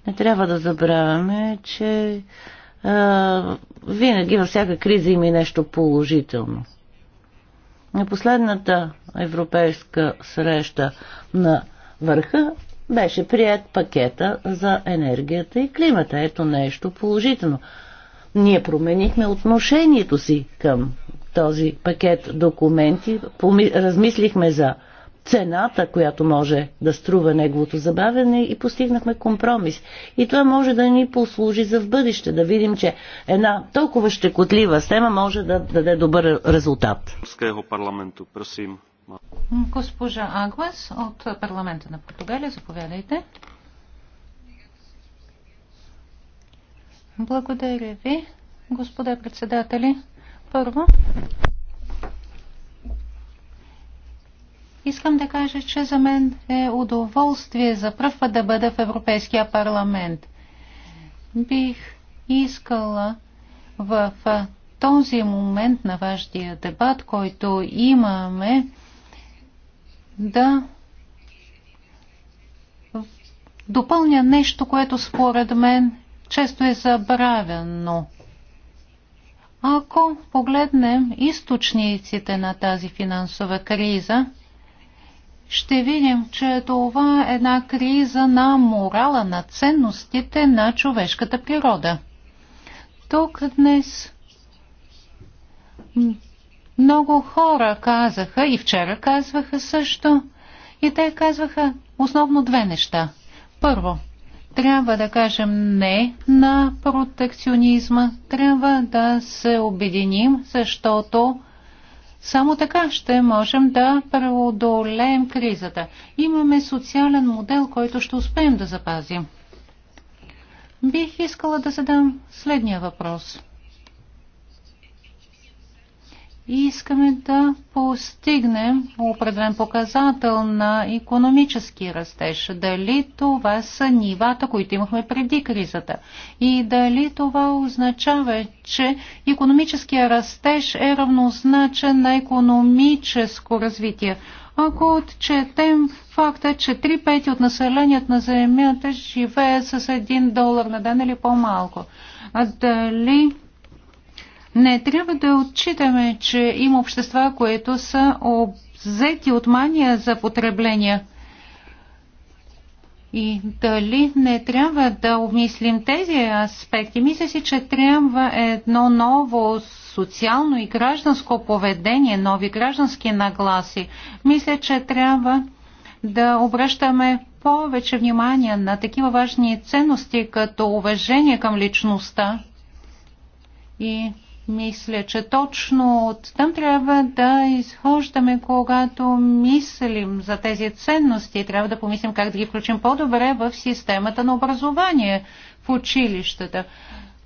Не трябва да забравяме, че винаги във всяка криза има и нещо положително. На последната европейска среща на върха беше прият пакета за енергията и климата. Ето нещо положително. Ние променихме отношението си към този пакет документи, размислихме за цената, която може да струва неговото забавяне и постигнахме компромис. И това може да ни послужи за в бъдеще, да видим, че една толкова щекотлива тема може да даде добър резултат. парламенту, просим. Госпожа Агвас от парламента на Португалия, заповядайте. Благодаря ви, господа председатели. Първо, Искам да кажа, че за мен е удоволствие за пръв път да бъда в Европейския парламент. Бих искала в този момент на вашия дебат, който имаме, да допълня нещо, което според мен често е забравено. Ако погледнем източниците на тази финансова криза, ще видим, че това е една криза на морала, на ценностите на човешката природа. Тук днес много хора казаха, и вчера казваха също, и те казваха основно две неща. Първо, трябва да кажем не на протекционизма, трябва да се обединим, защото само така ще можем да преодолеем кризата. Имаме социален модел, който ще успеем да запазим. Бих искала да задам следния въпрос – и искаме да постигнем определен показател на економически растеж. Дали това са нивата, които имахме преди кризата? И дали това означава, че економическия растеж е равнозначен на економическо развитие? Ако отчетем факта, че 3 пети от населението на Земята живее с 1 долар на ден или по-малко, а дали не трябва да отчитаме, че има общества, които са обзети от мания за потребление. И дали не трябва да обмислим тези аспекти? Мисля си, че трябва едно ново социално и гражданско поведение, нови граждански нагласи. Мисля, че трябва да обръщаме повече внимание на такива важни ценности, като уважение към личността и мисля, че точно от там трябва да изхождаме, когато мислим за тези ценности. Трябва да помислим как да ги включим по-добре в системата на образование в училищата.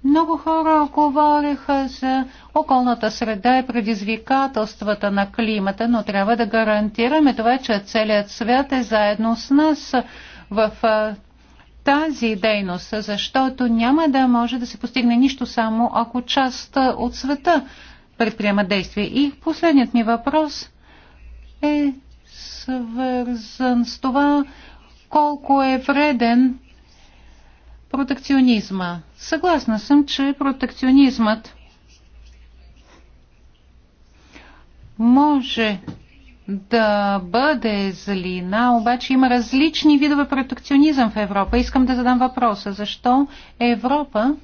Много хора говориха за околната среда и предизвикателствата на климата, но трябва да гарантираме това, че целият свят е заедно с нас в тази дейност, защото няма да може да се постигне нищо само ако част от света предприема действие. И последният ми въпрос е свързан с това колко е вреден протекционизма. Съгласна съм, че протекционизмът може да бъде злина, обаче има различни видове протекционизъм в Европа. Искам да задам въпроса, защо Европа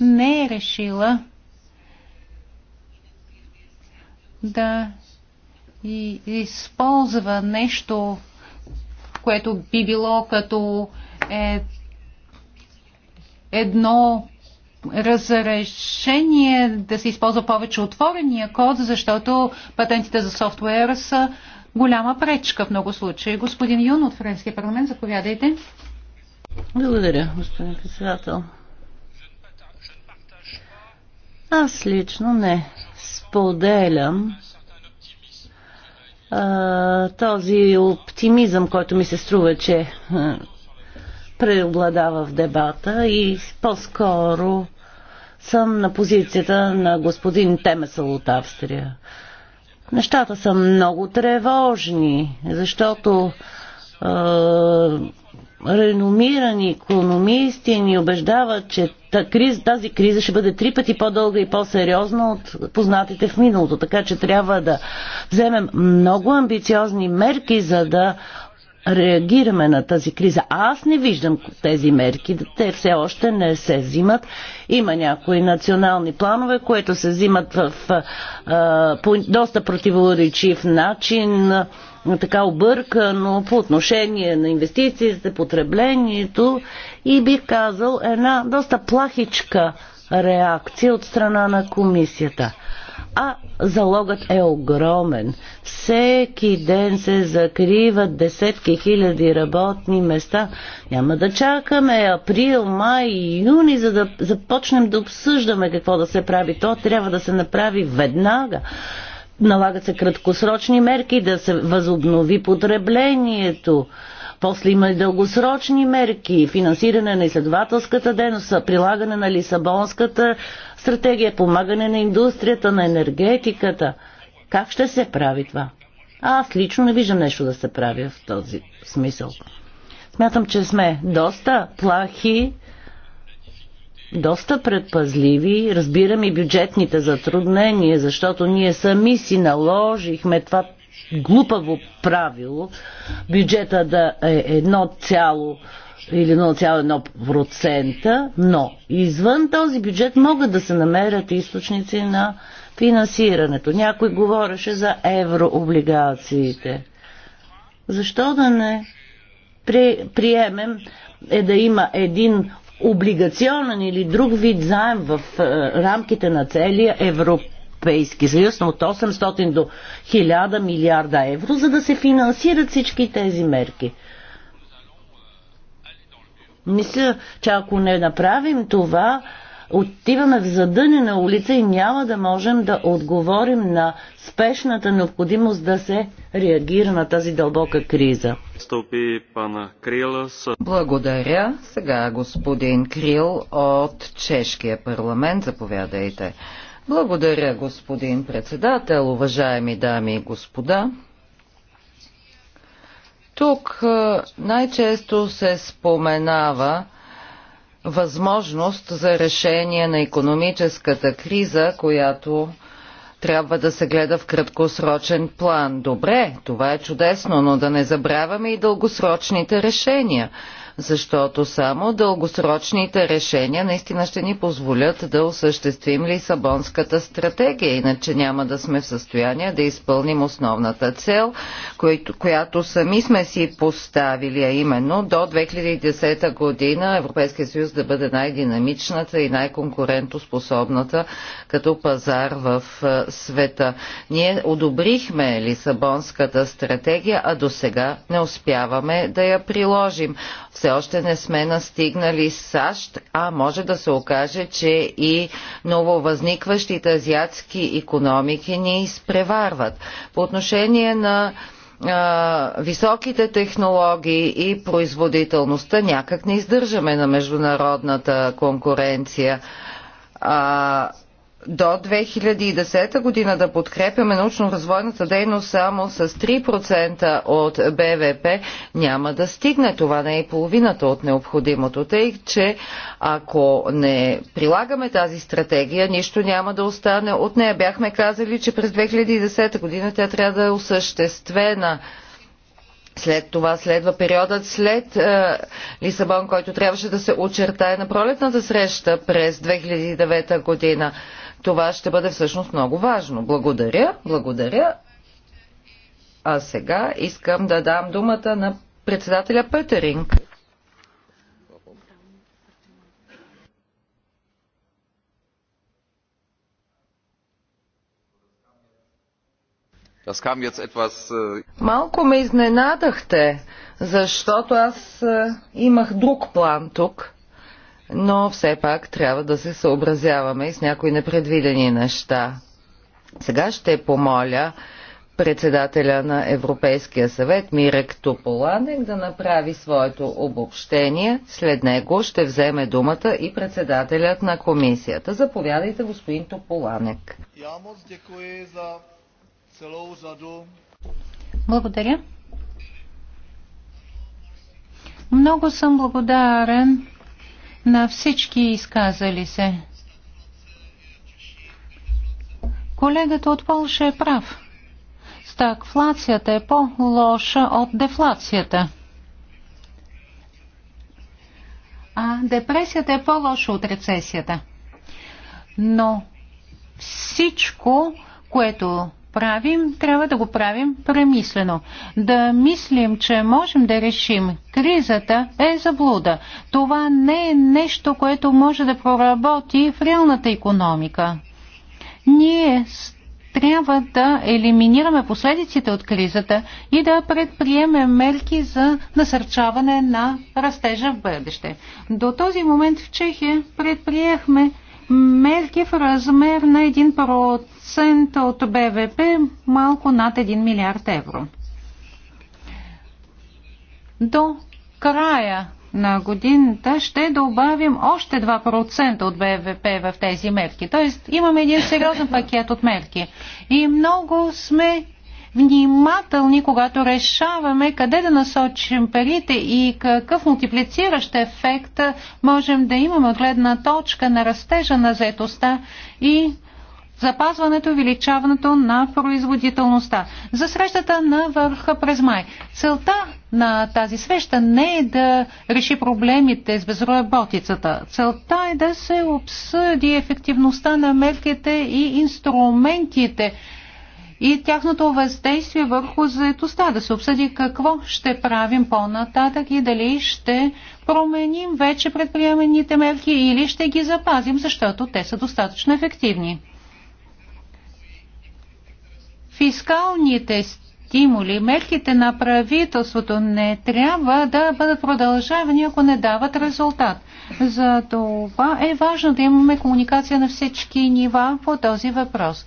не е решила да и използва нещо, което би било като е, едно разрешение да се използва повече отворения код, защото патентите за софтуер са голяма пречка в много случаи. Господин Юн от Френския парламент, заповядайте. Благодаря, господин председател. Аз лично не споделям а, този оптимизъм, който ми се струва, че преобладава в дебата и по-скоро съм на позицията на господин Темесъл от Австрия. Нещата са много тревожни, защото е, реномирани економисти ни убеждават, че тази криза ще бъде три пъти по-дълга и по-сериозна от познатите в миналото. Така че трябва да вземем много амбициозни мерки, за да реагираме на тази криза. А аз не виждам тези мерки. Те все още не се взимат. Има някои национални планове, които се взимат в, в по доста противоречив начин, така объркано по отношение на инвестициите, потреблението и бих казал една доста плахичка реакция от страна на комисията а залогът е огромен. Всеки ден се закриват десетки хиляди работни места. Няма да чакаме април, май и юни, за да започнем да обсъждаме какво да се прави. То трябва да се направи веднага. Налагат се краткосрочни мерки да се възобнови потреблението. После има и дългосрочни мерки, финансиране на изследователската дейност, прилагане на Лисабонската стратегия, помагане на индустрията, на енергетиката. Как ще се прави това? Аз лично не виждам нещо да се прави в този смисъл. Смятам, че сме доста плахи, доста предпазливи. Разбирам и бюджетните затруднения, защото ние сами си наложихме това глупаво правило бюджета да е едно цяло или 0,1%, но извън този бюджет могат да се намерят източници на финансирането. Някой говореше за еврооблигациите. Защо да не при, приемем е да има един облигационен или друг вид заем в е, рамките на целия Европа? Европейски съюз, но от 800 до 1000 милиарда евро, за да се финансират всички тези мерки. Мисля, че ако не направим това, отиваме в задънена улица и няма да можем да отговорим на спешната необходимост да се реагира на тази дълбока криза. Благодаря. Сега господин Крил от Чешкия парламент. Заповядайте. Благодаря, господин председател, уважаеми дами и господа. Тук е, най-често се споменава възможност за решение на економическата криза, която трябва да се гледа в краткосрочен план. Добре, това е чудесно, но да не забравяме и дългосрочните решения – защото само дългосрочните решения наистина ще ни позволят да осъществим Лисабонската стратегия, иначе няма да сме в състояние да изпълним основната цел, която сами сме си поставили, а именно до 2010 година Европейския съюз да бъде най-динамичната и най-конкурентоспособната като пазар в света. Ние одобрихме Лисабонската стратегия, а до сега не успяваме да я приложим. Все още не сме настигнали САЩ, а може да се окаже, че и нововъзникващите азиатски економики ни изпреварват. По отношение на високите технологии и производителността някак не издържаме на международната конкуренция. А, до 2010 година да подкрепяме научно-развойната дейност само с 3% от БВП, няма да стигне. Това не е и половината от необходимото, тъй че ако не прилагаме тази стратегия, нищо няма да остане от нея. Бяхме казали, че през 2010 година тя трябва да е осъществена. След това следва периодът след е, Лисабон, който трябваше да се очертае на пролетната среща през 2009 година. Това ще бъде всъщност много важно. Благодаря, благодаря. А сега искам да дам думата на председателя Петеринг. Äh, Малко ме изненадахте, защото аз е, имах друг план тук но все пак трябва да се съобразяваме и с някои непредвидени неща. Сега ще помоля председателя на Европейския съвет Мирек Тополанек да направи своето обобщение. След него ще вземе думата и председателят на комисията. Заповядайте, господин Тополанек. Благодаря. Много съм благодарен на всички изказали се. Колегата от Полша е прав. Стагфлацията е по-лоша от дефлацията. А депресията е по-лоша от рецесията. Но всичко, което правим, трябва да го правим премислено. Да мислим, че можем да решим кризата е заблуда. Това не е нещо, което може да проработи в реалната економика. Ние трябва да елиминираме последиците от кризата и да предприемем мерки за насърчаване на растежа в бъдеще. До този момент в Чехия предприехме мерки в размер на 1% от БВП, малко над 1 милиард евро. До края на годината ще добавим още 2% от БВП в тези мерки. Тоест имаме един сериозен пакет от мерки. И много сме внимателни, когато решаваме къде да насочим парите и какъв мултиплициращ ефект можем да имаме от гледна точка на растежа на заетостта и запазването и увеличаването на производителността. За срещата на върха през май. Целта на тази среща не е да реши проблемите с безработицата. Целта е да се обсъди ефективността на мерките и инструментите, и тяхното въздействие върху заедостта, да се обсъди какво ще правим по-нататък и дали ще променим вече предприемените мерки или ще ги запазим, защото те са достатъчно ефективни. Фискалните стимули, мерките на правителството не трябва да бъдат продължавани, ако не дават резултат. За това е важно да имаме комуникация на всички нива по този въпрос.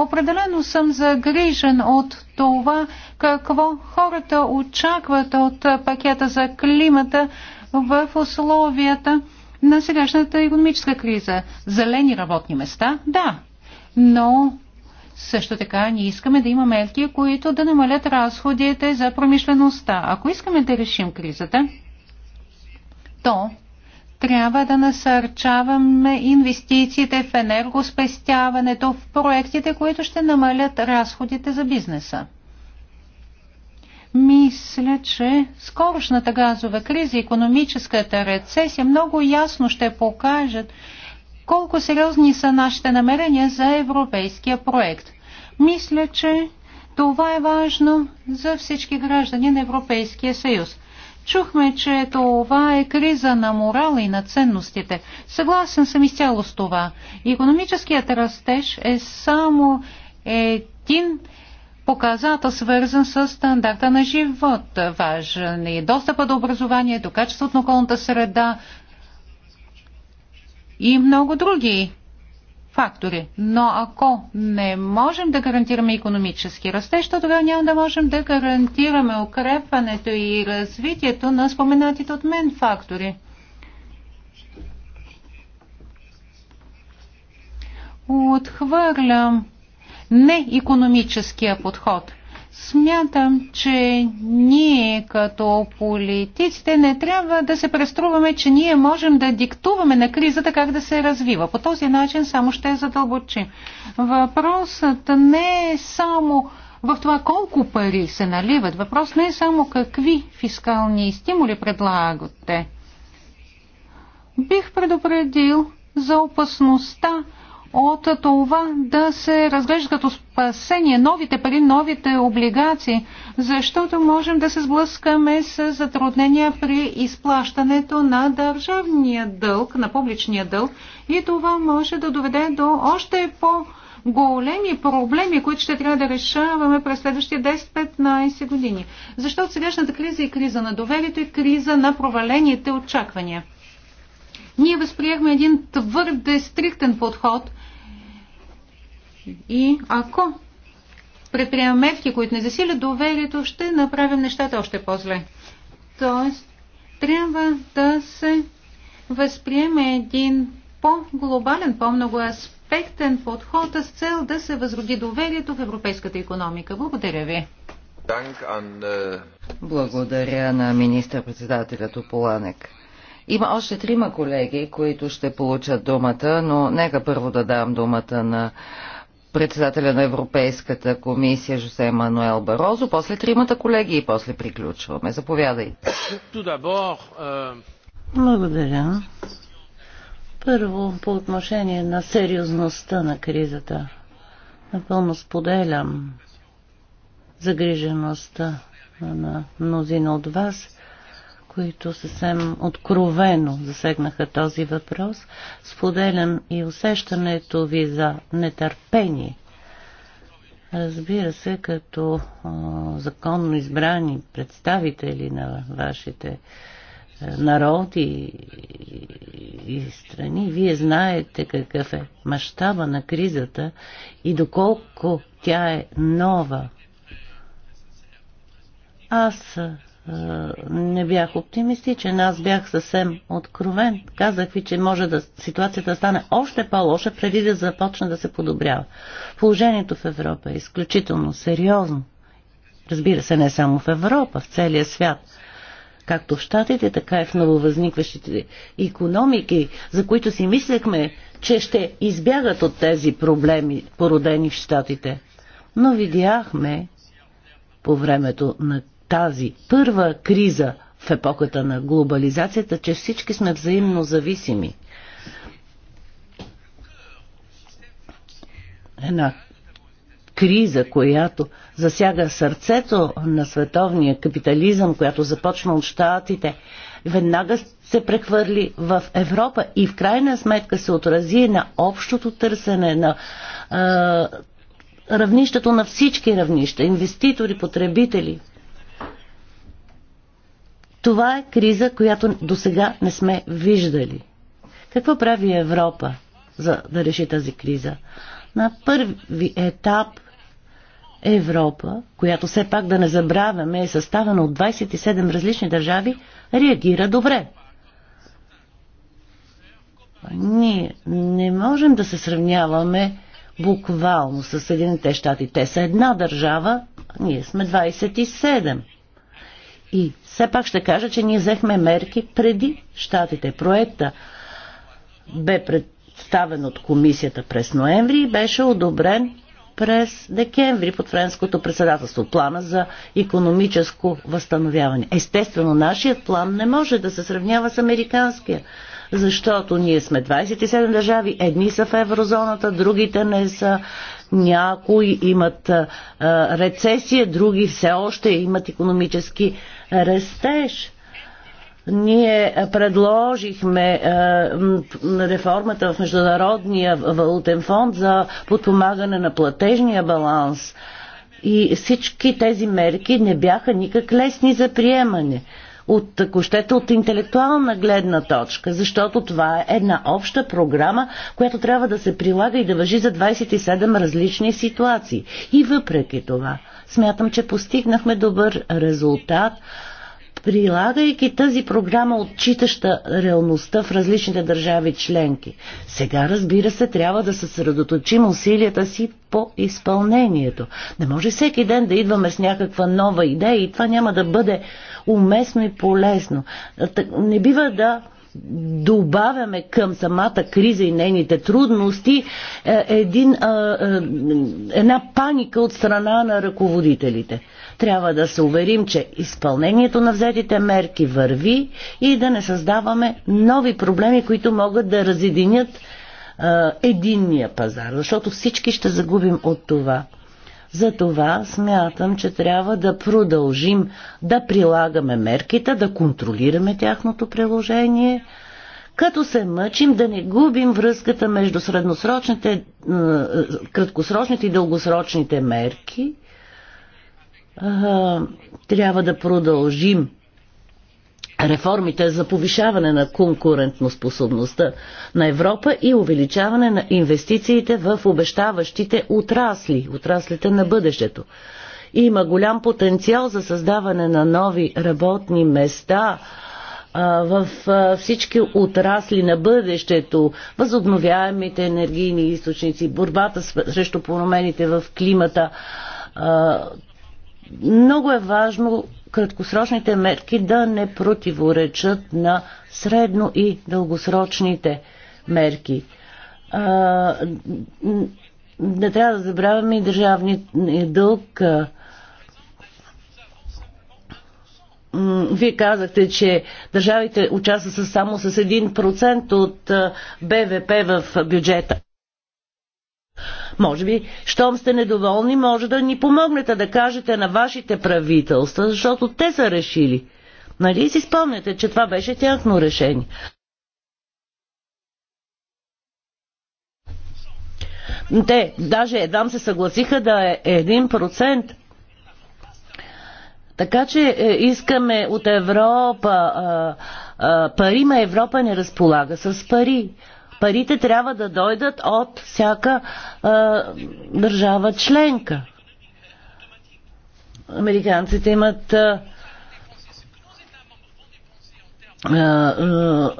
Определено съм загрижен от това, какво хората очакват от пакета за климата в условията на сегашната економическа криза. Зелени работни места, да, но също така ние искаме да има мерки, които да намалят разходите за промишлеността. Ако искаме да решим кризата, то трябва да насърчаваме инвестициите в енергоспестяването, в проектите, които ще намалят разходите за бизнеса. Мисля, че скорошната газова криза и економическата рецесия много ясно ще покажат колко сериозни са нашите намерения за европейския проект. Мисля, че това е важно за всички граждани на Европейския съюз. Чухме, че това е криза на морала и на ценностите. Съгласен съм изцяло с това. Економическият растеж е само един показател, свързан с стандарта на живот. Важен е достъпа до образование, до качеството на околната среда и много други фактори. Но ако не можем да гарантираме економически растеж, то тогава няма да можем да гарантираме укрепването и развитието на споменатите от мен фактори. Отхвърлям не економическия подход – Смятам, че ние като политиците не трябва да се преструваме, че ние можем да диктуваме на кризата как да се развива. По този начин само ще задълбочим. Въпросът не е само в това колко пари се наливат. Въпрос не е само какви фискални стимули предлагате. Бих предупредил за опасността от това да се разглеждат като спасение новите пари, новите облигации, защото можем да се сблъскаме с затруднения при изплащането на държавния дълг, на публичния дълг и това може да доведе до още по- големи проблеми, които ще трябва да решаваме през следващите 10-15 години. Защото сегашната криза и криза на доверието и криза на провалените очаквания. Ние възприехме един твърде стриктен подход и ако предприемем мерки, които не засилят доверието, ще направим нещата още по-зле. Тоест, трябва да се възприеме един по-глобален, по-много аспектен подход с цел да се възроди доверието в европейската економика. Благодаря ви. Е, Благодаря на министър-председателя Тополанек. Има още трима колеги, които ще получат думата, но нека първо да дам думата на председателя на Европейската комисия Жосе Мануел Барозо, после тримата колеги и после приключваме. Заповядайте. Euh, Благодаря. Първо, по отношение на сериозността на кризата. Напълно споделям загрижеността на мнозина от вас които съвсем откровено засегнаха този въпрос. Споделям и усещането ви за нетърпение. Разбира се, като а, законно избрани представители на вашите народи и, и страни, вие знаете какъв е мащаба на кризата и доколко тя е нова. Аз е, не бях оптимистичен. Аз бях съвсем откровен. Казах ви, че може да ситуацията стане още по-лоша, преди да започне да се подобрява. Положението в Европа е изключително сериозно. Разбира се, не само в Европа, в целия свят. Както в Штатите, така и в нововъзникващите економики, за които си мислехме, че ще избягат от тези проблеми, породени в Штатите. Но видяхме по времето на тази първа криза в епохата на глобализацията, че всички сме взаимно зависими. Една криза, която засяга сърцето на световния капитализъм, която започна от щатите, веднага се прехвърли в Европа и в крайна сметка се отрази на общото търсене, на а, равнището на всички равнища, инвеститори, потребители – това е криза, която до сега не сме виждали. Какво прави Европа за да реши тази криза? На първи етап Европа, която все пак да не забравяме е съставена от 27 различни държави, реагира добре. Ние не можем да се сравняваме буквално с Съединените щати. Те са една държава, а ние сме 27. И все пак ще кажа, че ние взехме мерки преди щатите. Проекта бе представен от комисията през ноември и беше одобрен през декември под френското председателство. Плана за економическо възстановяване. Естествено, нашият план не може да се сравнява с американския защото ние сме 27 държави, едни са в еврозоната, другите не са. Някои имат а, рецесия, други все още имат економически растеж. Ние предложихме а, реформата в Международния валутен фонд за подпомагане на платежния баланс. И всички тези мерки не бяха никак лесни за приемане от, ако щете, от интелектуална гледна точка, защото това е една обща програма, която трябва да се прилага и да въжи за 27 различни ситуации. И въпреки това, смятам, че постигнахме добър резултат, прилагайки тази програма, отчитаща реалността в различните държави членки. Сега, разбира се, трябва да съсредоточим усилията си по изпълнението. Не може всеки ден да идваме с някаква нова идея и това няма да бъде уместно и полезно. Не бива да добавяме към самата криза и нейните трудности е, един, една паника от страна на ръководителите. Трябва да се уверим, че изпълнението на взетите мерки върви и да не създаваме нови проблеми, които могат да разединят единния пазар, защото всички ще загубим от това. Затова смятам, че трябва да продължим да прилагаме мерките, да контролираме тяхното приложение, като се мъчим да не губим връзката между средносрочните, краткосрочните и дългосрочните мерки. Трябва да продължим реформите за повишаване на конкурентноспособността на Европа и увеличаване на инвестициите в обещаващите отрасли, отраслите на бъдещето. Има голям потенциал за създаване на нови работни места а, в а, всички отрасли на бъдещето, възобновяемите енергийни източници, борбата срещу промените в климата. А, много е важно краткосрочните мерки да не противоречат на средно и дългосрочните мерки. А, не трябва да забравяме и държавния дълг. Вие казахте, че държавите участват само с 1% от БВП в бюджета. Може би, щом сте недоволни, може да ни помогнете да кажете на вашите правителства, защото те са решили. Нали си спомняте, че това беше тяхно решение? Те даже едам се съгласиха да е 1%. Така че е, искаме от Европа, а, пари, ма Европа не разполага с пари парите трябва да дойдат от всяка а, държава членка. Американците имат а, а,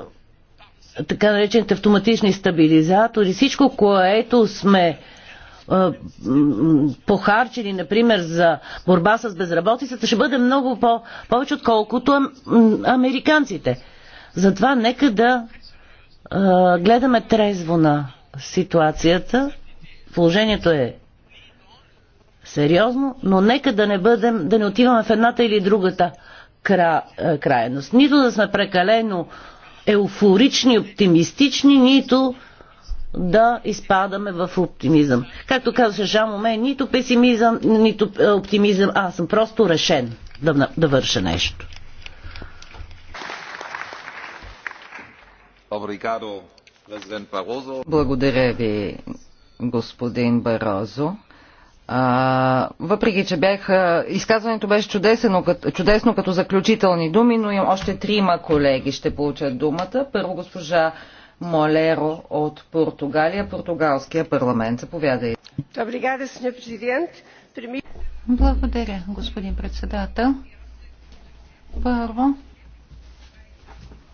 така наречените автоматични стабилизатори. Всичко, което сме похарчени, например, за борба с безработицата, ще бъде много по- повече, отколкото американците. Затова нека да гледаме трезво на ситуацията. Положението е сериозно, но нека да не бъдем, да не отиваме в едната или другата кра, е, крайност. Нито да сме прекалено еуфорични, оптимистични, нито да изпадаме в оптимизъм. Както казваше Жан Моме, нито песимизъм, нито е, оптимизъм, аз съм просто решен да, да върша нещо. Благодаря ви, господин Барозо. А, въпреки, че бях... Изказването беше чудесно, чудесно като заключителни думи, но имам още трима колеги ще получат думата. Първо госпожа Молеро от Португалия, португалския парламент. Заповядайте. Благодаря, господин председател. Първо,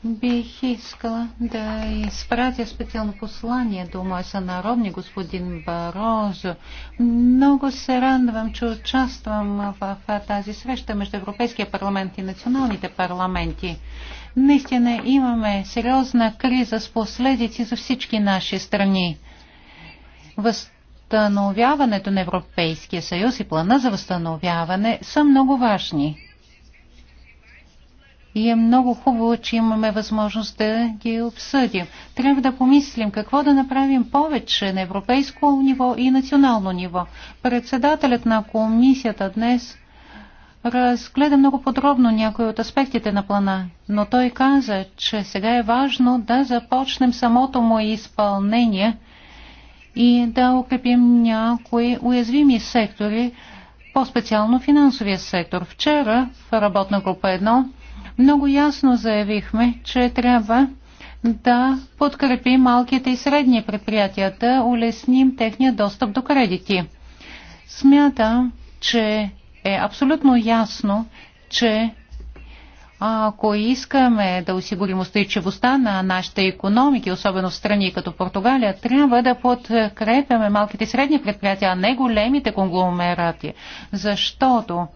Бих искала да изпратя специално послание до моя сънародник, господин Барозо. Много се радвам, че участвам в тази среща между Европейския парламент и националните парламенти. Наистина имаме сериозна криза с последици за всички наши страни. Възстановяването на Европейския съюз и плана за възстановяване са много важни и е много хубаво, че имаме възможност да ги обсъдим. Трябва да помислим какво да направим повече на европейско ниво и национално ниво. Председателят на комисията днес разгледа много подробно някои от аспектите на плана, но той каза, че сега е важно да започнем самото му изпълнение и да укрепим някои уязвими сектори, по-специално финансовия сектор. Вчера в работна група много ясно заявихме, че трябва да подкрепим малките и средни предприятия, да улесним техния достъп до кредити. Смятам, че е абсолютно ясно, че ако искаме да осигурим устойчивостта на нашите економики, особено в страни като Португалия, трябва да подкрепяме малките и средни предприятия, а не големите конгломерати, защото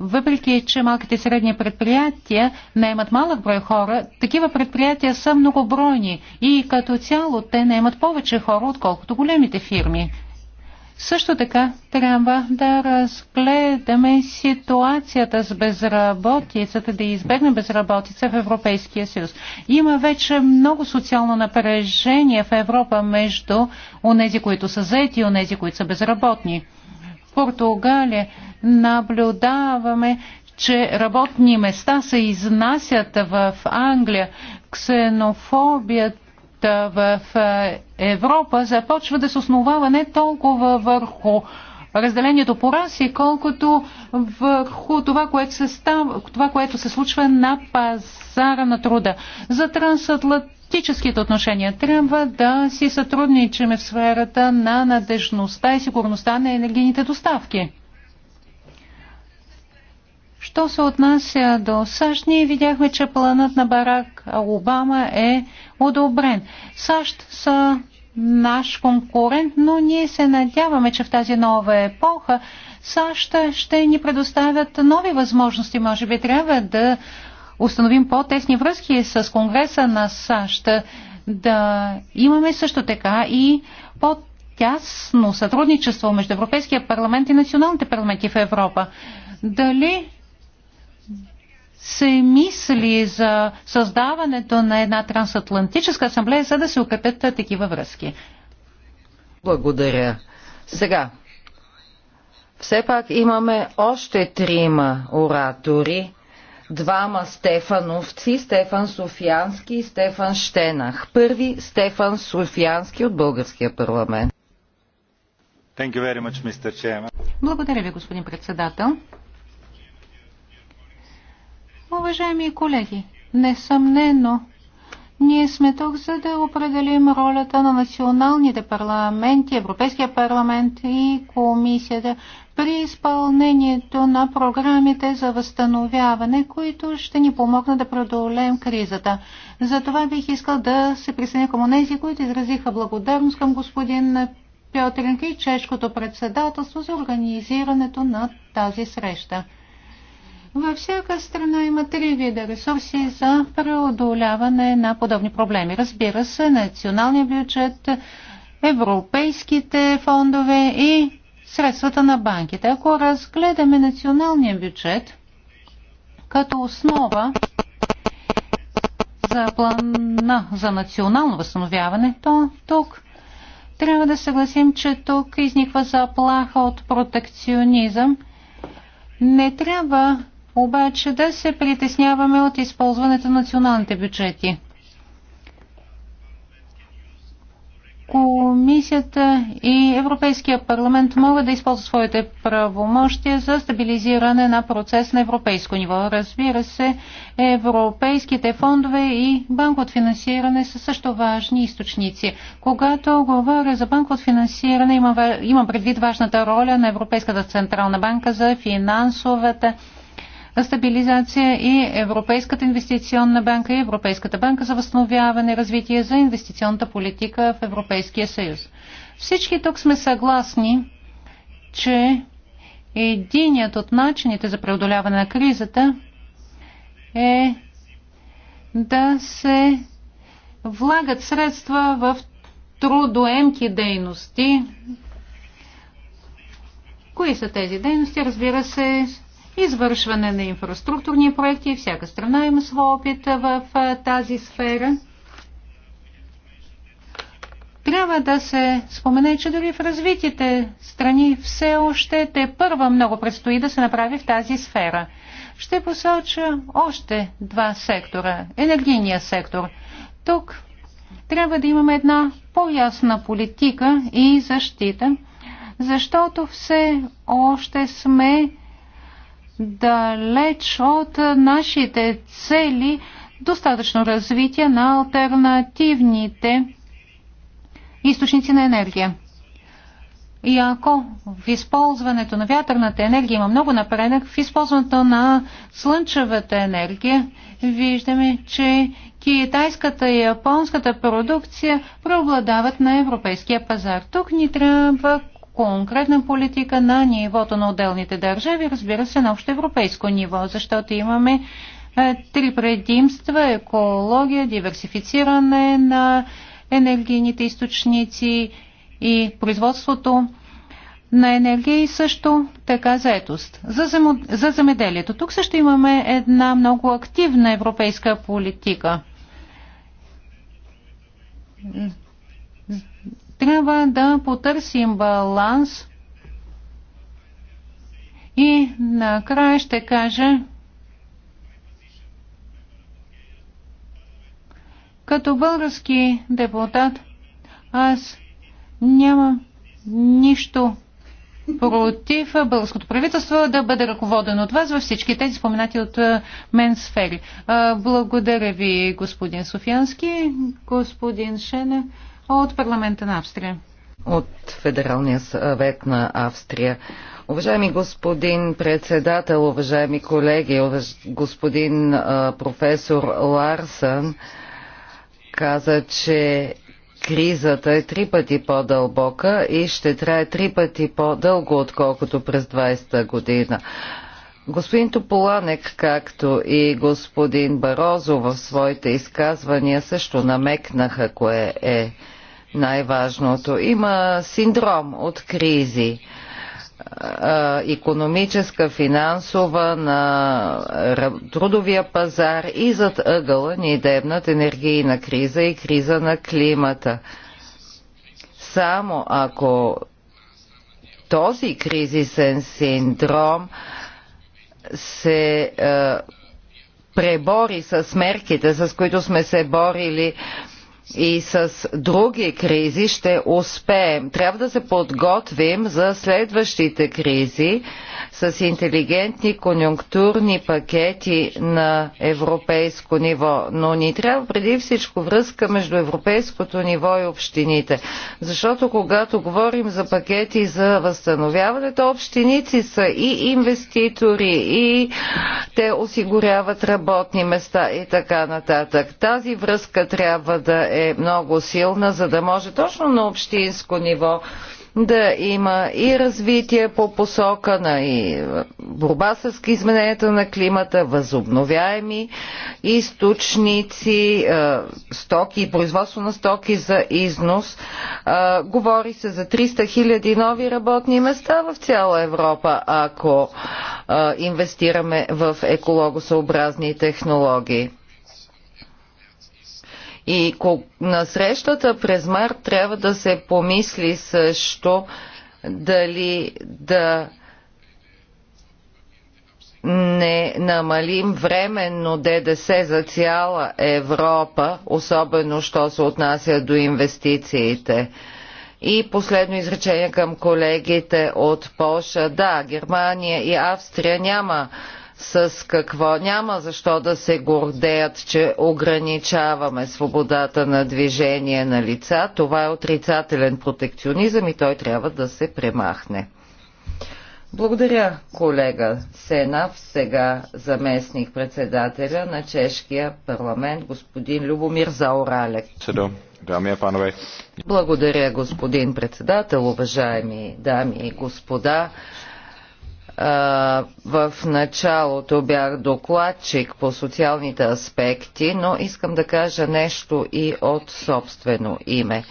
въпреки, че малките и средни предприятия наемат малък брой хора, такива предприятия са многобройни и като цяло те наемат повече хора, отколкото големите фирми. Също така трябва да разгледаме ситуацията с безработицата, да избегнем безработица в Европейския съюз. Има вече много социално напрежение в Европа между онези, които са заети и онези, които са безработни. Португалия наблюдаваме, че работни места се изнасят в Англия. Ксенофобията в е, Европа започва да се основава не толкова върху разделението по раси, колкото върху това което, се става, това, което се случва на пазара на труда. За трансатлантическите практическите отношения. Трябва да си сътрудничаме в сферата на надежността и сигурността на енергийните доставки. Що се отнася до САЩ, ние видяхме, че планът на Барак Обама е одобрен. САЩ са наш конкурент, но ние се надяваме, че в тази нова епоха САЩ ще ни предоставят нови възможности. Може би трябва да установим по-тесни връзки с Конгреса на САЩ, да имаме също така и по-тясно сътрудничество между Европейския парламент и националните парламенти в Европа. Дали се мисли за създаването на една трансатлантическа асамблея, за да се укрепят такива връзки. Благодаря. Сега, все пак имаме още трима оратори двама Стефановци, Стефан Софиянски и Стефан Штенах. Първи Стефан Софиянски от Българския парламент. Thank you very much, Mr. Благодаря ви, господин председател. Уважаеми колеги, несъмнено ние сме тук, за да определим ролята на националните парламенти, Европейския парламент и комисията при изпълнението на програмите за възстановяване, които ще ни помогнат да преодолеем кризата. Затова бих искал да се присъединя към онези, които изразиха благодарност към господин Пьотренко и чешкото председателство за организирането на тази среща. Във всяка страна има три вида ресурси за преодоляване на подобни проблеми. Разбира се, националния бюджет, европейските фондове и средствата на банките. Ако разгледаме националния бюджет като основа за плана за национално възстановяване, то тук трябва да съгласим, че тук изниква заплаха от протекционизъм. Не трябва обаче да се притесняваме от използването на националните бюджети. Комисията и Европейския парламент могат да използват своите правомощия за стабилизиране на процес на европейско ниво. Разбира се, европейските фондове и от финансиране са също важни източници. Когато говоря за от финансиране, имам предвид важната роля на Европейската централна банка за финансовата стабилизация и Европейската инвестиционна банка и Европейската банка за възстановяване и развитие за инвестиционната политика в Европейския съюз. Всички тук сме съгласни, че единият от начините за преодоляване на кризата е да се влагат средства в трудоемки дейности. Кои са тези дейности? Разбира се, извършване на инфраструктурни проекти. Всяка страна има своя опит в тази сфера. Трябва да се спомене, че дори в развитите страни все още те първа много предстои да се направи в тази сфера. Ще посоча още два сектора. Енергийния сектор. Тук трябва да имаме една по-ясна политика и защита, защото все още сме далеч от нашите цели достатъчно развитие на альтернативните източници на енергия. И ако в използването на вятърната енергия има много напредък, в използването на слънчевата енергия виждаме, че китайската и японската продукция преобладават на европейския пазар. Тук ни трябва конкретна политика на нивото на отделните държави, разбира се, на общо европейско ниво, защото имаме е, три предимства – екология, диверсифициране на енергийните източници и производството на енергия и също така заетост. За, зам... за земеделието. Тук също имаме една много активна европейска политика. Трябва да потърсим баланс и накрая ще кажа, като български депутат, аз нямам нищо против българското правителство да бъде ръководено от вас във всички тези споменати от мен сфери. Благодаря ви, господин Софиянски, господин Шене от парламента на Австрия. От Федералния съвет на Австрия. Уважаеми господин председател, уважаеми колеги, уваж... господин а, професор Ларсън каза, че кризата е три пъти по-дълбока и ще трае три пъти по-дълго, отколкото през 20-та година. Господин Тополанек, както и господин Барозо в своите изказвания също намекнаха кое е най-важното. Има синдром от кризи економическа, финансова, на трудовия пазар и зад ъгъла ни дебнат енергийна криза и криза на климата. Само ако този кризисен синдром се е, пребори с мерките, с които сме се борили и с други кризи ще успеем. Трябва да се подготвим за следващите кризи с интелигентни конюнктурни пакети на европейско ниво. Но ни трябва преди всичко връзка между европейското ниво и общините. Защото когато говорим за пакети за възстановяването, общиници са и инвеститори, и те осигуряват работни места и така нататък. Тази връзка трябва да е е много силна, за да може точно на общинско ниво да има и развитие по посока на и борба с измененията на климата, възобновяеми източници, стоки, производство на стоки за износ. Говори се за 300 хиляди нови работни места в цяла Европа, ако инвестираме в екологосъобразни технологии. И на срещата през март трябва да се помисли също дали да не намалим временно ДДС за цяла Европа, особено що се отнася до инвестициите. И последно изречение към колегите от Польша. Да, Германия и Австрия няма с какво. Няма защо да се гордеят, че ограничаваме свободата на движение на лица. Това е отрицателен протекционизъм и той трябва да се премахне. Благодаря, колега Сенав, сега заместник председателя на Чешкия парламент, господин Любомир Заоралек. дами и панове. Благодаря, господин председател, уважаеми дами и господа в началото бях докладчик по социалните аспекти, но искам да кажа нещо и от собствено име.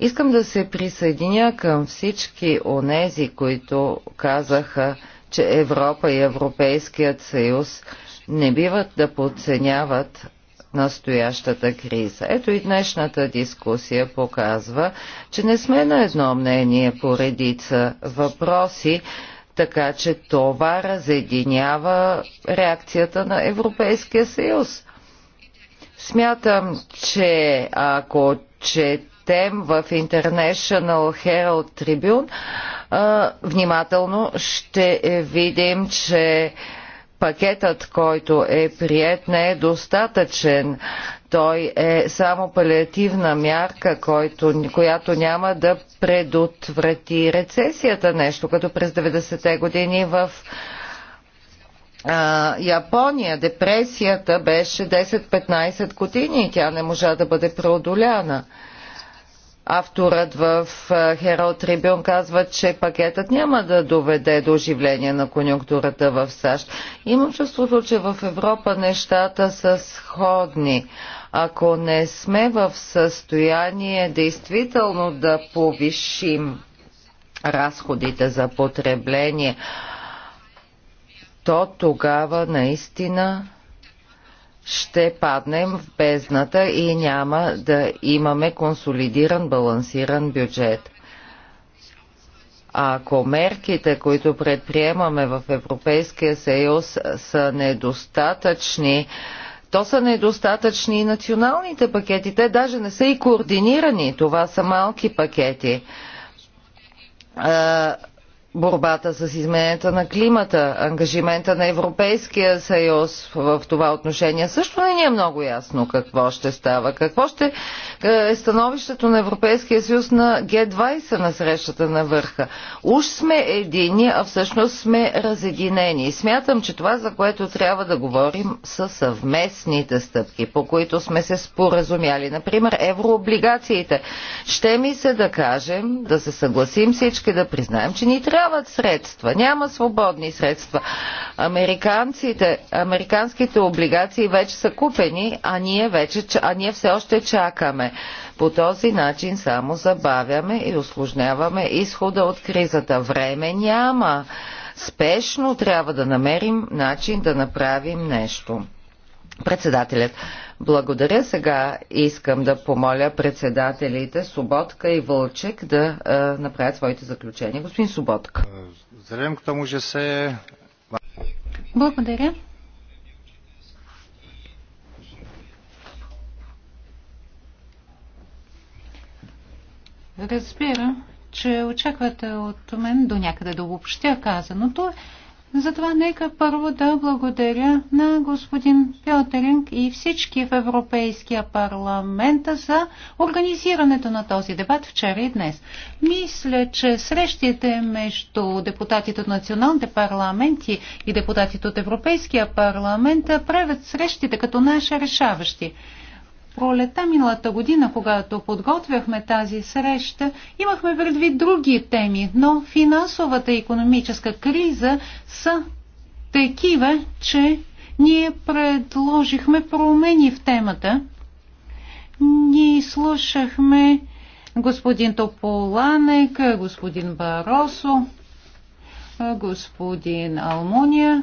Искам да се присъединя към всички онези, които казаха, че Европа и Европейският съюз не биват да подценяват настоящата криза. Ето и днешната дискусия показва, че не сме на едно мнение по редица въпроси, така че това разединява реакцията на Европейския съюз. Смятам, че ако четем в International Herald Tribune, внимателно ще видим, че пакетът, който е прият, не е достатъчен. Той е само палиативна мярка, който, която няма да предотврати рецесията, нещо като през 90-те години в а, Япония. Депресията беше 10-15 години и тя не можа да бъде преодоляна авторът в Herald Tribune казва, че пакетът няма да доведе до оживление на конюнктурата в САЩ. Имам чувството, че в Европа нещата са сходни. Ако не сме в състояние действително да повишим разходите за потребление, то тогава наистина ще паднем в бездната и няма да имаме консолидиран, балансиран бюджет. Ако мерките, които предприемаме в Европейския съюз, са недостатъчни, то са недостатъчни и националните пакети. Те даже не са и координирани. Това са малки пакети борбата с измененията на климата, ангажимента на Европейския съюз в това отношение. Също не ни е много ясно какво ще става. Какво ще е, е становището на Европейския съюз на Г-20 на срещата на върха. Уж сме едини, а всъщност сме разединени. И смятам, че това, за което трябва да говорим, са съвместните стъпки, по които сме се споразумяли. Например, еврооблигациите. Ще ми се да кажем, да се съгласим всички, да признаем, че ни трябва Нямат средства, няма свободни средства. Американците, американските облигации вече са купени, а ние, вече, а ние все още чакаме. По този начин само забавяме и осложняваме изхода от кризата. Време няма. Спешно трябва да намерим начин да направим нещо. Председателят. Благодаря. Сега искам да помоля председателите Соботка и Вълчек да е, направят своите заключения. Господин Соботка. Здравейм к тому, же се... Благодаря. Разбира, че очаквате от мен до някъде да обобщя казаното. Е затова нека първо да благодаря на господин Пьотеринг и всички в Европейския парламент за организирането на този дебат вчера и днес. Мисля, че срещите между депутатите от националните парламенти и депутатите от Европейския парламент правят срещите като наши решаващи пролета миналата година, когато подготвяхме тази среща, имахме предвид други теми, но финансовата и економическа криза са такива, че ние предложихме промени в темата. Ние слушахме господин Тополанек, господин Баросо, господин Алмония,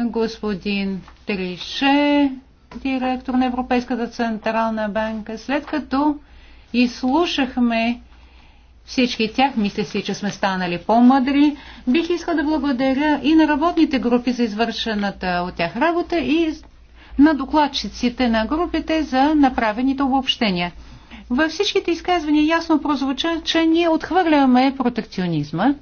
господин Трише, директор на Европейската централна банка. След като изслушахме всички тях, мисля си, че сме станали по-мъдри. Бих искал да благодаря и на работните групи за извършената от тях работа и на докладчиците на групите за направените обобщения. Във всичките изказвания ясно прозвуча, че ние отхвърляме протекционизма,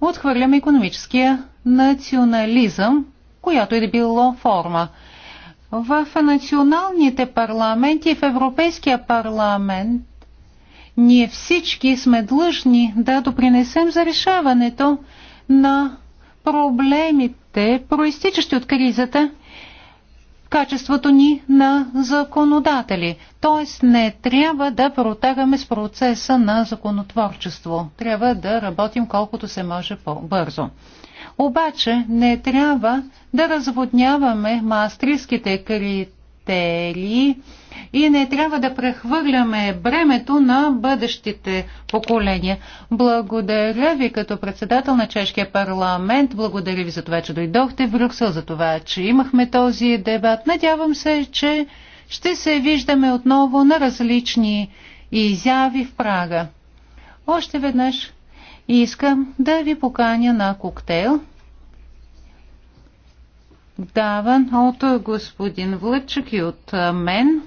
отхвърляме економическия национализъм която и да било форма. В националните парламенти и в Европейския парламент ние всички сме длъжни да допринесем за решаването на проблемите, проистичащи от кризата, качеството ни на законодатели. Т.е. не трябва да протагаме с процеса на законотворчество. Трябва да работим колкото се може по-бързо. Обаче не трябва да разводняваме мастриските критерии и не трябва да прехвърляме бремето на бъдещите поколения. Благодаря ви като председател на Чешкия парламент, благодаря ви за това, че дойдохте в Брюксел, за това, че имахме този дебат. Надявам се, че ще се виждаме отново на различни изяви в Прага. Още веднъж и искам да ви поканя на коктейл, даван от господин Влъчък и от мен.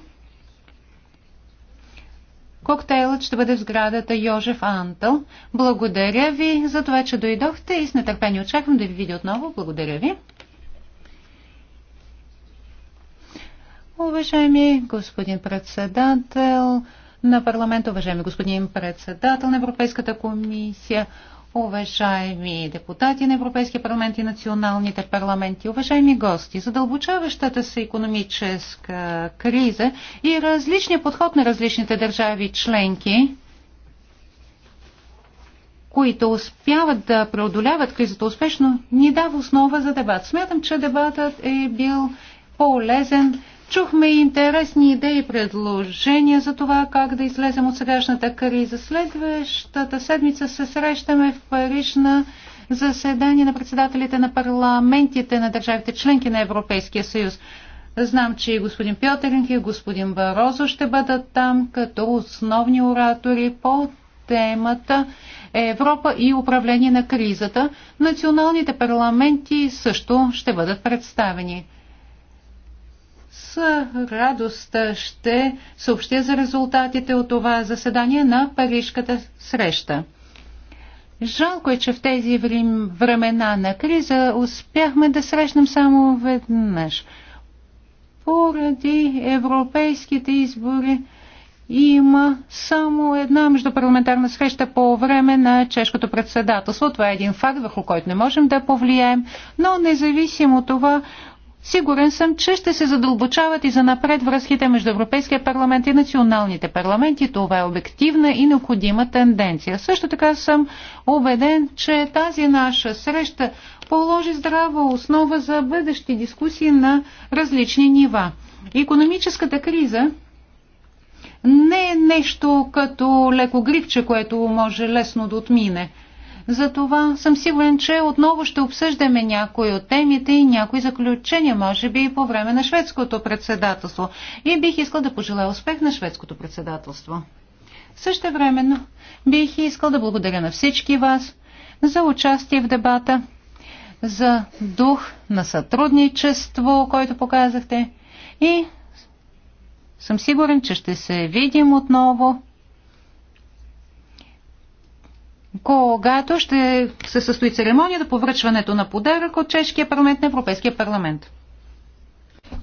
Коктейлът ще бъде в сградата Йожев Антъл. Благодаря ви за това, че дойдохте и с нетърпение очаквам да ви видя отново. Благодаря ви. Уважаеми господин председател, на парламента, уважаеми господин председател на Европейската комисия, уважаеми депутати на Европейския парламент и националните парламенти, уважаеми гости, задълбочаващата се економическа криза и различния подход на различните държави членки, които успяват да преодоляват кризата успешно, ни дава основа за дебат. Смятам, че дебатът е бил по-лезен Чухме интересни идеи и предложения за това как да излезем от сегашната криза. Следващата седмица се срещаме в Париж на заседание на председателите на парламентите на държавите членки на Европейския съюз. Знам, че и господин Пьотеринг и господин Барозо ще бъдат там като основни оратори по темата Европа и управление на кризата. Националните парламенти също ще бъдат представени радост ще съобщя за резултатите от това заседание на Парижката среща. Жалко е, че в тези времена на криза успяхме да срещнем само веднъж. Поради европейските избори има само една междупарламентарна среща по време на чешкото председателство. Това е един факт, върху който не можем да повлияем, но независимо от това Сигурен съм, че ще се задълбочават и занапред връзките между Европейския парламент и националните парламенти. Това е обективна и необходима тенденция. Също така съм убеден, че тази наша среща положи здрава основа за бъдещи дискусии на различни нива. Економическата криза не е нещо като леко грипче, което може лесно да отмине – затова съм сигурен, че отново ще обсъждаме някои от темите и някои заключения, може би и по време на шведското председателство. И бих искал да пожелая успех на шведското председателство. Също времено бих искал да благодаря на всички вас за участие в дебата, за дух на сътрудничество, който показахте и съм сигурен, че ще се видим отново когато ще се състои церемонията по връчването на подарък от Чешкия парламент на Европейския парламент.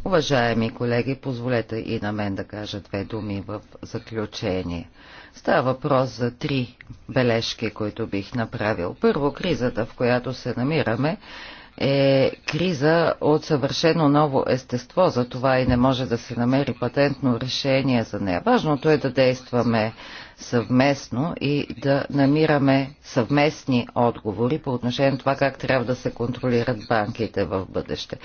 Уважаеми колеги, позволете и на мен да кажа две думи в заключение. Става въпрос за три бележки, които бих направил. Първо, кризата, в която се намираме, е криза от съвършено ново естество, за това и не може да се намери патентно решение за нея. Важното е да действаме съвместно и да намираме съвместни отговори по отношение на това как трябва да се контролират банките в бъдеще.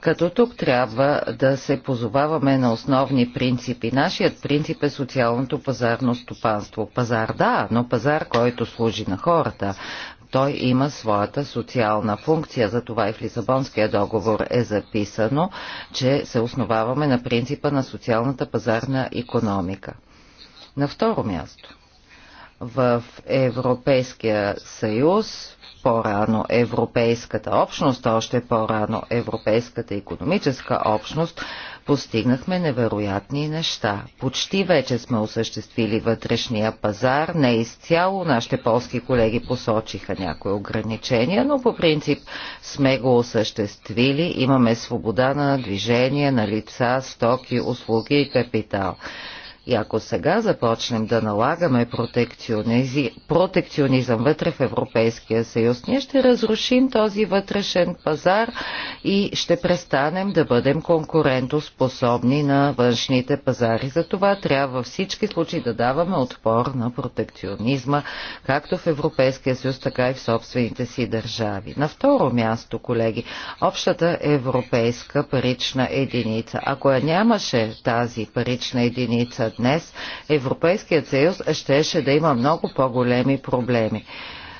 Като тук трябва да се позоваваме на основни принципи. Нашият принцип е социалното пазарно стопанство. Пазар да, но пазар, който служи на хората той има своята социална функция. Затова и в Лисабонския договор е записано, че се основаваме на принципа на социалната пазарна економика. На второ място, в Европейския съюз, по-рано Европейската общност, още по-рано Европейската економическа общност, постигнахме невероятни неща. Почти вече сме осъществили вътрешния пазар, не изцяло. Нашите полски колеги посочиха някои ограничения, но по принцип сме го осъществили. Имаме свобода на движение, на лица, стоки, услуги и капитал. И ако сега започнем да налагаме протекционизъм вътре в Европейския съюз, ние ще разрушим този вътрешен пазар и ще престанем да бъдем конкурентоспособни на външните пазари. За това трябва във всички случаи да даваме отпор на протекционизма, както в Европейския съюз, така и в собствените си държави. На второ място, колеги, общата европейска парична единица. Ако я нямаше тази парична единица, днес, Европейският съюз щеше да има много по-големи проблеми.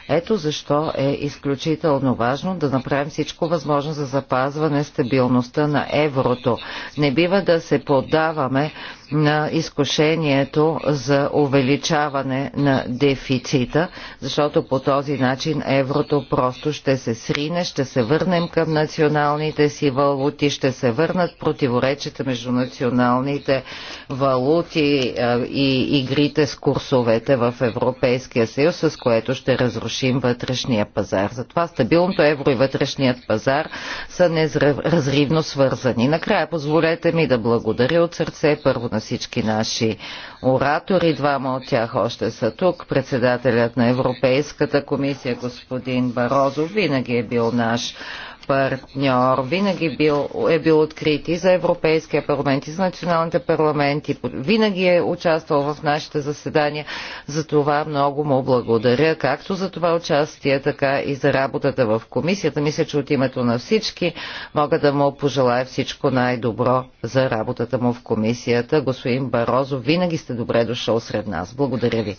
Ето защо е изключително важно да направим всичко възможно за запазване стабилността на еврото. Не бива да се поддаваме на изкушението за увеличаване на дефицита, защото по този начин еврото просто ще се срине, ще се върнем към националните си валути, ще се върнат противоречията между националните валути е, и игрите с курсовете в Европейския съюз, с което ще разрушим вътрешния пазар. Затова стабилното евро и вътрешният пазар са неразривно свързани. Накрая позволете ми да благодаря от сърце първо на всички наши оратори. Двама от тях още са тук. Председателят на Европейската комисия, господин Барозов, винаги е бил наш партньор. Винаги бил, е бил открит и за Европейския парламент, и за националните парламенти. Винаги е участвал в нашите заседания. За това много му благодаря, както за това участие, така и за работата в комисията. Мисля, че от името на всички мога да му пожелая всичко най-добро за работата му в комисията. Господин Барозо, винаги сте добре дошъл сред нас. Благодаря ви.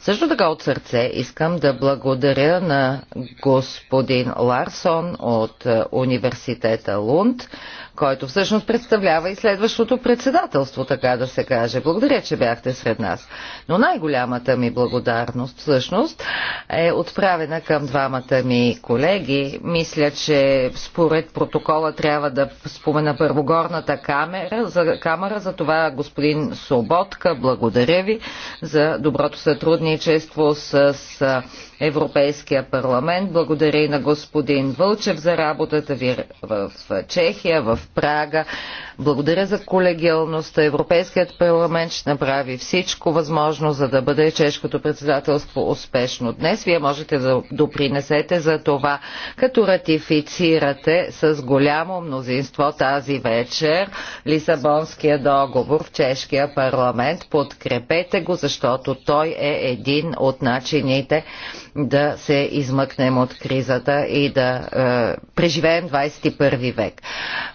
Също така от сърце искам да благодаря на господин Ларсон от е, университета Лунд, който всъщност представлява и следващото председателство, така да се каже. Благодаря, че бяхте сред нас. Но най-голямата ми благодарност всъщност е отправена към двамата ми колеги. Мисля, че според протокола трябва да спомена Първогорната камера, за, камера, за това господин Соботка, благодаря ви за доброто сътрудничество с Европейския парламент. Благодаря и на господин Вълчев за работата ви в Чехия, в Прага. Благодаря за колегиалността. Европейският парламент ще направи всичко възможно, за да бъде чешкото председателство успешно. Днес вие можете да допринесете за това, като ратифицирате с голямо мнозинство тази вечер Лисабонския договор в чешкия парламент. Подкрепете го, защото той е един от начините да се измъкнем от кризата и да е, преживеем 21 век.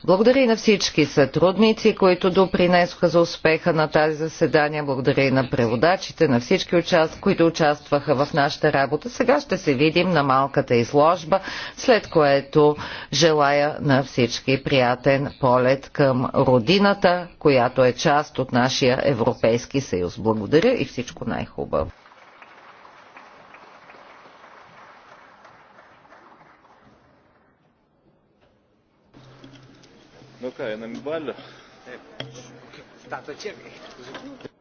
Благодаря и на всички сътрудници, които допринесоха за успеха на тази заседание. Благодаря и на преводачите, на всички, които участваха в нашата работа. Сега ще се видим на малката изложба, след което желая на всички приятен полет към родината, която е част от нашия Европейски съюз. Благодаря и всичко най-хубаво. No kaj, nam ballo. Tanto c'è.